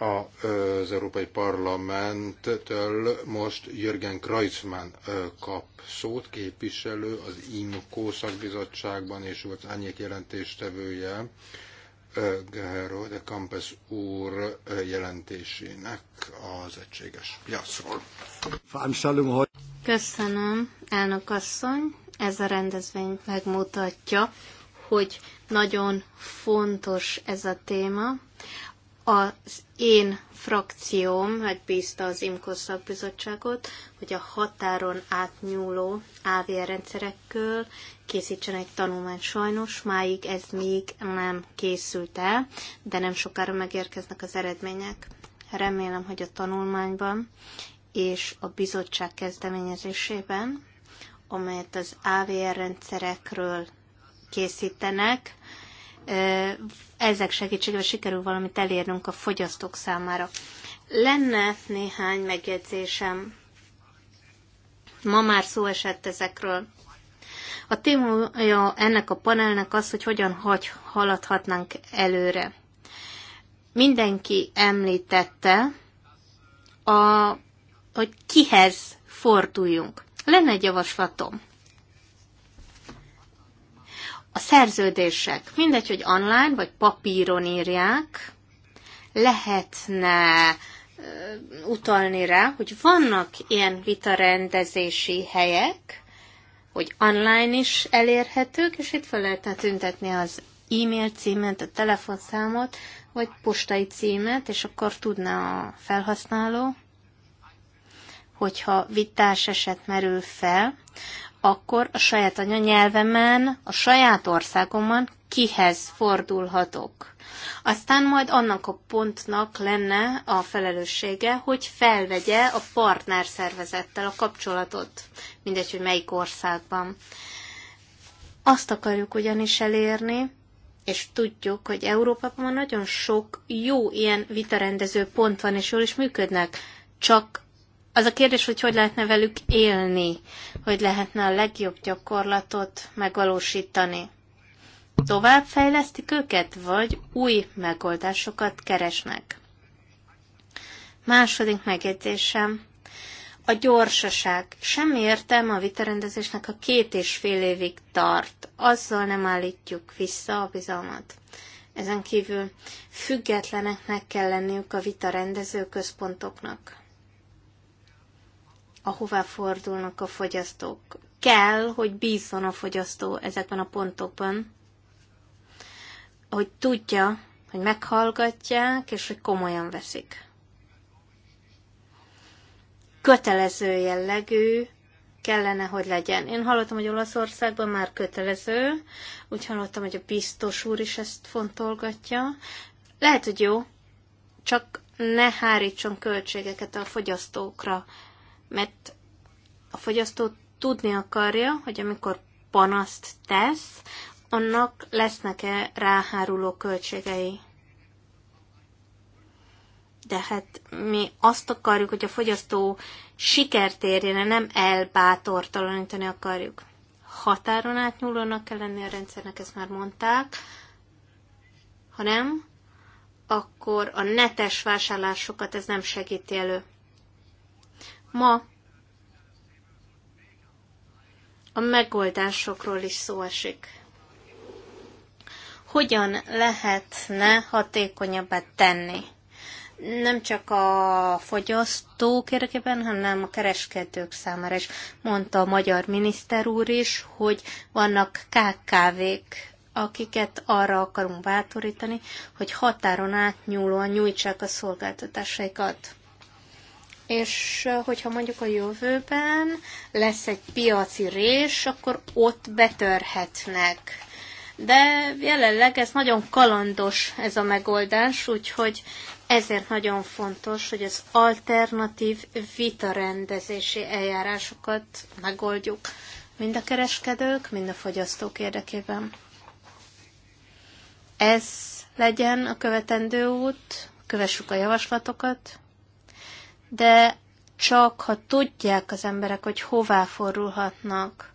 az Európai Parlamenttől most Jürgen Kreuzmann kap szót, képviselő az INKO szakbizottságban, és volt Ányék jelentéstevője Gehero de Campes úr jelentésének az egységes piacról. Köszönöm, elnök asszony. Ez a rendezvény megmutatja, hogy nagyon fontos ez a téma. Az én frakcióm megbízta az IMKO szakbizottságot, hogy a határon átnyúló AVR rendszerekről készítsen egy tanulmányt. Sajnos máig ez még nem készült el, de nem sokára megérkeznek az eredmények. Remélem, hogy a tanulmányban és a bizottság kezdeményezésében, amelyet az AVR rendszerekről készítenek, ezek segítségével sikerül valamit elérnünk a fogyasztók számára. Lenne néhány megjegyzésem. Ma már szó esett ezekről. A témája ennek a panelnek az, hogy hogyan hagy, haladhatnánk előre. Mindenki említette, a, hogy kihez forduljunk. Lenne egy javaslatom a szerződések, mindegy, hogy online vagy papíron írják, lehetne utalni rá, hogy vannak ilyen vitarendezési helyek, hogy online is elérhetők, és itt fel lehetne tüntetni az e-mail címet, a telefonszámot, vagy postai címet, és akkor tudna a felhasználó, hogyha vitás eset merül fel, akkor a saját anyanyelvemen, a saját országomon kihez fordulhatok. Aztán majd annak a pontnak lenne a felelőssége, hogy felvegye a partner szervezettel a kapcsolatot, mindegy, hogy melyik országban. Azt akarjuk ugyanis elérni, és tudjuk, hogy Európában nagyon sok jó ilyen vitarendező pont van, és jól is működnek, csak az a kérdés, hogy hogy lehetne velük élni, hogy lehetne a legjobb gyakorlatot megvalósítani. fejlesztik őket, vagy új megoldásokat keresnek? Második megjegyzésem. A gyorsaság. Sem értelme a vitarendezésnek a két és fél évig tart. Azzal nem állítjuk vissza a bizalmat. Ezen kívül függetleneknek kell lenniük a vitarendező központoknak ahová fordulnak a fogyasztók. Kell, hogy bízzon a fogyasztó ezekben a pontokban, hogy tudja, hogy meghallgatják, és hogy komolyan veszik. Kötelező jellegű kellene, hogy legyen. Én hallottam, hogy Olaszországban már kötelező, úgy hallottam, hogy a biztos úr is ezt fontolgatja. Lehet, hogy jó, csak ne hárítson költségeket a fogyasztókra, mert a fogyasztó tudni akarja, hogy amikor panaszt tesz, annak lesznek-e ráháruló költségei. De hát mi azt akarjuk, hogy a fogyasztó sikert érjen, nem elbátortalanítani akarjuk. Határon átnyúlónak kell lenni a rendszernek, ezt már mondták. Ha nem, akkor a netes vásárlásokat ez nem segíti elő. Ma a megoldásokról is szó esik. Hogyan lehetne hatékonyabbá tenni? Nem csak a fogyasztók érdekében, hanem a kereskedők számára is. Mondta a magyar miniszter úr is, hogy vannak KKV-k, akiket arra akarunk bátorítani, hogy határon átnyúlóan nyújtsák a szolgáltatásaikat és hogyha mondjuk a jövőben lesz egy piaci rés, akkor ott betörhetnek. De jelenleg ez nagyon kalandos ez a megoldás, úgyhogy ezért nagyon fontos, hogy az alternatív vitarendezési eljárásokat megoldjuk mind a kereskedők, mind a fogyasztók érdekében. Ez legyen a követendő út, kövessük a javaslatokat, de csak ha tudják az emberek, hogy hová fordulhatnak,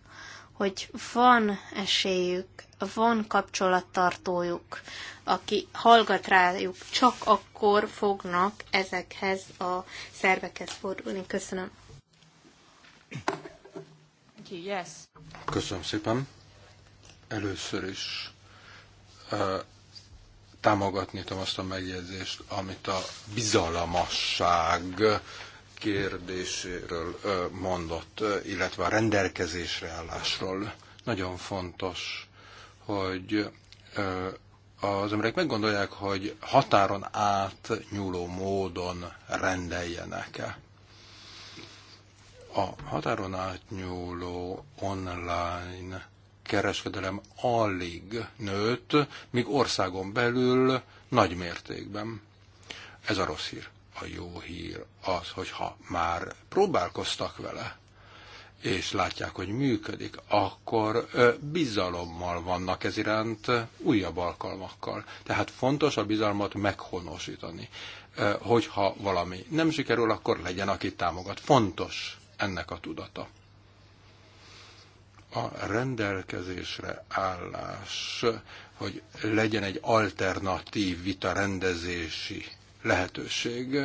hogy van esélyük, van kapcsolattartójuk, aki hallgat rájuk, csak akkor fognak ezekhez a szervekhez fordulni. Köszönöm. Yes. Köszönöm szépen. Először is eh, támogatni tudom azt a megjegyzést, amit a bizalmasság kérdéséről mondott, illetve a rendelkezésre állásról. Nagyon fontos, hogy az emberek meggondolják, hogy határon átnyúló módon rendeljenek-e. A határon átnyúló online kereskedelem alig nőtt, míg országon belül nagy mértékben. Ez a rossz hír. A jó hír az, hogyha már próbálkoztak vele, és látják, hogy működik, akkor bizalommal vannak ez iránt újabb alkalmakkal. Tehát fontos a bizalmat meghonosítani. Hogyha valami nem sikerül, akkor legyen, aki támogat. Fontos ennek a tudata a rendelkezésre állás, hogy legyen egy alternatív vita rendezési lehetőség,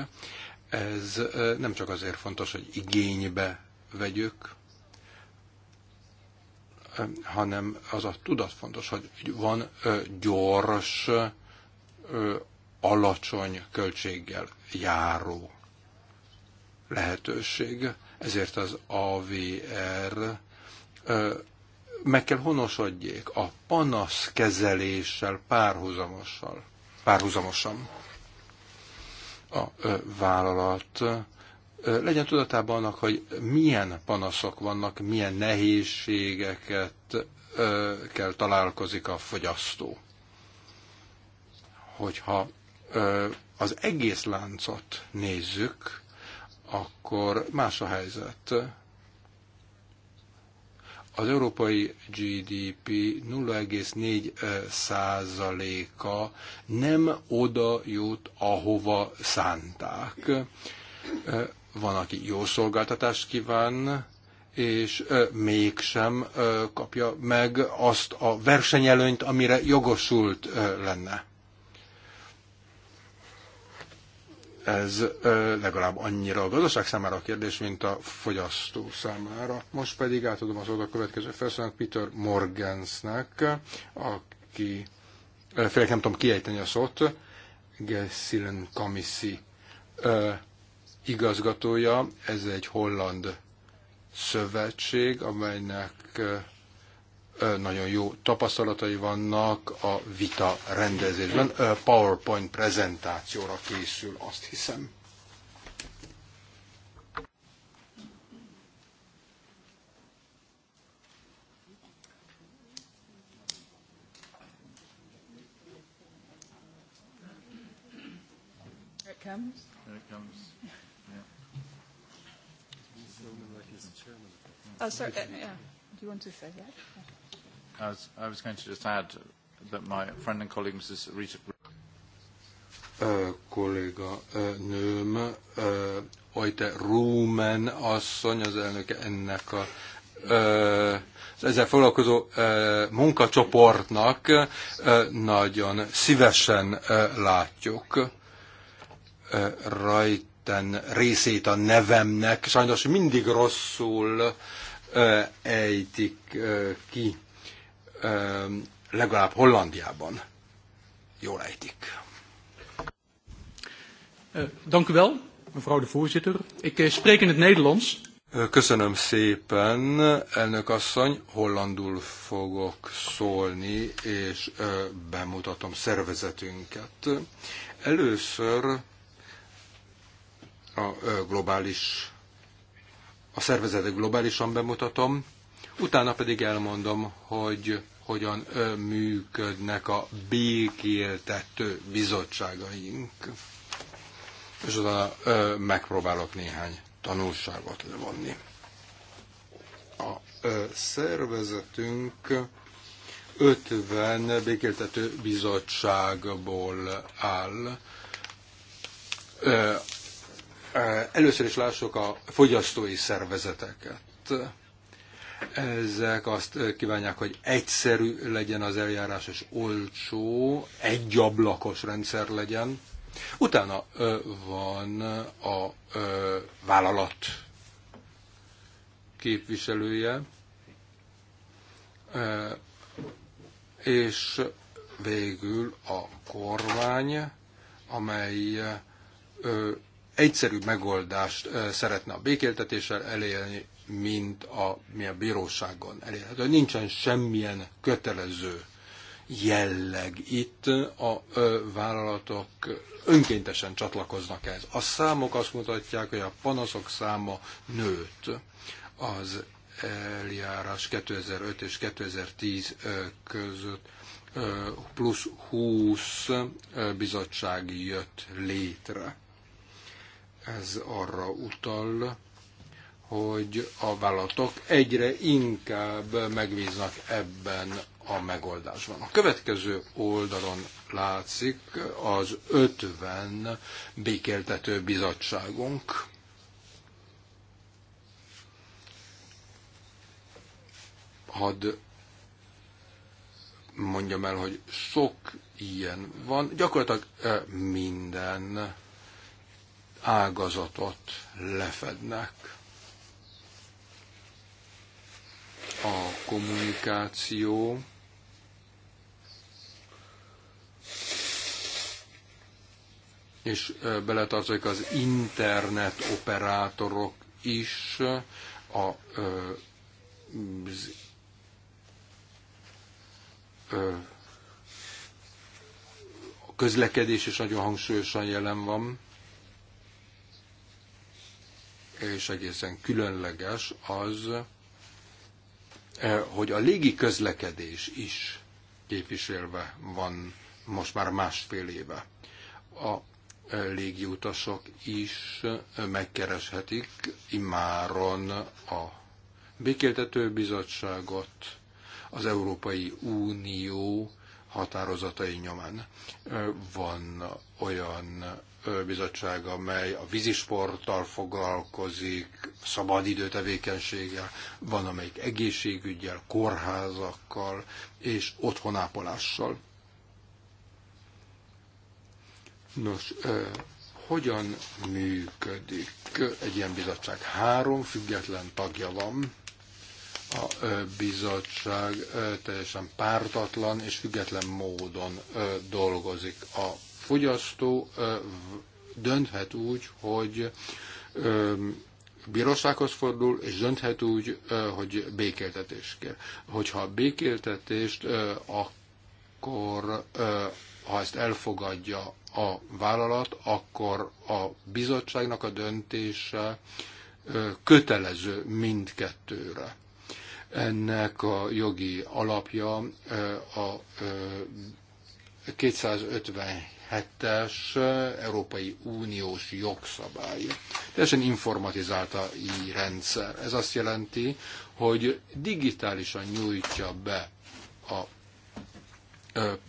ez nem csak azért fontos, hogy igénybe vegyük, hanem az a tudat fontos, hogy van gyors, alacsony költséggel járó lehetőség, ezért az AVR meg kell honosodjék a panaszkezeléssel párhuzamossal, párhuzamosan. A vállalat legyen tudatában annak, hogy milyen panaszok vannak, milyen nehézségeket kell találkozik a fogyasztó. Hogyha az egész láncot nézzük, akkor más a helyzet az európai GDP 0,4 százaléka nem oda jut, ahova szánták. Van, aki jó szolgáltatást kíván, és mégsem kapja meg azt a versenyelőnyt, amire jogosult lenne ez legalább annyira a gazdaság számára a kérdés, mint a fogyasztó számára. Most pedig átadom az oda a következő felszólalat Peter Morgensnek, aki félek nem tudom kiejteni a szót, Gessilen Kamiszi igazgatója, ez egy holland szövetség, amelynek nagyon jó tapasztalatai vannak a vita rendezésben. PowerPoint prezentációra készül, azt hiszem. comes. There it comes. Yeah. Oh, sorry. Uh, yeah. Do you want to say that? I I was going to just add that my friend and colleague Mrs. Rita kolléga nőm, Ojte Rúmen asszony, az elnöke ennek a az ezzel foglalkozó munkacsoportnak nagyon szívesen látjuk rajten részét a nevemnek. Sajnos mindig rosszul ejtik ki legalább Hollandiában jól ejtik. Eh, dank u wel, mevrouw de voorzitter. Ik eh, spreek in het Nederlands. Köszönöm szépen, elnök asszony. Hollandul fogok szólni, és bemutatom szervezetünket. Először a globális, a szervezetet globálisan bemutatom, utána pedig elmondom, hogy hogyan működnek a békéltető bizottságaink. És oda megpróbálok néhány tanulságot levonni. A szervezetünk 50 békéltető bizottságból áll. Először is lássuk a fogyasztói szervezeteket ezek azt kívánják, hogy egyszerű legyen az eljárás, és olcsó, egyablakos rendszer legyen. Utána van a vállalat képviselője, és végül a kormány, amely egyszerű megoldást szeretne a békéltetéssel elérni, mint a, mi a bíróságon elérhető. Nincsen semmilyen kötelező jelleg itt a vállalatok önkéntesen csatlakoznak ehhez. A számok azt mutatják, hogy a panaszok száma nőtt az eljárás 2005 és 2010 között plusz 20 bizottság jött létre. Ez arra utal, hogy a vállalatok egyre inkább megbíznak ebben a megoldásban. A következő oldalon látszik az 50 békéltető bizottságunk. Hadd mondjam el, hogy sok ilyen van. Gyakorlatilag eh, minden ágazatot lefednek. A kommunikáció és beletartozik az internet operátorok is, a, az, a közlekedés is nagyon hangsúlyosan jelen van és egészen különleges az, e, hogy a légi közlekedés is képviselve van most már másfél éve. A e, légiutasok is megkereshetik immáron a Békéltető Bizottságot, az Európai Unió határozatai nyomán. E, van olyan bizottság, amely a vízisporttal foglalkozik, szabadidő tevékenységgel, van amelyik egészségügyel, kórházakkal és otthonápolással. Nos, hogyan működik egy ilyen bizottság? Három független tagja van. A bizottság teljesen pártatlan és független módon dolgozik. A fogyasztó dönthet úgy, hogy bírósághoz fordul, és dönthet úgy, hogy békéltetés kér. Hogyha békéltetést, akkor ha ezt elfogadja a vállalat, akkor a bizottságnak a döntése kötelező mindkettőre. Ennek a jogi alapja a 257-es Európai Uniós jogszabály. Teljesen informatizált a rendszer. Ez azt jelenti, hogy digitálisan nyújtja be a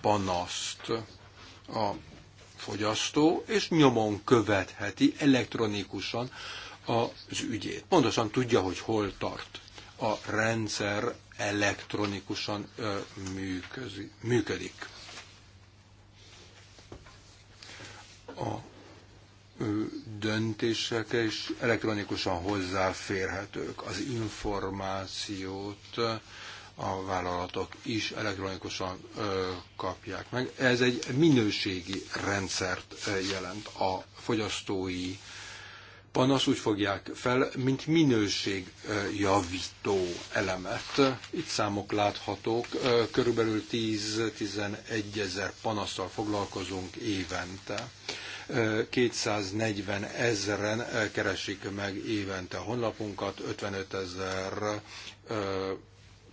panaszt a fogyasztó, és nyomon követheti elektronikusan az ügyét. Pontosan tudja, hogy hol tart. A rendszer elektronikusan működik. a döntések és elektronikusan hozzáférhetők. Az információt a vállalatok is elektronikusan kapják meg. Ez egy minőségi rendszert jelent a fogyasztói panasz úgy fogják fel, mint minőségjavító elemet. Itt számok láthatók, körülbelül 10-11 ezer panasztal foglalkozunk évente. 240 ezeren keresik meg évente a honlapunkat, 55 ezer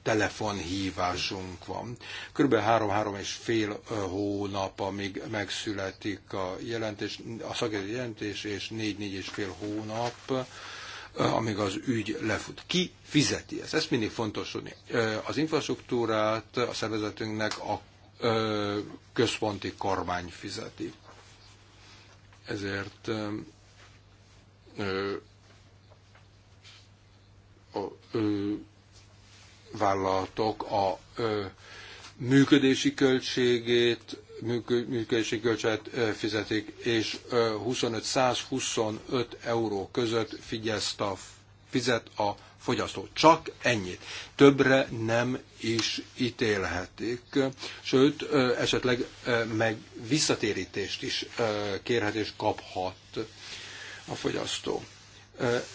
telefonhívásunk van. Körülbelül három-három és fél hónap, amíg megszületik a jelentés, a szakértő jelentés, és négy-négy és fél hónap, amíg az ügy lefut. Ki fizeti ezt? Ezt mindig fontos tudni. Az infrastruktúrát a szervezetünknek a központi kormány fizeti. Ezért ö, vállalatok a működési költségét, működési költséget fizetik, és 25-125 euró között a, fizet a fogyasztó. Csak ennyit. Többre nem is ítélhetik, sőt, esetleg meg visszatérítést is kérhet és kaphat a fogyasztó.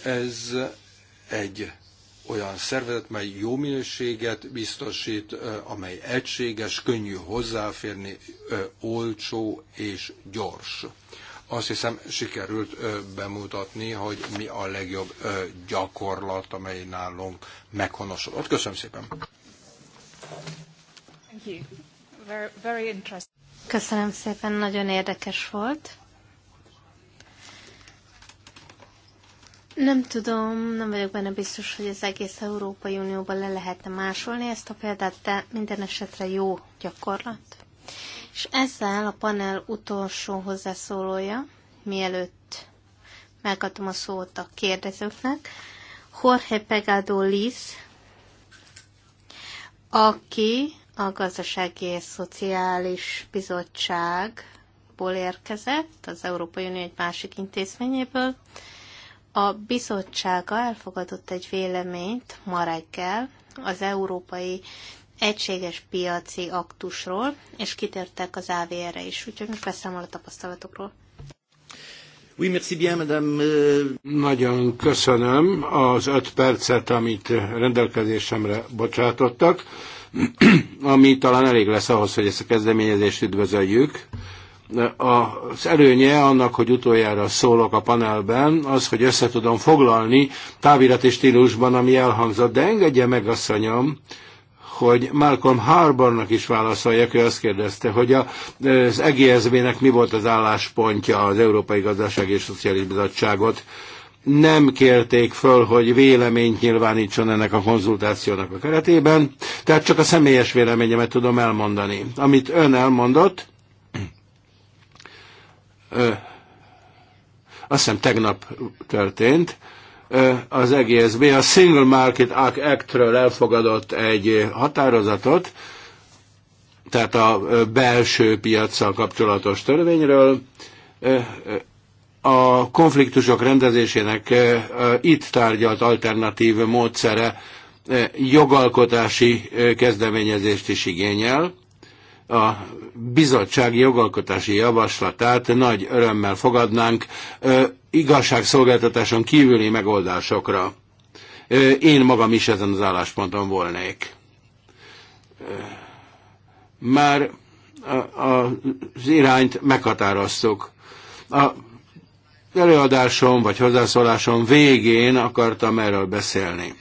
Ez egy olyan szervezet, mely jó minőséget biztosít, amely egységes, könnyű hozzáférni, olcsó és gyors. Azt hiszem, sikerült bemutatni, hogy mi a legjobb gyakorlat, amely nálunk meghonosodott. Köszönöm szépen! Köszönöm szépen, nagyon érdekes volt. Nem tudom, nem vagyok benne biztos, hogy az egész Európai Unióban le lehetne másolni ezt a példát, de minden esetre jó gyakorlat. És ezzel a panel utolsó hozzászólója, mielőtt megadom a szót a kérdezőknek, Jorge Pegado Liz, aki a Gazdasági és Szociális Bizottságból érkezett, az Európai Unió egy másik intézményéből, a bizottsága elfogadott egy véleményt ma reggel az Európai Egységes Piaci Aktusról, és kitértek az AVR-re is, úgyhogy most beszámol a tapasztalatokról. Oui, merci bien, madame. Euh, Nagyon köszönöm az öt percet, amit rendelkezésemre bocsátottak, ami talán elég lesz ahhoz, hogy ezt a kezdeményezést üdvözöljük az előnye annak, hogy utoljára szólok a panelben, az, hogy össze tudom foglalni távirati stílusban, ami elhangzott, de engedje meg, asszonyom, hogy Malcolm Harbornak is válaszoljak, ő azt kérdezte, hogy a, az EGSZB-nek mi volt az álláspontja az Európai Gazdaság és Szociális Bizottságot. Nem kérték föl, hogy véleményt nyilvánítson ennek a konzultációnak a keretében, tehát csak a személyes véleményemet tudom elmondani. Amit ön elmondott, azt hiszem tegnap történt, az EGSB a Single Market Act-ről elfogadott egy határozatot, tehát a belső piacsal kapcsolatos törvényről, a konfliktusok rendezésének itt tárgyalt alternatív módszere jogalkotási kezdeményezést is igényel a bizottsági jogalkotási javaslatát nagy örömmel fogadnánk igazságszolgáltatáson kívüli megoldásokra. Én magam is ezen az állásponton volnék. Már az irányt meghatároztuk. A előadásom vagy hozzászólásom végén akartam erről beszélni.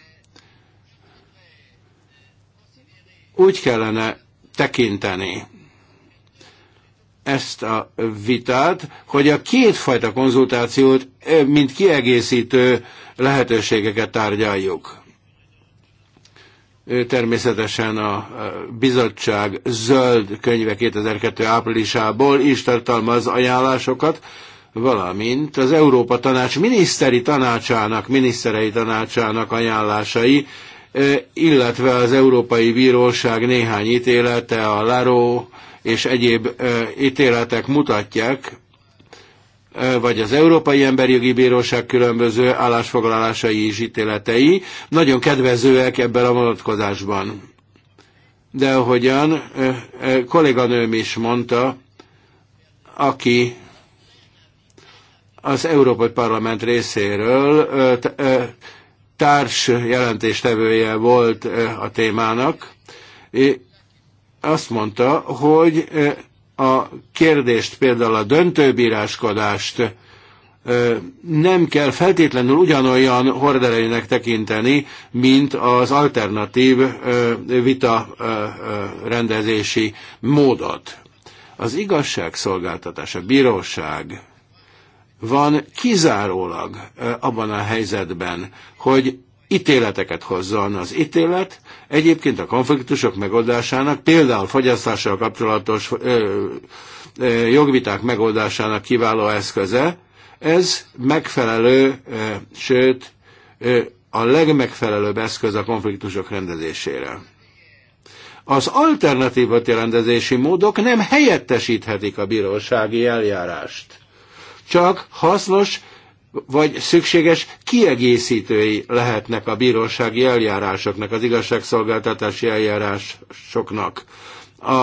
Úgy kellene tekinteni ezt a vitát, hogy a kétfajta konzultációt, mint kiegészítő lehetőségeket tárgyaljuk. Természetesen a bizottság zöld könyve 2002. áprilisából is tartalmaz ajánlásokat, valamint az Európa Tanács miniszteri tanácsának, miniszterei tanácsának ajánlásai illetve az Európai Bíróság néhány ítélete, a Laró és egyéb ítéletek mutatják, vagy az Európai Emberi Jogi Bíróság különböző állásfoglalásai és ítéletei nagyon kedvezőek ebben a vonatkozásban. De ahogyan kolléganőm is mondta, aki az Európai Parlament részéről társ jelentéstevője volt eh, a témának, azt mondta, hogy eh, a kérdést, például a döntőbíráskodást eh, nem kell feltétlenül ugyanolyan horderejének tekinteni, mint az alternatív vita rendezési módot. Az igazságszolgáltatás, a bíróság van kizárólag abban a helyzetben, hogy ítéleteket hozzon az ítélet, egyébként a konfliktusok megoldásának, például fogyasztással kapcsolatos ö, ö, jogviták megoldásának kiváló eszköze, ez megfelelő, ö, sőt, ö, a legmegfelelőbb eszköz a konfliktusok rendezésére. Az alternatív rendezési módok nem helyettesíthetik a bírósági eljárást csak hasznos vagy szükséges kiegészítői lehetnek a bírósági eljárásoknak, az igazságszolgáltatási eljárásoknak. A,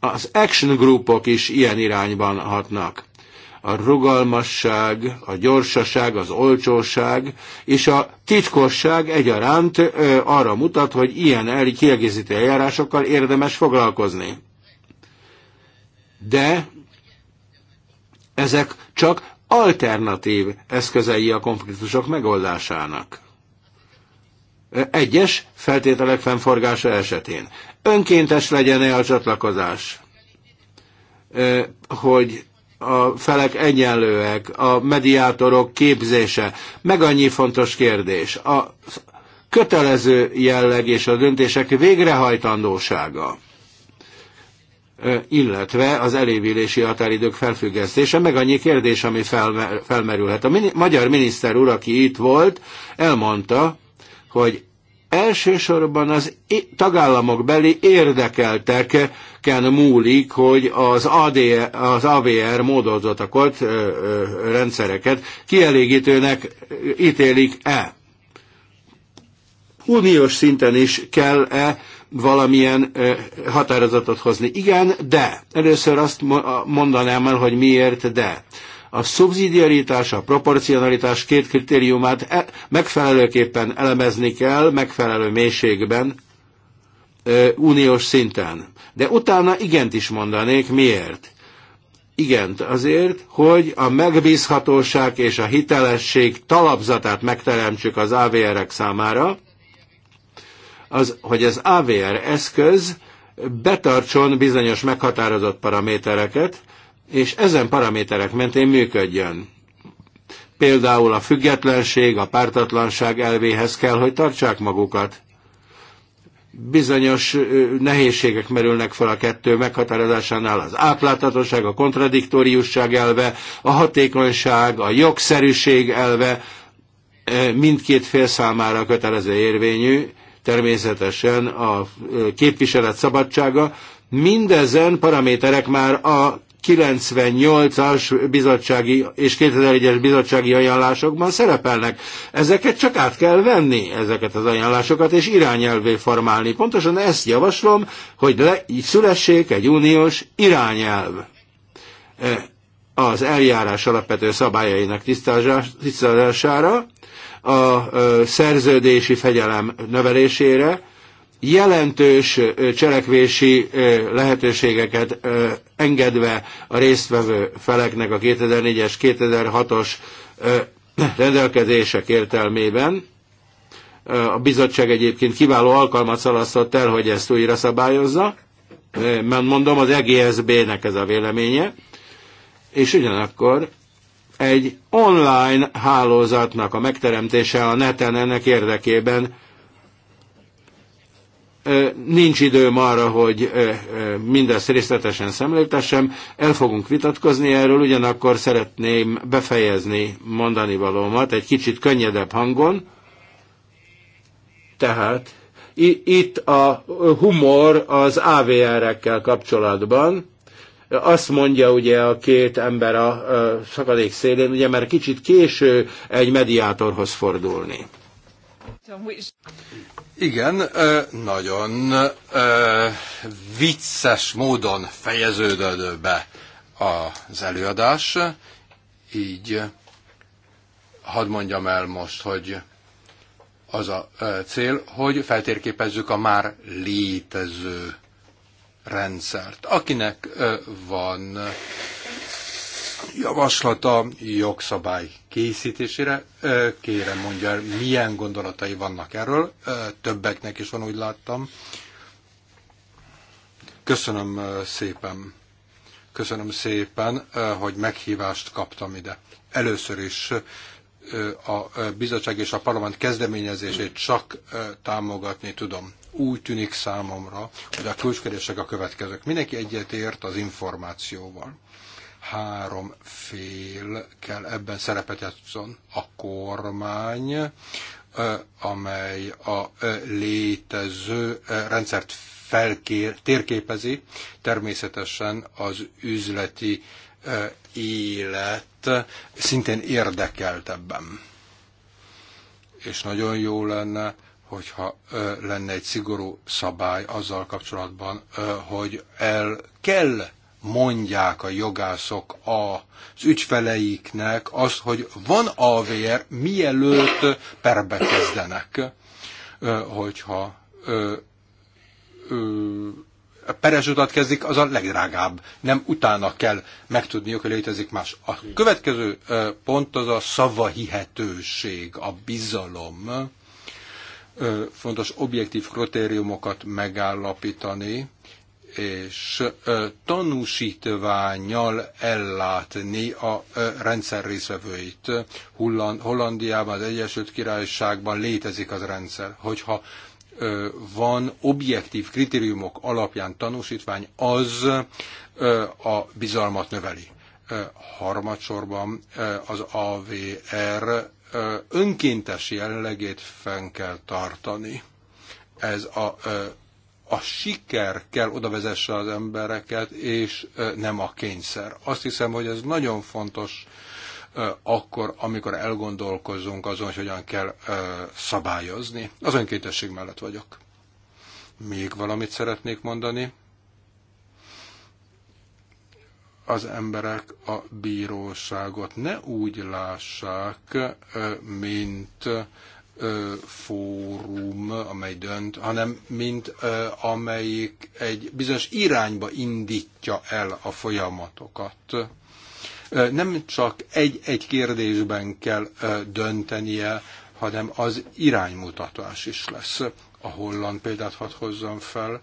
az action groupok is ilyen irányban hatnak. A rugalmasság, a gyorsaság, az olcsóság és a titkosság egyaránt arra mutat, hogy ilyen kiegészítő eljárásokkal érdemes foglalkozni. De ezek csak alternatív eszközei a konfliktusok megoldásának. Egyes feltételek fennforgása esetén. Önkéntes legyen-e a csatlakozás? Hogy a felek egyenlőek, a mediátorok képzése, meg annyi fontos kérdés. A kötelező jelleg és a döntések végrehajtandósága illetve az elévülési határidők felfüggesztése, meg annyi kérdés, ami felmerülhet. A magyar miniszter úr, aki itt volt, elmondta, hogy elsősorban az tagállamok beli érdekelteken múlik, hogy az, ADR, az AVR módozatokat, rendszereket kielégítőnek ítélik-e. Uniós szinten is kell-e valamilyen határozatot hozni. Igen, de először azt mondanám el, hogy miért de. A szubszidiaritás, a proporcionalitás két kritériumát e, megfelelőképpen elemezni kell, megfelelő mélységben, uniós szinten. De utána igent is mondanék, miért? Igent azért, hogy a megbízhatóság és a hitelesség talapzatát megteremtsük az AVR-ek számára, az, hogy az AVR eszköz betartson bizonyos meghatározott paramétereket, és ezen paraméterek mentén működjön. Például a függetlenség, a pártatlanság elvéhez kell, hogy tartsák magukat. Bizonyos nehézségek merülnek fel a kettő meghatározásánál, az átláthatóság, a kontradiktóriusság elve, a hatékonyság, a jogszerűség elve, mindkét fél számára kötelező érvényű, természetesen a képviselet szabadsága. Mindezen paraméterek már a 98-as bizottsági és 2001-es bizottsági ajánlásokban szerepelnek. Ezeket csak át kell venni, ezeket az ajánlásokat, és irányelvé formálni. Pontosan ezt javaslom, hogy le, így szülessék egy uniós irányelv e, az eljárás alapvető szabályainak tisztázására, a szerződési fegyelem növelésére, jelentős cselekvési lehetőségeket engedve a résztvevő feleknek a 2004-es, 2006-os rendelkezések értelmében. A bizottság egyébként kiváló alkalmat szalasztott el, hogy ezt újra szabályozza, mert mondom, az EGSB-nek ez a véleménye, és ugyanakkor egy online hálózatnak a megteremtése a neten ennek érdekében nincs időm arra, hogy mindezt részletesen szemléltessem, el fogunk vitatkozni erről, ugyanakkor szeretném befejezni mondani valómat egy kicsit könnyedebb hangon, tehát itt a humor az AVR-ekkel kapcsolatban, azt mondja ugye a két ember a szakadék szélén, ugye mert kicsit késő egy mediátorhoz fordulni. Igen, nagyon vicces módon fejeződött be az előadás. Így hadd mondjam el most, hogy az a cél, hogy feltérképezzük a már létező rendszert. Akinek van javaslata jogszabály készítésére, kérem mondja, milyen gondolatai vannak erről. Többeknek is van, úgy láttam. Köszönöm szépen. Köszönöm szépen, hogy meghívást kaptam ide. Először is a bizottság és a parlament kezdeményezését csak támogatni tudom úgy tűnik számomra, hogy a kulcskérdések a következők. Mindenki egyetért az információval. Három fél kell ebben szerepet játszon. A kormány, amely a létező rendszert felkér, térképezi, természetesen az üzleti élet szintén érdekelt ebben. És nagyon jó lenne, hogyha lenne egy szigorú szabály azzal kapcsolatban, hogy el kell mondják a jogászok az ügyfeleiknek azt, hogy van AVR, mielőtt perbe kezdenek, hogyha peres utat kezdik, az a legdrágább. Nem utána kell megtudniuk, hogy létezik más. A következő pont az a szavahihetőség, a bizalom fontos objektív kritériumokat megállapítani, és tanúsítványjal ellátni a rendszer részvevőit. Hollandiában, az Egyesült Királyságban létezik az rendszer. Hogyha van objektív kritériumok alapján tanúsítvány, az a bizalmat növeli. Harmadsorban az AVR önkéntes jellegét fenn kell tartani. Ez a, a siker kell oda vezesse az embereket, és nem a kényszer. Azt hiszem, hogy ez nagyon fontos akkor, amikor elgondolkozunk azon, hogy hogyan kell szabályozni. Az önkéntesség mellett vagyok. Még valamit szeretnék mondani az emberek a bíróságot ne úgy lássák, mint fórum, amely dönt, hanem mint amelyik egy bizonyos irányba indítja el a folyamatokat. Nem csak egy-egy kérdésben kell döntenie, hanem az iránymutatás is lesz. A holland példát hadd hozzam fel,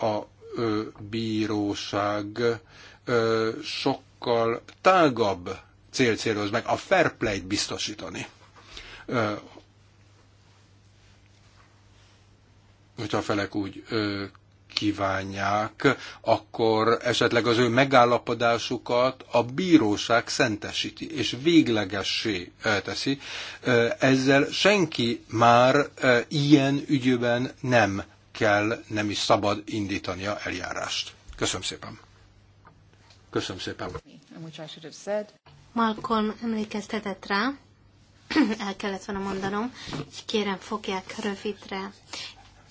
a bíróság sokkal tágabb cél céloz meg, a fair play-t biztosítani. Hogyha a felek úgy kívánják, akkor esetleg az ő megállapodásukat a bíróság szentesíti, és véglegessé teszi. Ezzel senki már ilyen ügyben nem kell, nem is szabad indítania eljárást. Köszönöm szépen! Köszönöm szépen. Malcolm emlékeztetett rá, el kellett volna mondanom, és kérem fogják rövidre.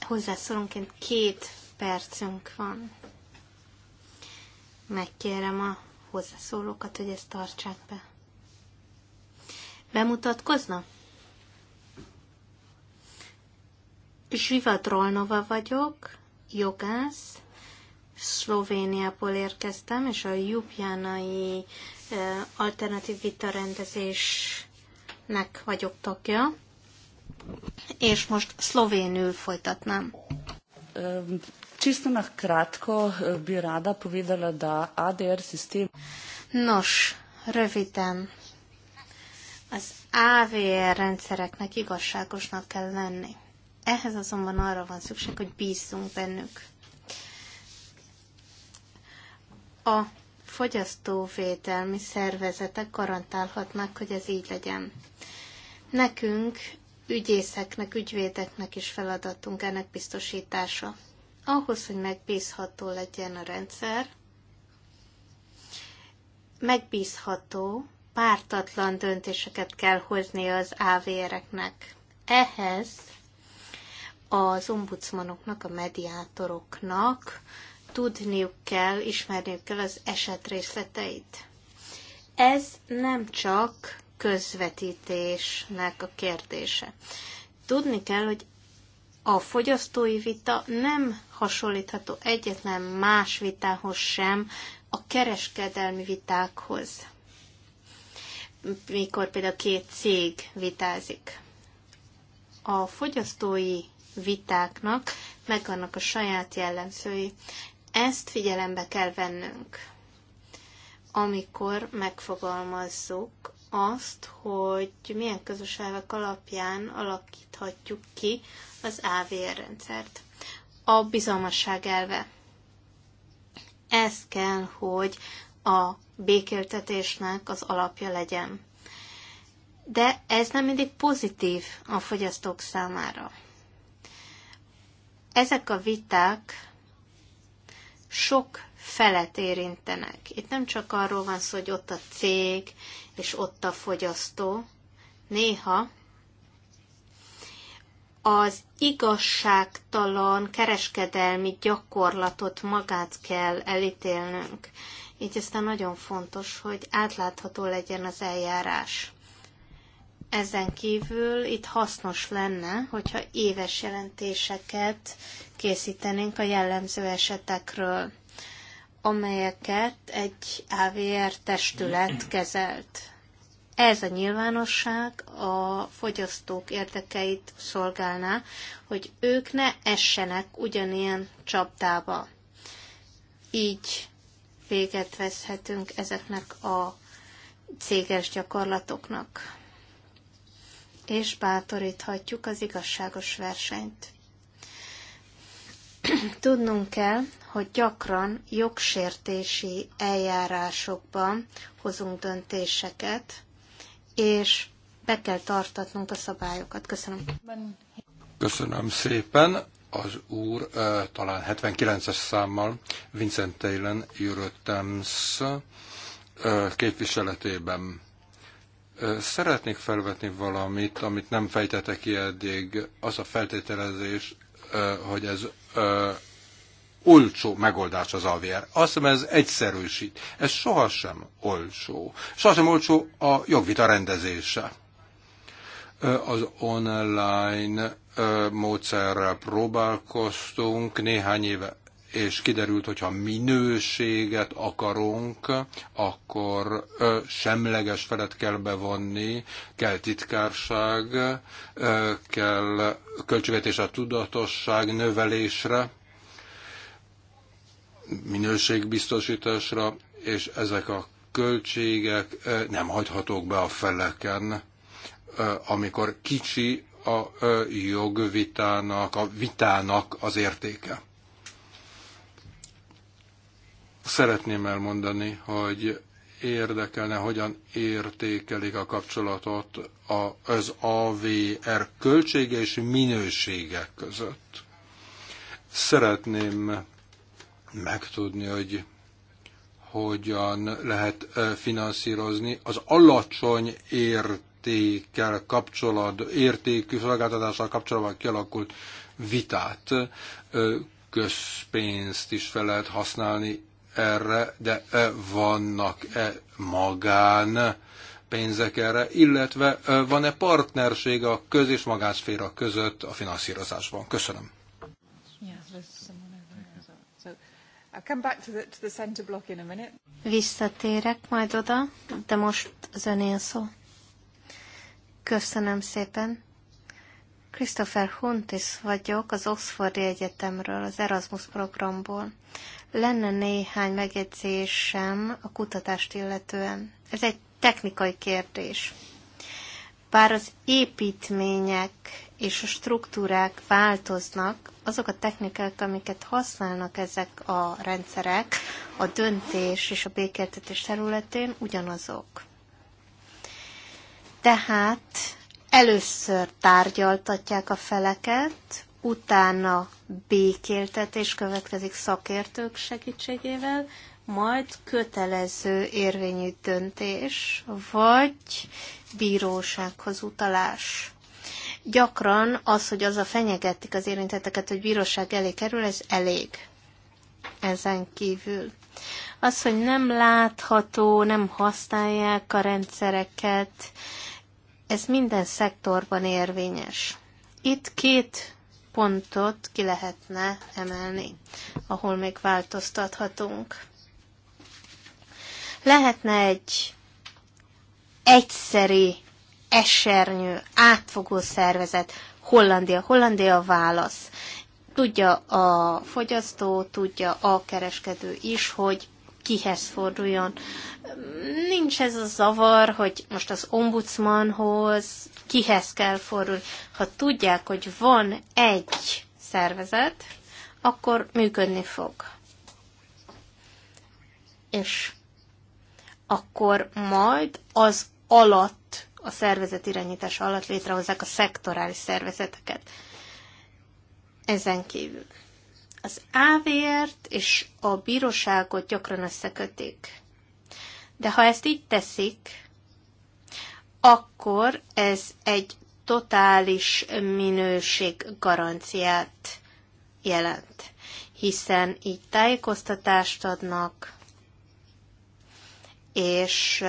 Hozzászólunként két percünk van. Megkérem a hozzászólókat, hogy ezt tartsák be. Bemutatkozna? Zsiva Drolnova vagyok, jogász, Szlovéniából érkeztem, és a Jupjánai alternatív vitarendezésnek vagyok tagja, és most szlovénül folytatnám. Csisztának krátko bi rada povedala, da ADR szisztém... Nos, röviden. Az AVR rendszereknek igazságosnak kell lenni. Ehhez azonban arra van szükség, hogy bízzunk bennük. a fogyasztóvédelmi szervezetek garantálhatnak, hogy ez így legyen. Nekünk, ügyészeknek, ügyvédeknek is feladatunk ennek biztosítása. Ahhoz, hogy megbízható legyen a rendszer, megbízható, pártatlan döntéseket kell hozni az AVR-eknek. Ehhez az ombudsmanoknak, a mediátoroknak, tudniuk kell, ismerniük kell az eset részleteit. Ez nem csak közvetítésnek a kérdése. Tudni kell, hogy a fogyasztói vita nem hasonlítható egyetlen más vitához sem a kereskedelmi vitákhoz, mikor például két cég vitázik. A fogyasztói vitáknak megvannak a saját jellemzői, ezt figyelembe kell vennünk, amikor megfogalmazzuk azt, hogy milyen közös elvek alapján alakíthatjuk ki az AVR rendszert. A bizalmasság elve. Ez kell, hogy a békéltetésnek az alapja legyen. De ez nem mindig pozitív a fogyasztók számára. Ezek a viták sok felet érintenek. Itt nem csak arról van szó, hogy ott a cég, és ott a fogyasztó. Néha az igazságtalan kereskedelmi gyakorlatot magát kell elítélnünk. Így aztán nagyon fontos, hogy átlátható legyen az eljárás. Ezen kívül itt hasznos lenne, hogyha éves jelentéseket készítenénk a jellemző esetekről, amelyeket egy AVR testület kezelt. Ez a nyilvánosság a fogyasztók érdekeit szolgálná, hogy ők ne essenek ugyanilyen csapdába. Így véget veszhetünk ezeknek a céges gyakorlatoknak, és bátoríthatjuk az igazságos versenyt. Tudnunk kell, hogy gyakran jogsértési eljárásokban hozunk döntéseket, és be kell tartatnunk a szabályokat. Köszönöm. Köszönöm szépen. Az úr eh, talán 79-es számmal Vincent Taylen Eurotems eh, képviseletében. Eh, szeretnék felvetni valamit, amit nem fejtetek ki eddig, az a feltételezés, hogy ez olcsó megoldás az AVR. Azt hiszem, ez egyszerűsít. Ez sohasem olcsó. Sohasem olcsó a jogvita rendezése. Az online módszerrel próbálkoztunk néhány éve és kiderült, hogyha minőséget akarunk, akkor semleges felet kell bevonni, kell titkárság, kell költségvetés a tudatosság növelésre, minőségbiztosításra, és ezek a költségek nem hagyhatók be a feleken, amikor kicsi a jogvitának, a vitának az értéke. Szeretném elmondani, hogy érdekelne, hogyan értékelik a kapcsolatot az AVR költsége és minősége között. Szeretném megtudni, hogy hogyan lehet finanszírozni az alacsony értékkel kapcsolat, értékű szolgáltatással kapcsolatban kialakult vitát, közpénzt is fel lehet használni erre, de vannak-e magán pénzek erre, illetve van-e partnerség a köz- és magánszféra között a finanszírozásban? Köszönöm. Visszatérek majd oda, de most az önél szó. Köszönöm szépen. Christopher Huntis vagyok az Oxfordi Egyetemről, az Erasmus programból. Lenne néhány megjegyzésem a kutatást illetően. Ez egy technikai kérdés. Bár az építmények és a struktúrák változnak, azok a technikák, amiket használnak ezek a rendszerek, a döntés és a békéltetés területén ugyanazok. Tehát először tárgyaltatják a feleket, utána békéltetés következik szakértők segítségével, majd kötelező érvényű döntés, vagy bírósághoz utalás. Gyakran az, hogy az a fenyegetik az érintetteket, hogy bíróság elé kerül, ez elég. Ezen kívül. Az, hogy nem látható, nem használják a rendszereket, ez minden szektorban érvényes. Itt két pontot ki lehetne emelni, ahol még változtathatunk. Lehetne egy egyszeri, esernyő, átfogó szervezet, Hollandia, Hollandia válasz. Tudja a fogyasztó, tudja a kereskedő is, hogy kihez forduljon. Nincs ez a zavar, hogy most az ombudsmanhoz kihez kell fordulni. Ha tudják, hogy van egy szervezet, akkor működni fog. És akkor majd az alatt, a szervezet irányítása alatt létrehozzák a szektorális szervezeteket. Ezen kívül. Az ávért és a bíróságot gyakran összekötik. De ha ezt így teszik, akkor ez egy totális minőség garanciát jelent, hiszen így tájékoztatást adnak, és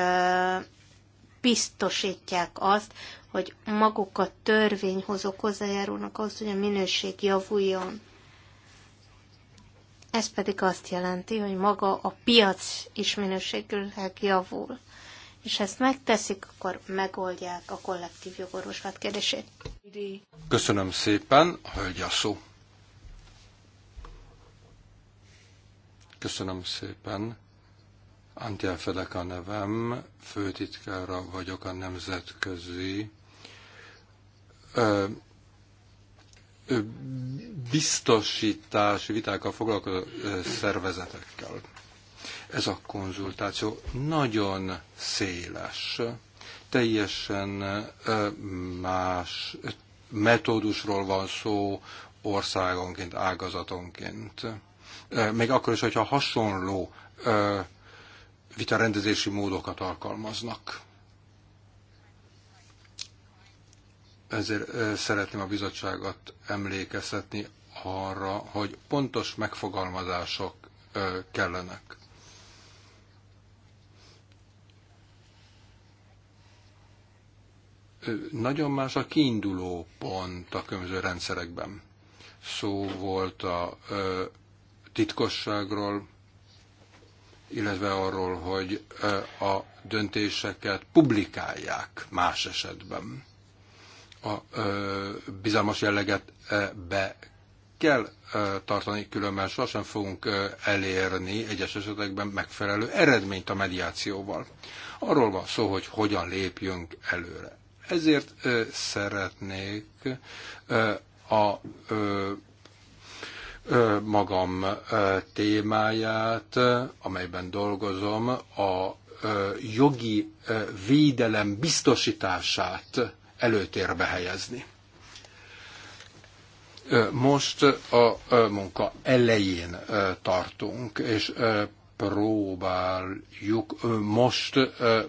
biztosítják azt, hogy maguk a törvényhozók hozzájárulnak ahhoz, hogy a minőség javuljon. Ez pedig azt jelenti, hogy maga a piac is minőségülnek javul. És ezt megteszik, akkor megoldják a kollektív jogorvoslat kérdését. Köszönöm szépen, hölgy a szó. Köszönöm szépen. Antiel Fedek a nevem, főtitkára vagyok a Nemzetközi biztosítási vitákkal foglalkozó szervezetekkel. Ez a konzultáció nagyon széles, teljesen más metódusról van szó országonként, ágazatonként. Még akkor is, hogyha hasonló vitarendezési módokat alkalmaznak. Ezért szeretném a bizottságot emlékeztetni arra, hogy pontos megfogalmazások kellenek. Nagyon más a kiinduló pont a különböző rendszerekben. Szó volt a titkosságról, illetve arról, hogy a döntéseket publikálják más esetben a bizalmas jelleget be kell tartani, különben sosem fogunk elérni egyes esetekben megfelelő eredményt a mediációval. Arról van szó, hogy hogyan lépjünk előre. Ezért szeretnék a magam témáját, amelyben dolgozom, a jogi védelem biztosítását előtérbe helyezni. Most a munka elején tartunk, és próbáljuk most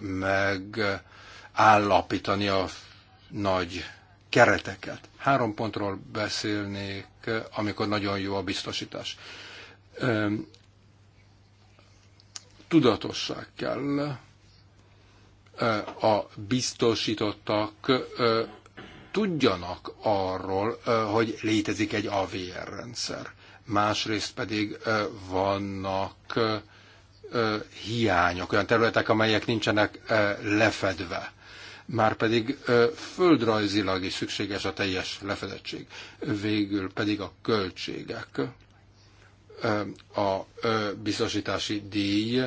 megállapítani a nagy kereteket. Három pontról beszélnék, amikor nagyon jó a biztosítás. Tudatosság kell a biztosítottak tudjanak arról, hogy létezik egy AVR rendszer. Másrészt pedig vannak hiányok, olyan területek, amelyek nincsenek lefedve. Márpedig földrajzilag is szükséges a teljes lefedettség. Végül pedig a költségek, a biztosítási díj,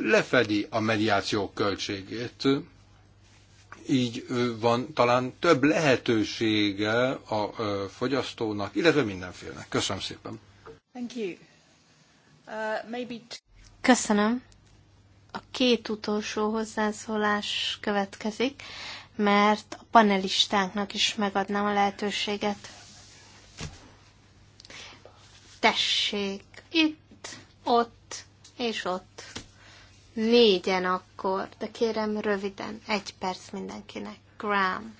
lefedi a mediáció költségét. Így van talán több lehetősége a fogyasztónak, illetve mindenfélnek. Köszönöm szépen. Thank you. Uh, maybe Köszönöm. A két utolsó hozzászólás következik, mert a panelistánknak is megadnám a lehetőséget. Tessék, itt, ott és ott. Négyen akkor, de kérem röviden, egy perc mindenkinek. Graham.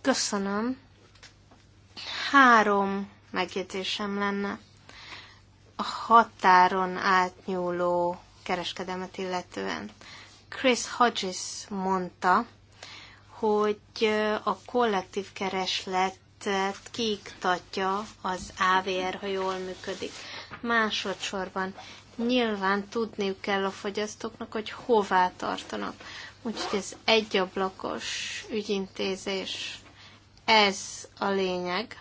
Köszönöm. Három megjegyzésem lenne. A határon átnyúló kereskedelmet illetően. Chris Hodges mondta, hogy a kollektív keresletet kiiktatja az AVR, ha jól működik. Másodszorban nyilván tudniuk kell a fogyasztóknak, hogy hová tartanak. Úgyhogy ez egyablakos ügyintézés, ez a lényeg.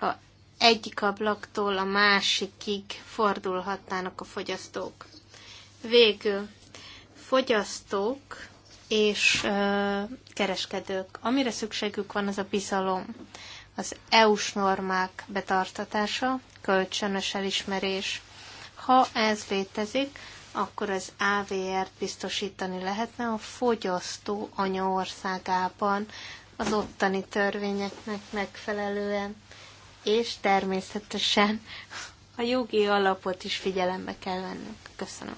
A egyik ablaktól a másikig fordulhatnának a fogyasztók. Végül, fogyasztók és ö, kereskedők. Amire szükségük van, az a bizalom. Az EU-s normák betartatása, kölcsönös elismerés, ha ez létezik, akkor az AVR-t biztosítani lehetne a fogyasztó anyaországában az ottani törvényeknek megfelelően, és természetesen a jogi alapot is figyelembe kell vennünk. Köszönöm.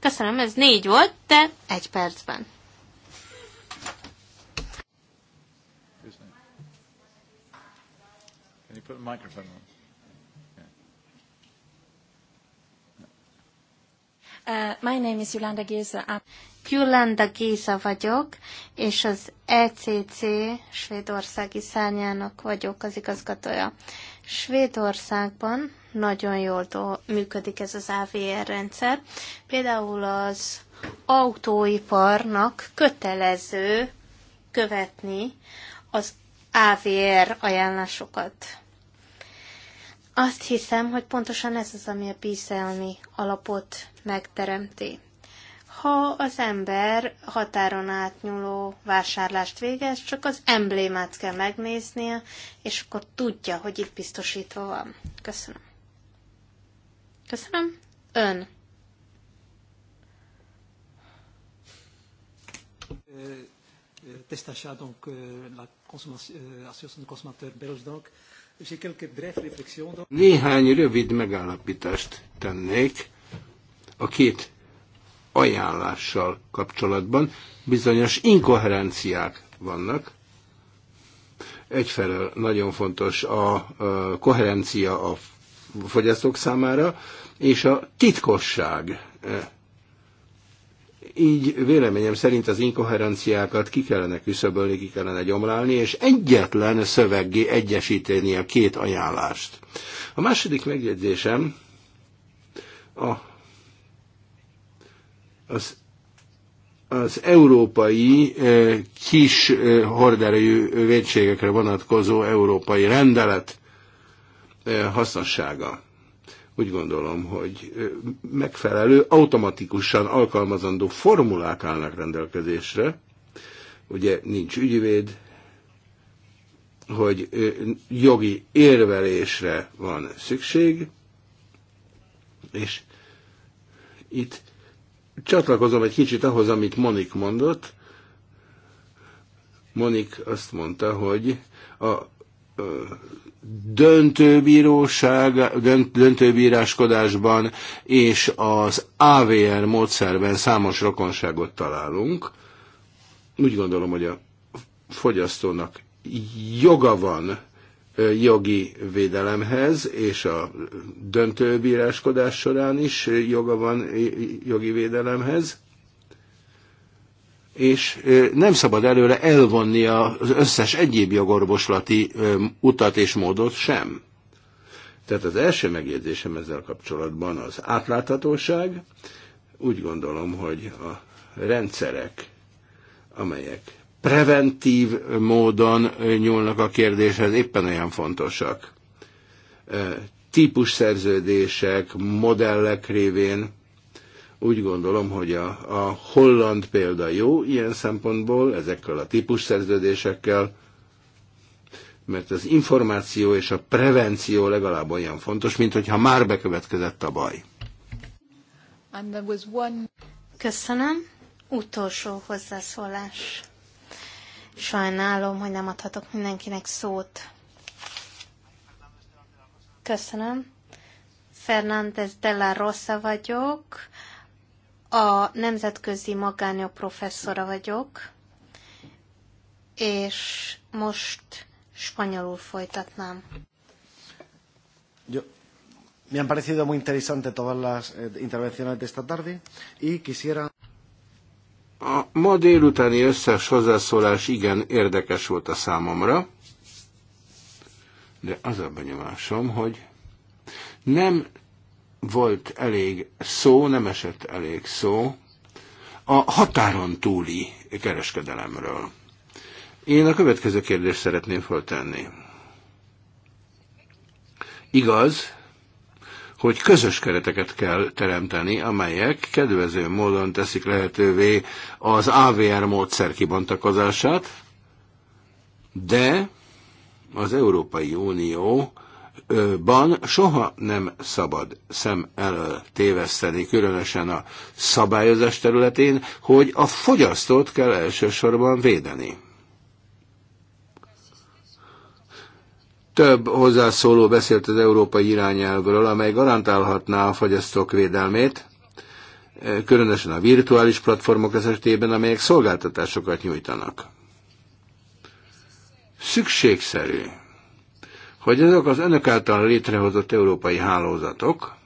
Köszönöm, ez négy volt, de egy percben. Can you put a microphone on? Uh, my name is Yolanda Géza. Yolanda Géza vagyok, és az ECC svédországi szárnyának vagyok az igazgatója. Svédországban nagyon jól működik ez az AVR rendszer. Például az autóiparnak kötelező követni az AVR ajánlásokat. Azt hiszem, hogy pontosan ez az, ami a bízelmi alapot megteremti. Ha az ember határon átnyúló vásárlást végez, csak az emblémát kell megnéznie, és akkor tudja, hogy itt biztosítva van. Köszönöm. Köszönöm. Ön. Testacha, a la consommation, euh, assurance néhány rövid megállapítást tennék a két ajánlással kapcsolatban. Bizonyos inkoherenciák vannak. Egyfelől nagyon fontos a koherencia a fogyasztók számára, és a titkosság e, így véleményem szerint az inkoherenciákat ki kellene küszöbölni, ki kellene gyomlálni, és egyetlen szöveggé egyesíteni a két ajánlást. A második megjegyzésem a, az az európai eh, kis eh, horderejű védségekre vonatkozó európai rendelet eh, hasznossága. Úgy gondolom, hogy megfelelő, automatikusan alkalmazandó formulák állnak rendelkezésre. Ugye nincs ügyvéd, hogy jogi érvelésre van szükség, és itt csatlakozom egy kicsit ahhoz, amit Monik mondott. Monik azt mondta, hogy a döntőbíróság, dönt, döntőbíráskodásban és az AVR módszerben számos rokonságot találunk. Úgy gondolom, hogy a fogyasztónak joga van jogi védelemhez, és a döntőbíráskodás során is joga van jogi védelemhez és nem szabad előle elvonni az összes egyéb jogorvoslati utat és módot sem. Tehát az első megjegyzésem ezzel kapcsolatban az átláthatóság. Úgy gondolom, hogy a rendszerek, amelyek preventív módon nyúlnak a kérdéshez, éppen olyan fontosak. szerződések, modellek révén, úgy gondolom, hogy a, a holland példa jó ilyen szempontból, ezekkel a típus szerződésekkel, mert az információ és a prevenció legalább olyan fontos, mint hogyha már bekövetkezett a baj. One... Köszönöm. Utolsó hozzászólás. Sajnálom, hogy nem adhatok mindenkinek szót. Köszönöm. Fernández de la Rosa vagyok, a nemzetközi magánjog professzora vagyok, és most spanyolul folytatnám. Yo, me han parecido muy interesante todas las eh, intervenciones de esta tarde y quisiera... A ma délutáni összes hozzászólás igen érdekes volt a számomra, de az a benyomásom, hogy nem volt elég szó, nem esett elég szó a határon túli kereskedelemről. Én a következő kérdést szeretném föltenni. Igaz, hogy közös kereteket kell teremteni, amelyek kedvező módon teszik lehetővé az AVR módszer kibontakozását, de az Európai Unió ban soha nem szabad szem elől téveszteni, különösen a szabályozás területén, hogy a fogyasztót kell elsősorban védeni. Több hozzászóló beszélt az európai irányelvről, amely garantálhatná a fogyasztók védelmét, különösen a virtuális platformok esetében, amelyek szolgáltatásokat nyújtanak. Szükségszerű hogy azok az önök által létrehozott európai hálózatok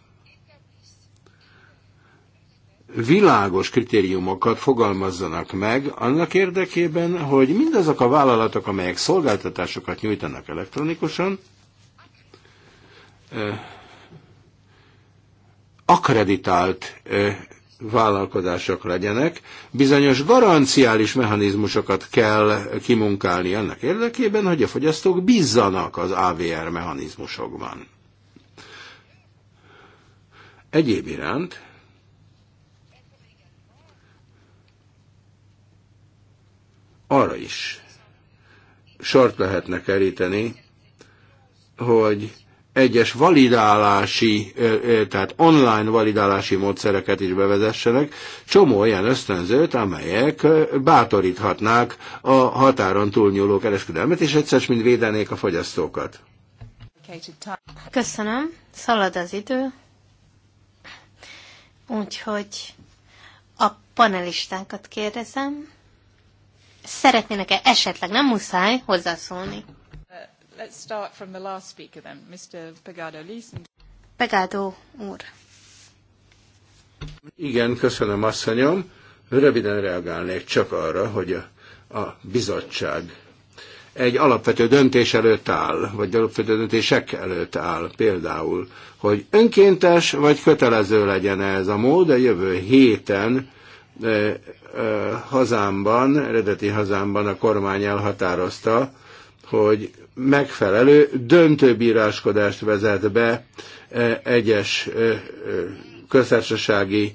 világos kritériumokat fogalmazzanak meg annak érdekében, hogy mindazok a vállalatok, amelyek szolgáltatásokat nyújtanak elektronikusan, eh, akreditált eh, vállalkozások legyenek, bizonyos garanciális mechanizmusokat kell kimunkálni annak érdekében, hogy a fogyasztók bízzanak az AVR mechanizmusokban. Egyéb iránt arra is sort lehetne keríteni, hogy egyes validálási, tehát online validálási módszereket is bevezessenek, csomó olyan ösztönzőt, amelyek bátoríthatnák a határon túlnyúló kereskedelmet, és egyszer mind védenék a fogyasztókat. Köszönöm, szalad az idő, úgyhogy a panelistánkat kérdezem, szeretnének-e esetleg, nem muszáj, hozzászólni? let's start from the last speaker then, Mr. Pegado Pegado úr. Igen, köszönöm asszonyom. Röviden reagálnék csak arra, hogy a, a bizottság egy alapvető döntés előtt áll, vagy alapvető döntések előtt áll például, hogy önkéntes vagy kötelező legyen -e ez a mód, a jövő héten e, e, hazámban, eredeti hazámban a kormány elhatározta, hogy megfelelő döntőbíráskodást vezet be e, egyes e, e, köztársasági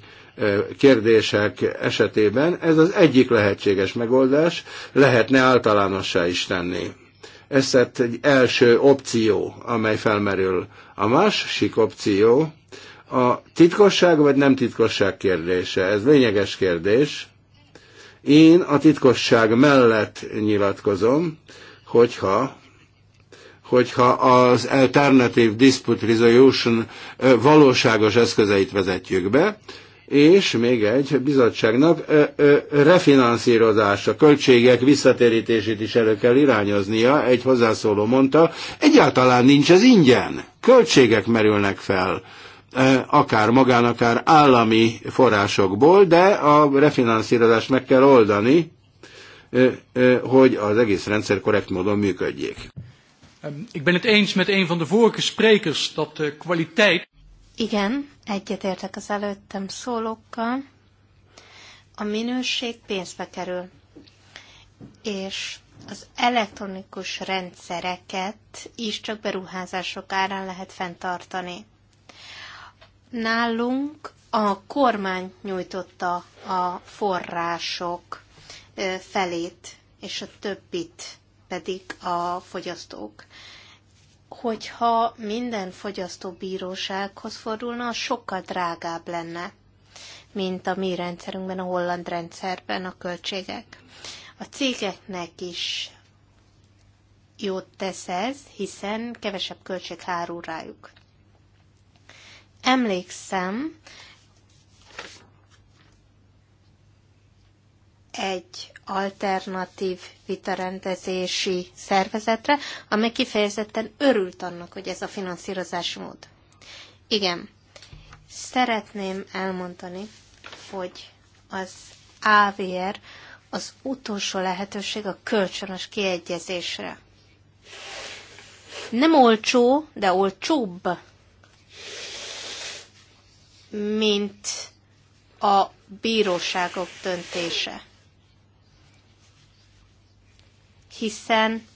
kérdések esetében. Ez az egyik lehetséges megoldás, lehetne általánossá is tenni. Ez egy első opció, amely felmerül. A másik opció a titkosság vagy nem titkosság kérdése. Ez lényeges kérdés. Én a titkosság mellett nyilatkozom, hogyha hogyha az Alternative Dispute Resolution valóságos eszközeit vezetjük be, és még egy bizottságnak refinanszírozása, költségek visszatérítését is elő kell irányoznia, egy hozzászóló mondta, egyáltalán nincs ez ingyen, költségek merülnek fel akár magán, akár állami forrásokból, de a refinanszírozást meg kell oldani, hogy az egész rendszer korrekt módon működjék. Ehm, ik ben het eens met een van de vorige sprekers dat de kwaliteit. Igen, egyetértek az előttem szólókkal. A minőség pénzbe kerül, és az elektronikus rendszereket is csak beruházások árán lehet fenntartani. Nálunk a kormány nyújtotta a források felét és a többit pedig a fogyasztók. Hogyha minden fogyasztóbírósághoz fordulna, az sokkal drágább lenne, mint a mi rendszerünkben, a holland rendszerben a költségek. A cégeknek is jót tesz ez, hiszen kevesebb költség hárul rájuk. Emlékszem, egy alternatív vitarendezési szervezetre, amely kifejezetten örült annak, hogy ez a finanszírozási mód. Igen, szeretném elmondani, hogy az AVR az utolsó lehetőség a kölcsönös kiegyezésre. Nem olcsó, de olcsóbb, mint a bíróságok döntése hiszen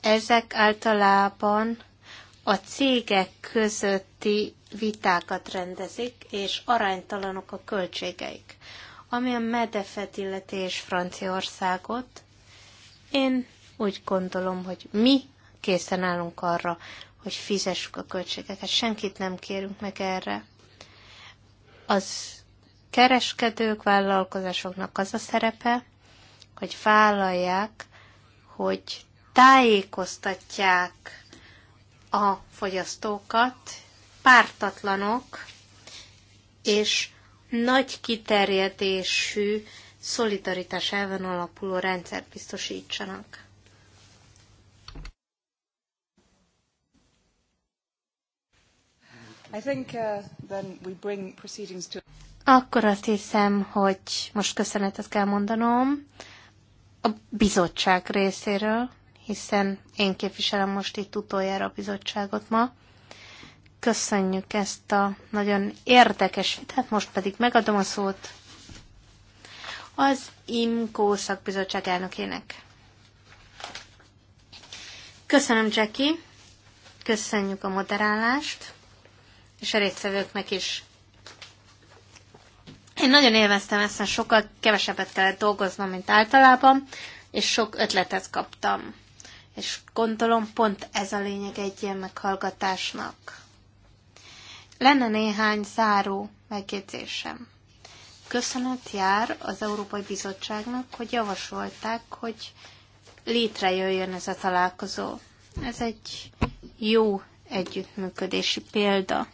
ezek általában a cégek közötti vitákat rendezik, és aránytalanok a költségeik. Ami a Medefet illeti és Franciaországot, én úgy gondolom, hogy mi készen állunk arra, hogy fizessük a költségeket. Senkit nem kérünk meg erre. Az kereskedők, vállalkozásoknak az a szerepe, hogy vállalják hogy tájékoztatják a fogyasztókat, pártatlanok és nagy kiterjedésű szolidaritás elven alapuló rendszert biztosítsanak. I think, uh, then we bring proceedings to... Akkor azt hiszem, hogy most köszönetet kell mondanom a bizottság részéről, hiszen én képviselem most itt utoljára a bizottságot ma. Köszönjük ezt a nagyon érdekes vitát, most pedig megadom a szót az IMKO szakbizottság elnökének. Köszönöm, Jackie, köszönjük a moderálást, és a résztvevőknek is. Én nagyon élveztem ezt, mert sokkal kevesebbet kellett dolgoznom, mint általában, és sok ötletet kaptam. És gondolom pont ez a lényeg egy ilyen meghallgatásnak. Lenne néhány záró megjegyzésem. Köszönet jár az Európai Bizottságnak, hogy javasolták, hogy létrejöjjön ez a találkozó. Ez egy jó együttműködési példa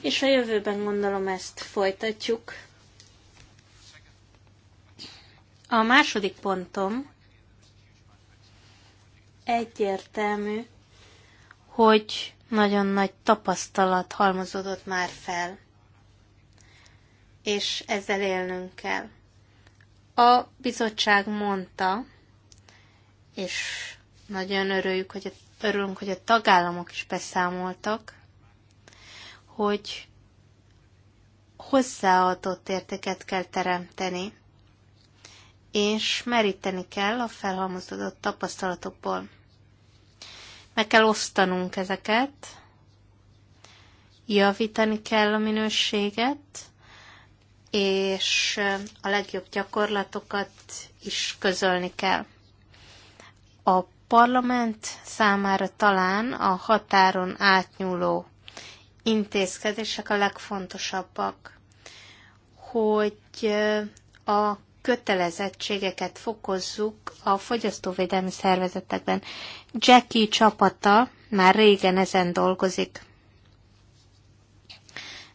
és a jövőben gondolom ezt folytatjuk. A második pontom egyértelmű, hogy nagyon nagy tapasztalat halmozódott már fel, és ezzel élnünk kell. A bizottság mondta, és nagyon örüljük, hogy a, örülünk, hogy a tagállamok is beszámoltak, hogy hozzáadott értéket kell teremteni, és meríteni kell a felhalmozódott tapasztalatokból. Meg kell osztanunk ezeket, javítani kell a minőséget, és a legjobb gyakorlatokat is közölni kell. A parlament számára talán a határon átnyúló intézkedések a legfontosabbak, hogy a kötelezettségeket fokozzuk a fogyasztóvédelmi szervezetekben. Jackie csapata már régen ezen dolgozik.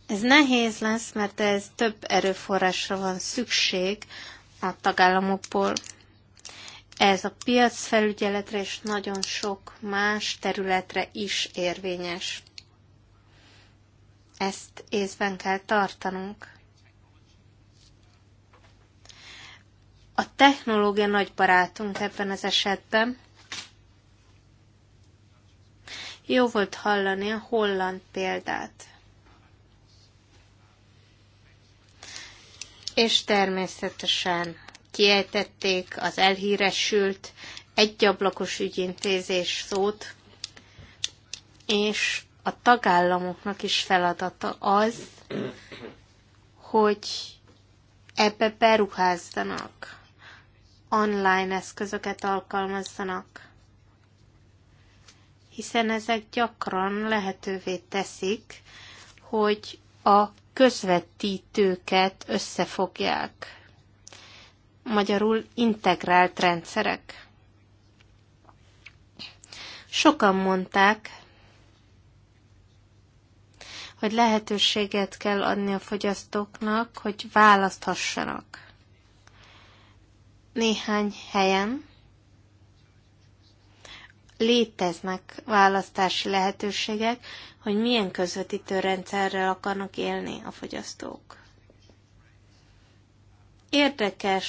Ez nehéz lesz, mert ez több erőforrásra van szükség a tagállamokból. Ez a piacfelügyeletre és nagyon sok más területre is érvényes. Ezt észben kell tartanunk. A technológia nagy barátunk ebben az esetben. Jó volt hallani a holland példát. És természetesen kiejtették az elhíresült egyablakos ügyintézés szót, és a tagállamoknak is feladata az, hogy ebbe beruházzanak, online eszközöket alkalmazzanak, hiszen ezek gyakran lehetővé teszik, hogy a közvetítőket összefogják. Magyarul integrált rendszerek. Sokan mondták, vagy lehetőséget kell adni a fogyasztóknak, hogy választhassanak. Néhány helyen léteznek választási lehetőségek, hogy milyen közvetítő rendszerrel akarnak élni a fogyasztók. Érdekes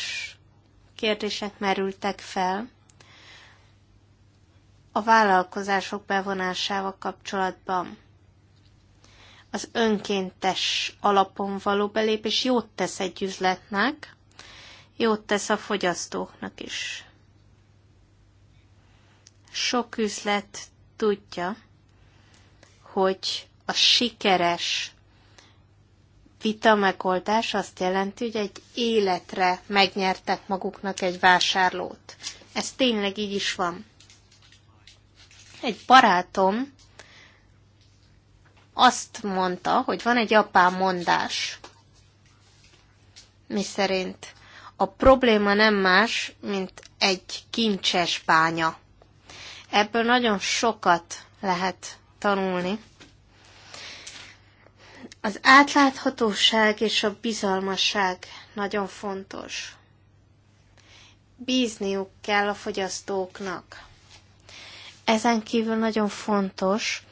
kérdések merültek fel a vállalkozások bevonásával kapcsolatban az önkéntes alapon való belépés jót tesz egy üzletnek, jót tesz a fogyasztóknak is. Sok üzlet tudja, hogy a sikeres vita megoldás azt jelenti, hogy egy életre megnyertek maguknak egy vásárlót. Ez tényleg így is van. Egy barátom azt mondta, hogy van egy japán mondás, mi szerint a probléma nem más, mint egy kincses bánya. Ebből nagyon sokat lehet tanulni. Az átláthatóság és a bizalmasság nagyon fontos. Bízniuk kell a fogyasztóknak. Ezen kívül nagyon fontos,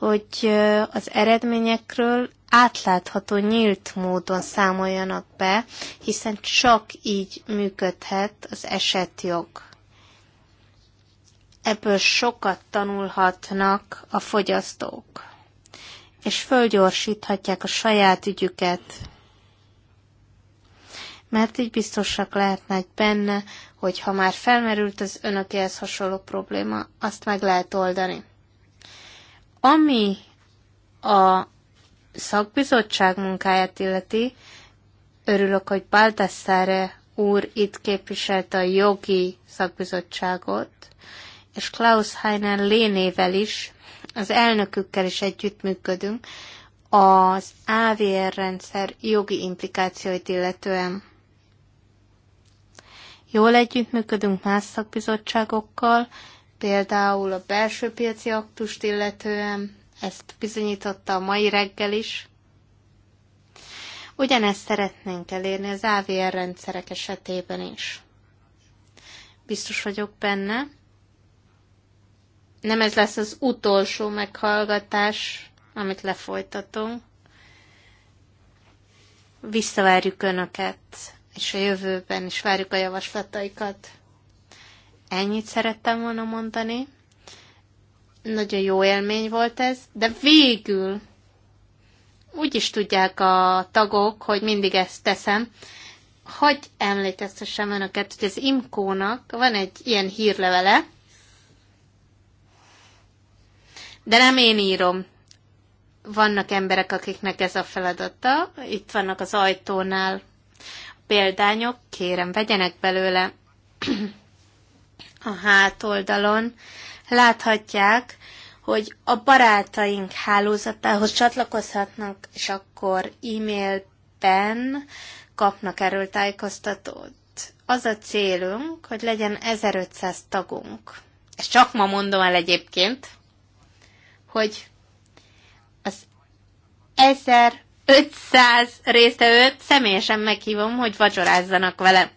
hogy az eredményekről átlátható, nyílt módon számoljanak be, hiszen csak így működhet az esetjog. Ebből sokat tanulhatnak a fogyasztók, és fölgyorsíthatják a saját ügyüket, mert így biztosak lehetnek benne, hogy ha már felmerült az önökéhez hasonló probléma, azt meg lehet oldani. Ami a szakbizottság munkáját illeti, örülök, hogy Baldassare úr itt képviselte a jogi szakbizottságot, és Klaus Heiner Lénével is, az elnökükkel is együttműködünk, az AVR rendszer jogi implikációit illetően. Jól együttműködünk más szakbizottságokkal, például a belső piaci aktust illetően, ezt bizonyította a mai reggel is. Ugyanezt szeretnénk elérni az AVR rendszerek esetében is. Biztos vagyok benne. Nem ez lesz az utolsó meghallgatás, amit lefolytatunk. Visszavárjuk Önöket, és a jövőben is várjuk a javaslataikat. Ennyit szerettem volna mondani. Nagyon jó élmény volt ez, de végül úgy is tudják a tagok, hogy mindig ezt teszem, hogy emlékeztessem önöket, hogy az Imkónak van egy ilyen hírlevele, de nem én írom. Vannak emberek, akiknek ez a feladata. Itt vannak az ajtónál példányok, kérem, vegyenek belőle. a hátoldalon láthatják, hogy a barátaink hálózatához csatlakozhatnak, és akkor e-mailben kapnak erről tájékoztatót. Az a célunk, hogy legyen 1500 tagunk. És csak ma mondom el egyébként, hogy az 1500 résztvevőt személyesen meghívom, hogy vacsorázzanak velem.